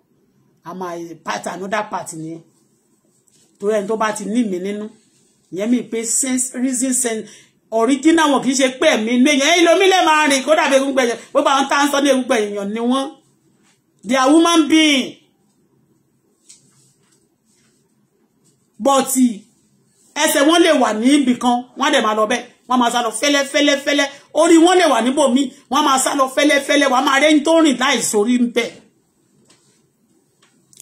a máa part another part nìyẹn torí ẹni tó bá ti ní mi nínú ìyẹn mi pé reason sense original wọn kì í ṣe pé ẹ̀mí inú èèyàn ìlú omi lè máa rìn kódà bí egungun ẹ̀yàn gbogbo àwọn tá à ń sọ ní egungun èèyàn ni wọ́n they are human being but ẹsẹ̀ wọn lè wà ní ibì kan wọ́n á dẹ̀ máa lọ bẹ́ẹ̀ wọ́n máa sá lọ fẹ́lẹ́fẹ́lẹ́fẹ́lẹ́ orí wọn lè wà níbòmí wọ́n máa sá lọ fẹ́lẹ́fẹ́lẹ́ wọ́n máa rẹ́ni tó rìn láì sórí ń bẹ́ẹ̀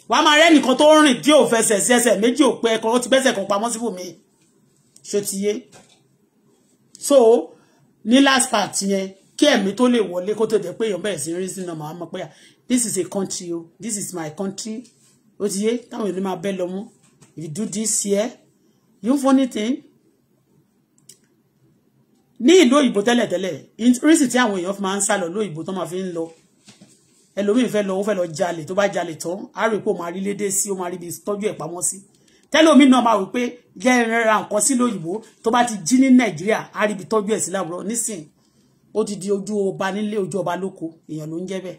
wàá máa rẹ́ nìkan tó rìn díẹ̀ ò fẹsẹ̀ sí ẹsẹ̀ méjì ò pé ti bẹ́sẹ̀ kan pamọ́ síbòmí ṣó ti yé so ní last part yẹn kí ẹ̀mí tó lè wọlé kó tó jẹ́ pé èèyàn bẹ̀rẹ̀ sí rí sínú ọmọ àmọ́ pé this is a country o this is my country ó ti yé táwọn èèyàn máa bẹ́ lọ mú if you do this here you for anything ní ìlú òyìnbó tẹ́lẹ̀tẹ́lẹ̀ rísì tí àwọn èèyàn fi máa ń sá lọ lóyìnbó tó máa fi ń lọ ẹlòmíì fẹ́ lọ ó fẹ́ lọ jalè tó bá jalè tán á rò pé ó máa rí lédè sí ó máa rí ibi tọ́jú ẹ̀ pamọ́ sí tẹ́lòmíì náà máa rò pé jẹ́ ra nǹkan sí lóyìnbó tó bá ti jí ní nàìjíríà á rí ibi tọ́jú ẹ̀ sí láàbùrọ̀ nísìn ó ti di ojú ọba nílé ojú ọba lóko èèyàn ló ń jẹ́ bẹ́ẹ̀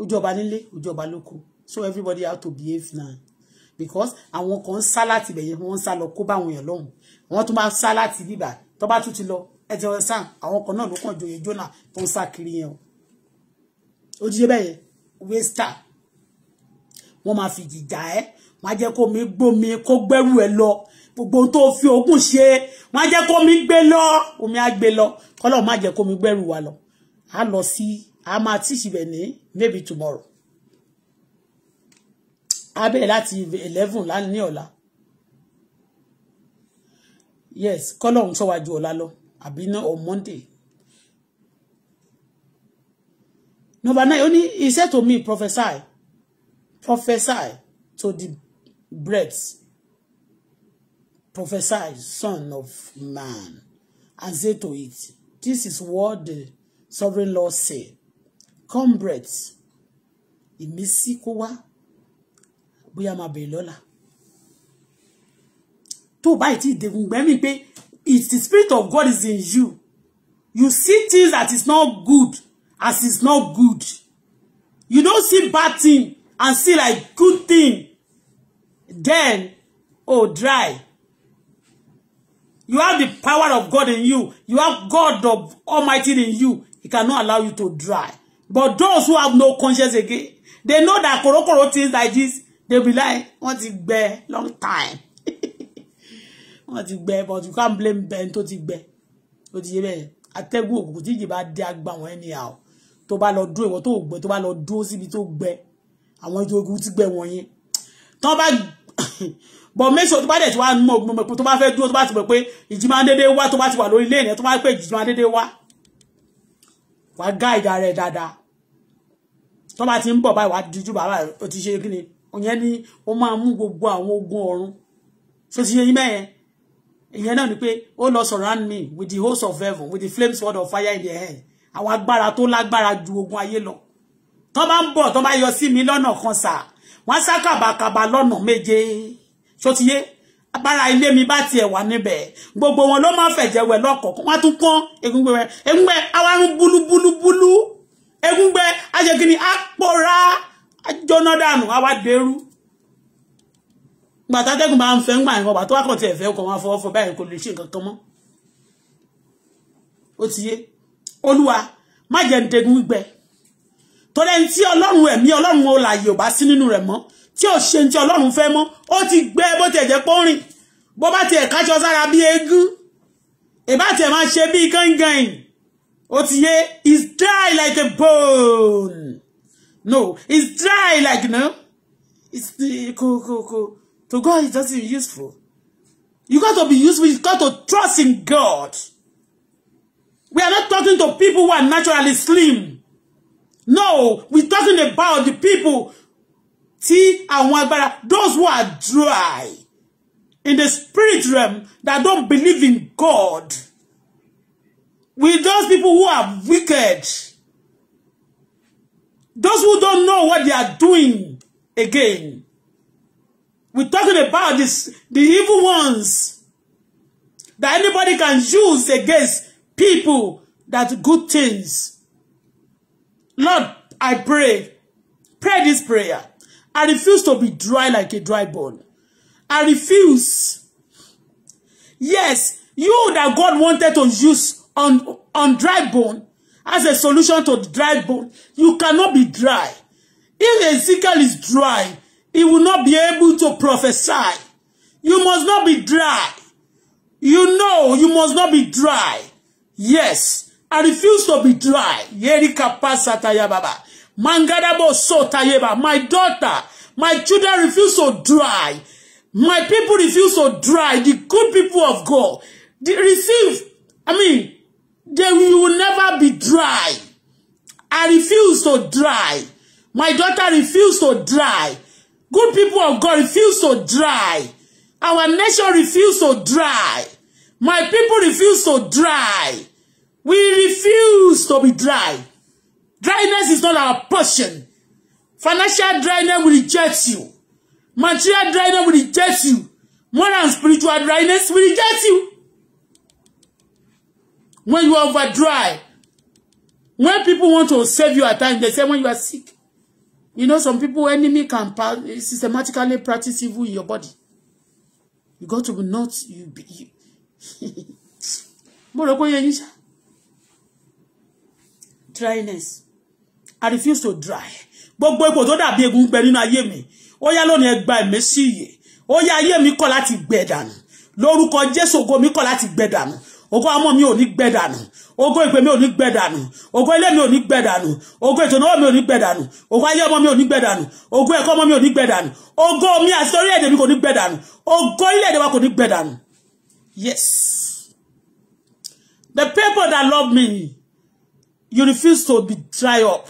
ojú ọba nílé ojú ọba lóko so everybody how to behave now because àwọn kan ń sá láti ibẹ̀ yẹn wọ́n ń sá lọ kó báwọn èèyàn lọ́hùn wọ́n tún máa ń sá láti bíbà tó bá tún ti lọ ẹ ti wọn sàn àwọn ọkọ̀ náà ló kàn joyè jóná tó ń sá kiri yẹn o ó jíjẹ bẹ́ẹ̀ wẹ́stà wọ́n máa fìjì jà ẹ́ wọ́n á jẹ́ kó mi gbómi kó gbẹ́rù ẹ̀ lọ gbogbo tó fi ògùn ṣe wọ́n á jẹ́ kó mi gbé lọ omi á gbé lọ kọ́lọ́ má jẹ́ kó mi gbẹ́rù wa lọ á lọ sí a máa tíṣì bẹ̀ ní maybe tomorrow á bẹ̀rẹ̀ láti eleven lánìí ọ̀la yes kọ́lọ́hún sọ wájú ọ̀la lọ àbí náà on Monday number nine ó ní he said to me prophesy prophesy to the breath prophesy son of man and say to it this is what the sovereign Lord say come breath ìmísí kó wá bóyá máa bèrè lọ́la tó báyìí tí ìdègùn gbẹ́mí pé If the Spirit of God is in you. You see things that is not good as is not good. You don't see bad thing and see like good thing. Then, oh, dry. You have the power of God in you. You have God of Almighty in you. He cannot allow you to dry. But those who have no conscience again, they know that korokoro things like this, they'll be like, wọ́n ti gbẹ long time wọ́n ti gbẹ but you can't blame bẹ́ẹ̀ tó ti gbẹ ó ti yé bẹ́ẹ̀ atẹ́gùn òkùnkùn tí ìjì bá dé agbá wọn ẹni à ó tó bá lọ dúró ìwọ tó gbẹ tó bá lọ dúró síbi tó gbẹ àwọn ìjọ ogun ti gbẹ wọ̀nyẹn tó bá bọ̀ mẹ́sàn tó bá dẹ̀ tí wàá mọ̀ tó bá fẹ́ dúró tó bá ti mọ̀ pé ìjì máa ń dédé wá tó bá ti wà lórí ilé ìyẹn tó bá pè ìjì máa ń dédé wá wàá gá ìdá rẹ̀ dáadáa tó bá ti ń bọ̀ báyìí wàá dijú bàbá rẹ̀ ó ti ṣe kí ni òyìn ni ó máa mú gbogbo àwọn ogun ọ̀run ṣó ti yẹ yín mẹ́yẹn ìyẹn náà ni pé ó lọ surround me with the host of heaven with the flames sword of fire in their head àwọn agbára tó lágbára ju ogun ayé lọ tó bá ń bọ̀ tó bá yọ sí mi lọ́nà kan sà wọ́n sá kàbàkàbà lọ́nà méje ṣótiyé agbára ilé mi bá tiẹ̀ wà níbẹ̀ gbogbo wọn ló máa fẹ̀jẹ̀ wẹ̀ lọ́kọ̀ọ̀kan wọ́n tún pọ́n egungun rẹ̀ egungun rẹ̀ awárún búlúbúlúbúlú egungun rẹ̀ ajẹ́kìnní àpòrá jóná dànù àwádẹ́rú gbà tátẹ́gùn bá ń fẹ́ ńgbà ẹ̀kọ́ tó wá kàn tiẹ̀ fẹ́ ọkọ̀ wọn afọwọ́fọ báyìí kò lè ṣe nǹkan kan mọ́ ó ti yé olúwa má jẹ́ ń degun gbẹ torí ẹni tí ọlọ́run ẹ̀mí ọlọ́run ò láàyè ò bá sí nínú rẹ̀ mọ́ tí ò ṣe ti ọlọ́run fẹ́ mọ́ ó ti gbẹ bó tiẹ̀ jẹ́ pọ́nrin bó bá tiẹ̀ kájọ sára bí eégún ìbá tiẹ̀ máa ṣe bí gángan ó ti yé is dry like a bone no is dry like no is kò kò kò. To God, it doesn't useful. You got to be useful. You got to trust in God. We are not talking to people who are naturally slim. No, we're talking about the people, tí àwọn agbára, those who are dry in the spirit realm that don't believe in God. With those people who are wicked, those who don't know what they are doing again. We're talking about this, the evil ones that anybody can use against people that good things. Lord, I pray. Pray this prayer. I refuse to be dry like a dry bone. I refuse. Yes, you that God wanted to use on, on dry bone as a solution to dry bone, you cannot be dry. If Ezekiel is dry, He will not be able to prophesy. You must not be dry. You know you must not be dry. Yes, I refuse to be dry. Yerika pasataya baba. Mangadabo sotayeba. My daughter, my children refuse to dry. My people refuse to dry. The good people of God, they receive, I mean, they will never be dry. I refuse to dry. My daughter refused to dry. Good people of God refuse to dry. Our nation refuse to dry. My people refuse to dry. We refuse to be dry. Dryness is not our portion. Financial dryness will reject you. Material dryness will reject you. Moral and spiritual dryness will reject you. When you are over dry, when people want to save you at times, they say when you are sick, You know, some people, enemy can systematically practice evil in your body. You got to be not, you be, you. Dryness. I refuse to dry. Gbogbo ipò tó dàbí egun gbẹ nínú ayé mi. Ó yá lónìí ẹ gba ẹ̀mí sí ìyè. Ó yá ayé mi kọ̀ láti gbẹ dànù. Lórúkọ Jésù ògo mi kọ̀ láti gbẹ dànù. Ògo ọmọ mi ò ní gbẹ dànù ògo ìpè mi ò ní gbẹ dànù ògo ilé mi ò ní gbẹ dànù ògo ìtònáwó mi ò ní gbẹ dànù ògo ayé ọmọ mi ò ní gbẹ dànù ògo ẹ̀kọ́ ọmọ mi ò ní gbẹ dànù ògo mi àti orílẹ̀-èdè mi kò ní gbẹ dànù ògo orílẹ̀-èdè wa kò ní gbẹ dànù yes the people that love me you refuse to be dry up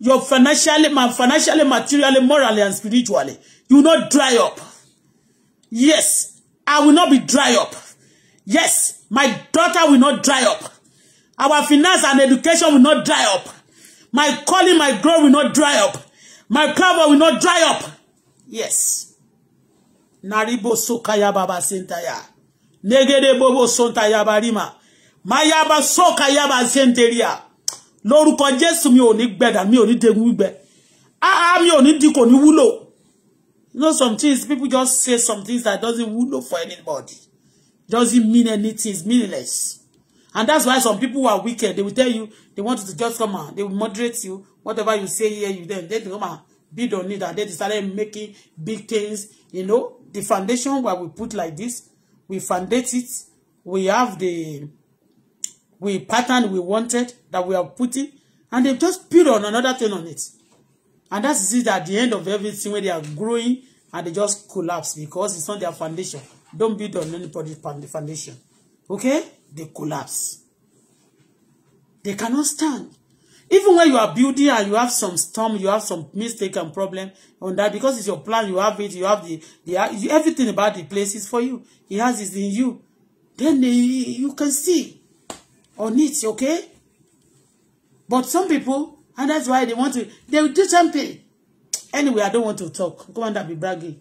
your financially my financially materially morally and spiritually you not dry up yes i will not be dry up yes My daughter will not dry up. Our finance and education will not dry up. My calling, my glory will not dry up. My cover will not dry up. Yes. Naribo sokaya baba sentaya. Negede bobo sontaya barima. Mayaba sokaya ba senteria. Lórúkọ Jésù mi ò ní gbeda mi oni ní degun gbígbẹ. Ah ah mi ò ní di kò You know some things people just say some things that doesn't wulo for anybody doesn't mean anything. It's meaningless. And that's why some people who are wicked, they will tell you, they want you to just come out. They will moderate you. Whatever you say here, you then, they come out. Bid on it. And they started making big things. You know, the foundation where we put like this, we founded it. We have the we pattern we wanted that we are putting. And they just build on another thing on it. And that's it at the end of everything where they are growing and they just collapse because it's not their foundation. Don't build on anybody's foundation. Okay? They collapse. They cannot stand. Even when you are building and you have some storm, you have some mistake and problem on that because it's your plan, you have it, you have the, the everything about the place is for you. He has it in you. Then they, you can see on it, okay? But some people, and that's why they want to, they will do something. Anyway, I don't want to talk. Come on, that be bragging.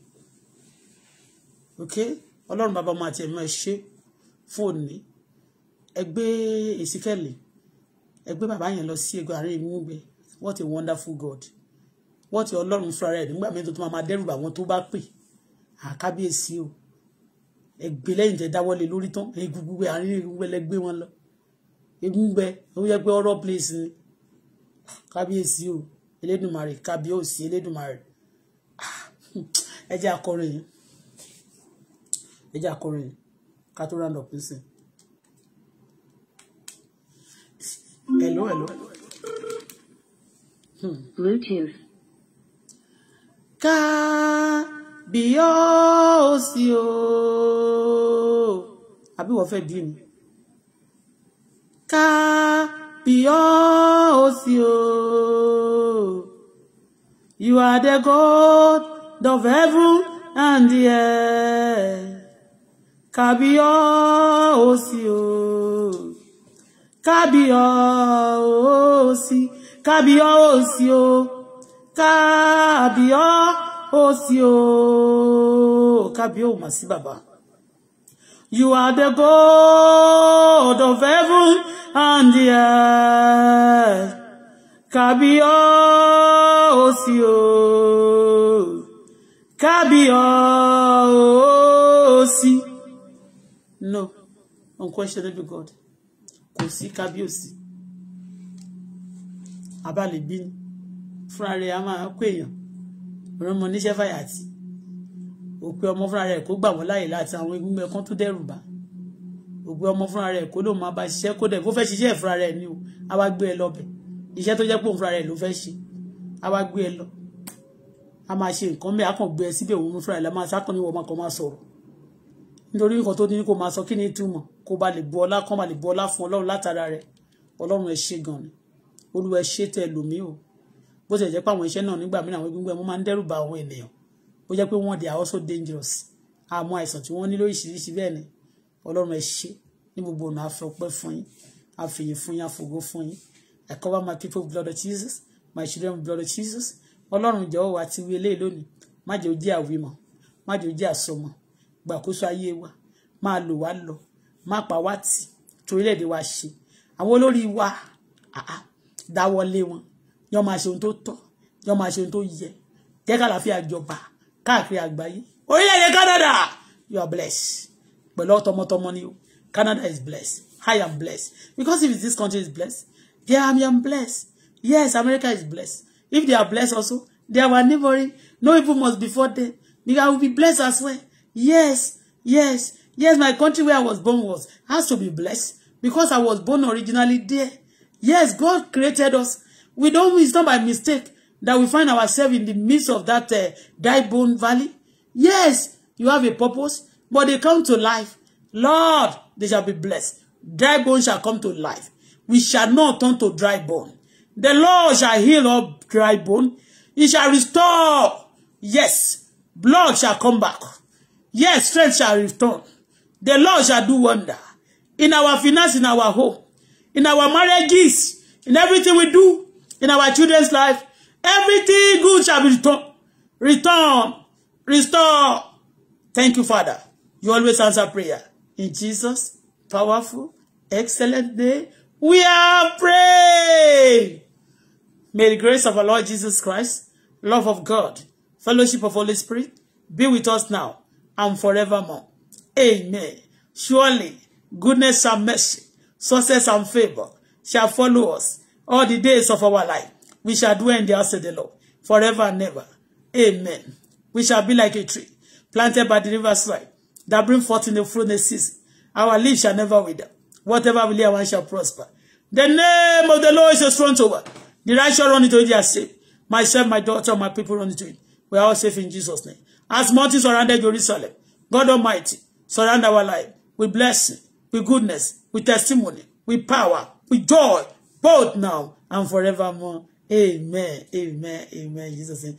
Okay? ọlọ́run bàbá ọmọ àti ẹ̀mí ẹ ṣe fún òní ẹ gbé èsìkẹ́lì bàbá yẹn lọ sí egun àárín ìlú what a wonderful God what a ọlọ́run fúnra rẹ̀ nígbà mẹ́ta tó máa dẹ́rù àwọn tó bá pè àkábíyèsí o ẹ gbé lẹ́yìn tẹ dáwọ́lé lórí tán egun gbígbé àárín egun gbẹ lẹ gbé wọn lọ egun gbẹ ó yẹ pé ọ̀rọ̀ place ni kábíyèsí o elédùnmarè kábíyèsí elédùnmarè ẹ jẹ́ akọrin yìí ẹjẹ́ akọrin ká tó round up nísìn. hello hello. bluetooth. Hmm. kábíyọ́sí o àbí wọ́n fẹ́ bí mi kábíyọ́sí o you are the God of heaven and the earth. Kabiyo, o kábíyọ́ọ̀sì kábíyọ́ọ̀sì o kábíyọ́ọ̀sì o kábíyọ́ọ̀ mà sí Baba. You are the God of heaven and the earth. Kábíyọ́ọ̀sì o si no unquestionable God kò sí kábíyèsí abálẹ̀ bí ni fúnra rẹ̀ a máa kó èèyàn ọ̀rọ̀ mọ níṣẹ́ fàyà àti òpè ọmọ fúnra rẹ̀ kó gbà wọ́n láàyè láti àwọn egungun ẹ̀kan tó dẹ́rù bá òpè ọmọ fúnra rẹ̀ kó lóun máa bá ṣiṣẹ́ kó dẹ̀ kó fẹ́ ṣiṣẹ́ fúnra rẹ̀ ni o a wá gbé ẹ lọ bẹ̀ iṣẹ́ tó jẹ́ pé òun fúnra rẹ̀ ló fẹ́ ṣe a wá gbé ẹ lọ a máa ṣe nǹkan mẹ́ a kàn gbé ẹ síbẹ̀ òun fúnra rẹ̀ la máa sákàn ní wọ́n máa sọ̀rọ̀ nítorí nǹkan tó ní kó máa sọ kí ni túmọ̀ kó ba lè bu ọlá kán ba lè bu ọlá fún ọlọ́run látara rẹ̀ ọlọ́run ẹ ṣé gan ni olúwa ẹ ṣé tẹ lómi o bó ti jẹ́ pé àwọn iṣẹ́ náà nígbà mìíràn àwọn egungun ẹ̀ wọ́n máa ń dẹ́rù ba àwọn ènìyàn bó jẹ́ pé wọ́n they are also dangerous àmọ́ àìsàn tí wọ́n ní lóríṣiríṣi bẹ́ẹ̀ ni ọlọ́run ẹ ṣé ní gbogbo ọ̀nà àfọpẹ́ fún yín àfìyìn fún yín àfògo fún yín I cover my people with blood of Jesus my children with blood of Jesus ọlọ́run jọ̀wọ́ wa ti wí eléyìí lónìí má jẹ́ ó jẹ́ àwímọ̀ má jẹ́ ó jẹ́ àsomọ̀ gbàkóso ayé wa máa lò wá lọ má pa wá tì torílẹ̀-èdè wa ṣe àwọn olórí wa dáwọ́lé wọn yọ máa ṣe ohun tó tọ́ yọ máa ṣe ohun tó yẹ jẹ́ kàlàáfíà jọba káàkiri àgbáyé orílẹ̀-èdè Canada you are blessed pẹ̀lú ọ̀tọ̀mọtọmọ ni o Canada is blessed I am blessed because if this country is blessed they yeah, I am blessed yes America is blessed if they are blessed also they are our neighboring no even must before them because I will be blessed as well Yes, yes, yes, my country where I was born was has to be blessed because I was born originally there. Yes, God created us. We don't, it's not by mistake that we find ourselves in the midst of that uh, dry bone valley. Yes, you have a purpose, but they come to life. Lord, they shall be blessed. Dry bone shall come to life. We shall not turn to dry bone. The Lord shall heal all dry bone. He shall restore. Yes, blood shall come back. Yes, strength shall return. The Lord shall do wonder. In our finance, in our home, in our marriages, in everything we do, in our children's life, everything good shall be returned. Return. Restore. Thank you, Father. You always answer prayer. In Jesus' powerful, excellent day, we are praying. May the grace of our Lord Jesus Christ, love of God, fellowship of Holy Spirit be with us now and forevermore. Amen. Surely, goodness and mercy, success and favor shall follow us all the days of our life. We shall dwell in the house of the Lord forever and ever. Amen. We shall be like a tree planted by the riverside that bring forth in the fruit in season. Our leaves shall never wither. Whatever we lay our shall prosper. The name of the Lord is a strong tower. The righteous run into it, they are safe. Myself, my daughter, my people run into it. We are all safe in Jesus' name. As mountains surrounded Jerusalem, God Almighty, surround our life with blessing, with goodness, with testimony, with power, with joy, both now and forevermore. Amen, amen, amen. Jesus said,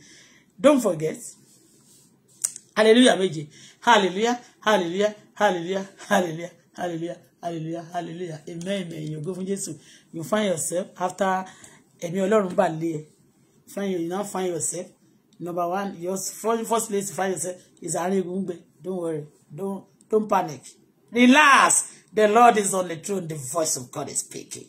Don't forget. Hallelujah, méjì. Hallelujah, hallelujah, hallelujah, hallelujah, hallelujah, hallelujah, hallelujah. Amen, amen. You go from Jesus, You find yourself after ẹ̀mí Ọlọ́run bá you now find yourself number one your first place to find yourself is Aringungbe don't worry don't don't panic relax the Lord is on the throne the voice of God is speaking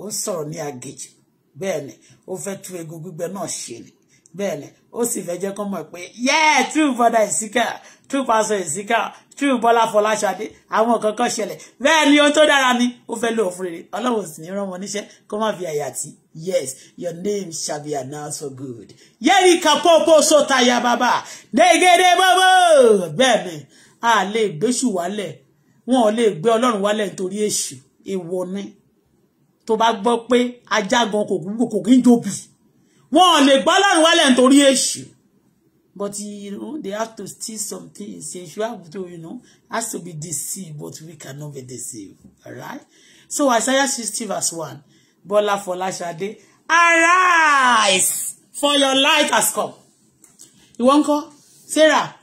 ó ń ní agéjì bẹ́ẹ̀ ni ó fẹ́ tú egun gbígbẹ náà ṣe ni bẹ́ẹ̀ ni ó sì fẹ́ jẹ́ kó mọ̀ pé yeah true brother Isika through pastor Ezekiel through Bọ́lá Fọláṣadé àwọn kankan ṣẹlẹ̀ bẹ́ẹ̀ ni ohun tó dára ni ó fẹ́ lò fún rere ọlọ́run sì ní rán wọn níṣẹ́ kó má fi àyà tí yes your name shall be announced for good. yẹ́rì kapopo sọ́tàyà bàbá dégédé bọ́bọ́ bẹ́ẹ̀ ni a lè gbéṣù wálẹ̀ wọn ò lè gbé ọlọ́run wálẹ̀ nítorí èṣù èèwọ̀ ni tó bá gbọ́ pé ajágan kò kí ń jobi wọn ò lè gbọ́ ọlọ́run wálẹ̀ nítorí èṣù But you know, they have to steal some things. Yes, you have to, you know, has to be deceived, but we cannot be deceived. All right. So Isaiah 60 verse 1. Bola Folashade, arise, for your light has come. You won't call? Sarah,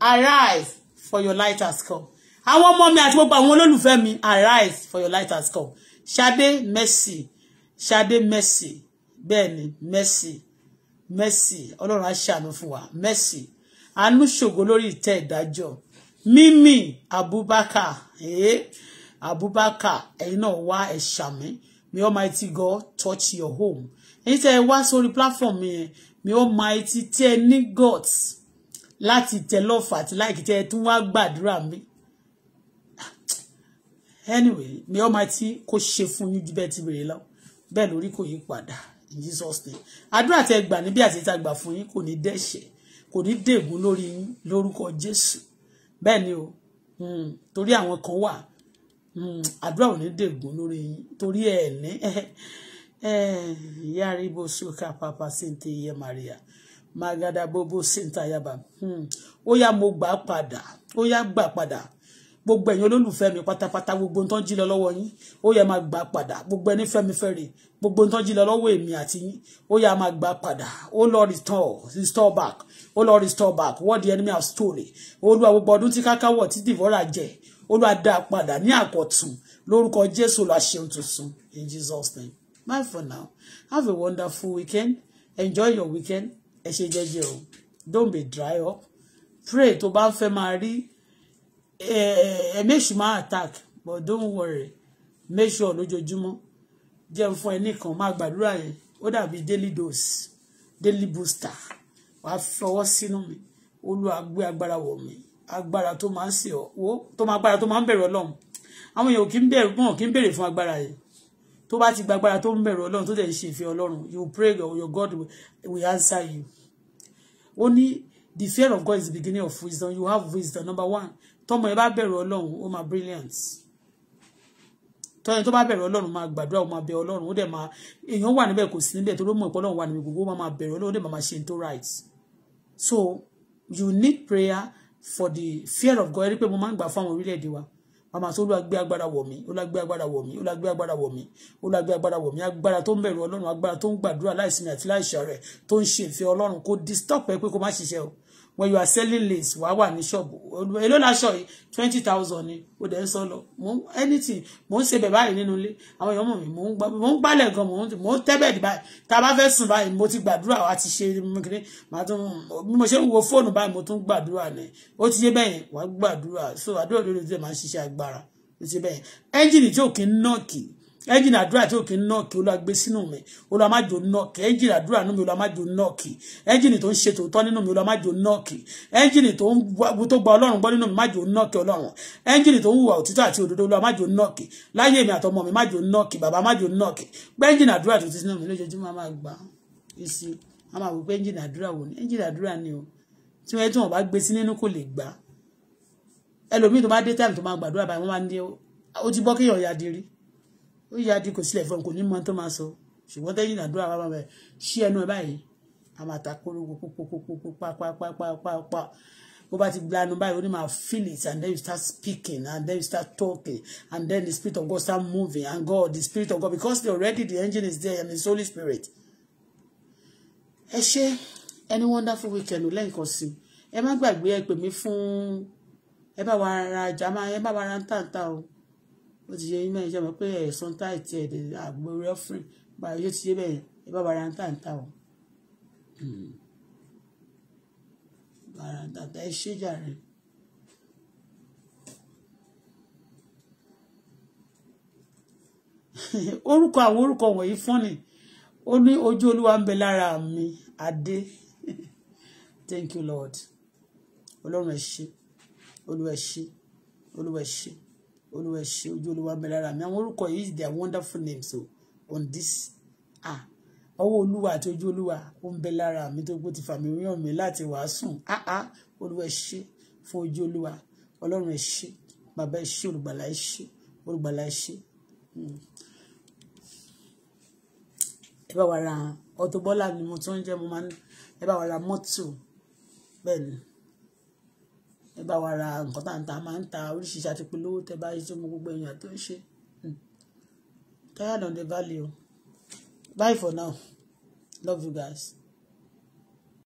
arise, for your light has come. Àwọn ọmọ mi àti gbogbo àwọn olólùfẹ́ mi, arise, for your light has come. Ṣadé, mercy. Ṣadé, mercy. Bẹ́ẹ̀ni, mercy mercy ọlọ́run á ṣàánú fún wa mercy àánú ṣògo lórí ìtẹ́ ìdájọ́ mímì abubakar eh? abubakar ẹ̀yin náà wá ẹ̀ṣàmí may almighty god touch your home èyí tẹ́ ẹ wá sórí platform yẹn may almighty tẹ́ ẹ ní gods láti tẹ lọ́ọ̀fù àti láìkí tẹ́ ẹ tún wá gbàdúrà mi anyway may almighty kó ṣe fún yín jù bẹ́ẹ̀ ti bèrè lọ bẹ́ẹ̀ lórí kò yí padà in Jesus name àdúrà tẹ gbà níbi àti ìta gbà fún yín kò ní dẹ́ṣẹ̀ kò ní dègún lórí yín lórúkọ Jésù bẹ́ẹ̀ ni o hmm, torí àwọn kan wà hmm, àdúrà ò ní dègún lórí yín torí ẹ̀ ní ìyá eh, aríbo sókà pàpà sí ti iye Maria magada bobo sinta yaba, tayaba hmm, ó yá mo gbà padà ó yá gbà padà gbogbo ẹ̀yin olólùfẹ́ mi pátápátá gbogbo ohun tó ń jí lọ lọ́wọ́ yín ó yẹ máa gbà padà gbogbo ẹni fẹ́mi fẹ́re gbogbo ohun tó ń jí lọ lọ́wọ́ èmi àti yín ó yẹ máa gbà padà ó lọ restore restore back ó lọ restore back what the enemy have stolen olúwa gbogbo ọdún tí kákáwọ̀ tí dìvọ́rà jẹ olúwa dá a padà ní àkọ́tún lórúkọ jésù la ṣeun tuntun in jesus name bye for now have a wonderful weekend enjoy your weekend ẹ ṣe jẹ́jẹ́ o don't be dry up pray tó bá fẹ́ máa rí Emeshima eh, eh, attack but don't worry make sure lójoojúmọ́ jẹun fún ẹ nìkan máa gbàdúrà yẹn ó dàbí daily dose daily booster wàá fọwọ́ sínú mi olúwa gbé agbára wọ̀ mí agbára tó máa ń sè ọ́ wo tó máa agbára tó máa ń bẹ̀rù ọlọ́run àwọn èèyàn kì í bẹ̀rù wọn kì í bèrè fún agbára yẹn tó bá ti gba agbára tó ń bẹ̀rù ọlọ́run tó dẹ̀ ń ṣe ìfẹ́ ọlọ́run you pray your God will answer you ó ní the fear of God is the beginning of wisdom you have wisdom number one tọmọ yẹn bá bẹ̀rù ọlọ́run ó máa brilliant tọ́yìn tó bá bẹ̀rù ọlọ́run máa gbàdúrà ó máa bẹ ọlọ́run ó dẹ̀ máa èèyàn wà níbẹ̀ kò sí níbẹ̀ tó ló mọ̀ pé wà níbi gbogbo ó máa bẹ̀rù ọlọ́run ó dẹ̀ máa ṣe tó right so you need prayer for the fear of God ẹ rí pé mo máa ń gbà fún àwọn orílẹ̀-èdè wa àmà tó lágbé agbára wọ̀ mí ó lágbé agbára wọ̀ mí ó lágbé agbára wọ̀ mí ó lágbé agbára wọ̀ mí agbára tó ń bẹ̀rù ọlọ́run agbára tó ń gbàdúrà láìsinmi àti láìṣà rẹ̀ tó ń ṣe ìfẹ́ ọlọ́run kò disturb ẹ pé kó má ṣiṣẹ́ o when you are selling lace wàá wà ní ṣọ́ọ̀bù èló láṣọ yìí twenty thousand ni o dẹ̀ ń sọ lọ mo ń anything mo ń ṣe bẹ̀ báyìí nínú ilé àwọn èèyàn mọ̀ mi mo ń gbálẹ̀ gan mo ń tẹ́bẹ̀dì báyìí tá a bá fẹ́ sùn báyìí mo ti gbàdúrà wa ti ṣe kíní màá tún bí mo ṣe ń wo fóònù báyìí mo tún gbàdúrà ni ó ti yé bẹ́yẹn wàá gbàdúrà so àdúrà lórí ti máa ń ṣiṣẹ́ agbára ó ti yé bẹ́yẹn ẹ́ńjìnì tí ò kí ń ẹ́ńjìnì àdúrà tí òkè ń nọ́ọ̀kì olúwa gbé sínú mi olúwa má jò nọ́ọ̀kì ẹ́ńjìnì àdúrà nínú mi olúwa má jò nọ́ọ̀kì ẹ́ńjìnì tó ń ṣe tòótọ́ nínú mi olúwa má jò nọ́ọ̀kì ẹ́ńjìnì tó ń gba ọlọ́run gbọ́ nínú mi má jò nọ́ọ̀kì ọlọ́run ẹ́ńjìnì tó ń hùwà òtítọ́ àti òdodo olúwa má jò nọ́ọ̀kì láyé mi àtọmọ mi má jò nọ́ọ̀kì bàbá má jò nọ́ọ̀kì gbẹ́ńjìnì àdúrà tó ti sínú mi lójoojúmọ́ máa gbà èsì a máa wò pé ẹ́ńjìnì àdúrà wò ní ẹ́ńjìnì àdúrà ni o tí wọ́n tún wọn bá gbé sí nínú kò lè gbà ẹlòmíì tó bá dé táìmù tó máa gbàdúrà báyìí wọ́n máa ń dé ó ti bọ́ kéèyàn ya dirí ó yà di kò sílẹ̀ fún kò ní mọ tó máa sọ ṣùgbọ́n tẹ́yìn àdúrà wa máa bẹ̀ ṣí ẹnu ẹ báyìí àmàtà kórógó pópópópó pápápápápá bó bá ti gba báyìí ó ní máa feel it and then you start speaking and then you start talking and then the spirit of God start moving and God the spirit of God because they already the engine is there and it's holy spirit. ẹ ṣe any wonderful weekend lẹ́ǹkan sí ẹ má gbàgbé ẹ pè mí fún ẹ bá wa ra ẹ bá wa ra ń tàǹtà o ó ti yẹ yín náà iṣẹ́ mọ̀ pé ẹ̀sán táì tiẹ̀ dé àgbo rẹ́fìrì bá yóò ti yé bẹ́ẹ̀ ẹ bá bàrà ń tà ń tà o. bàrà ń tà ẹ ṣé jàre. orúkọ àwọn orúkọ wọ̀nyí fún ni ó ní ojú olúwa ń bẹ lára mi adé thank you lord ọlọ́run ẹ ṣé olúwa ẹ ṣé olúwa ẹ ṣé olúwa ṣe ojú olúwa ń mi àwọn orúkọ yìí they are wonderful names o on this ah ọwọ́ olúwa àti ojú olúwa ó ń bẹ lára mi tó gbó ti fà mí rán mi láti wàásù ah ah olúwa ẹ ṣé fún ojú olúwa ọlọ́run ẹ ṣé bàbá ẹ ṣé olùgbàlà ẹ ṣé olùgbàlà ẹ ẹ bá wa ra Auto Bola ni mo tún ń jẹ́ mo máa ń ẹ bá wa ra mọ́tò bẹ́ẹ̀ ni ẹ bá wa ra nǹkan tá à ta máa ń ta oríṣiríṣi àtìpolówó tẹ bá ṣe mọ gbogbo èèyàn tó ń ṣe tired hmm. on the value o bye for now love you guys.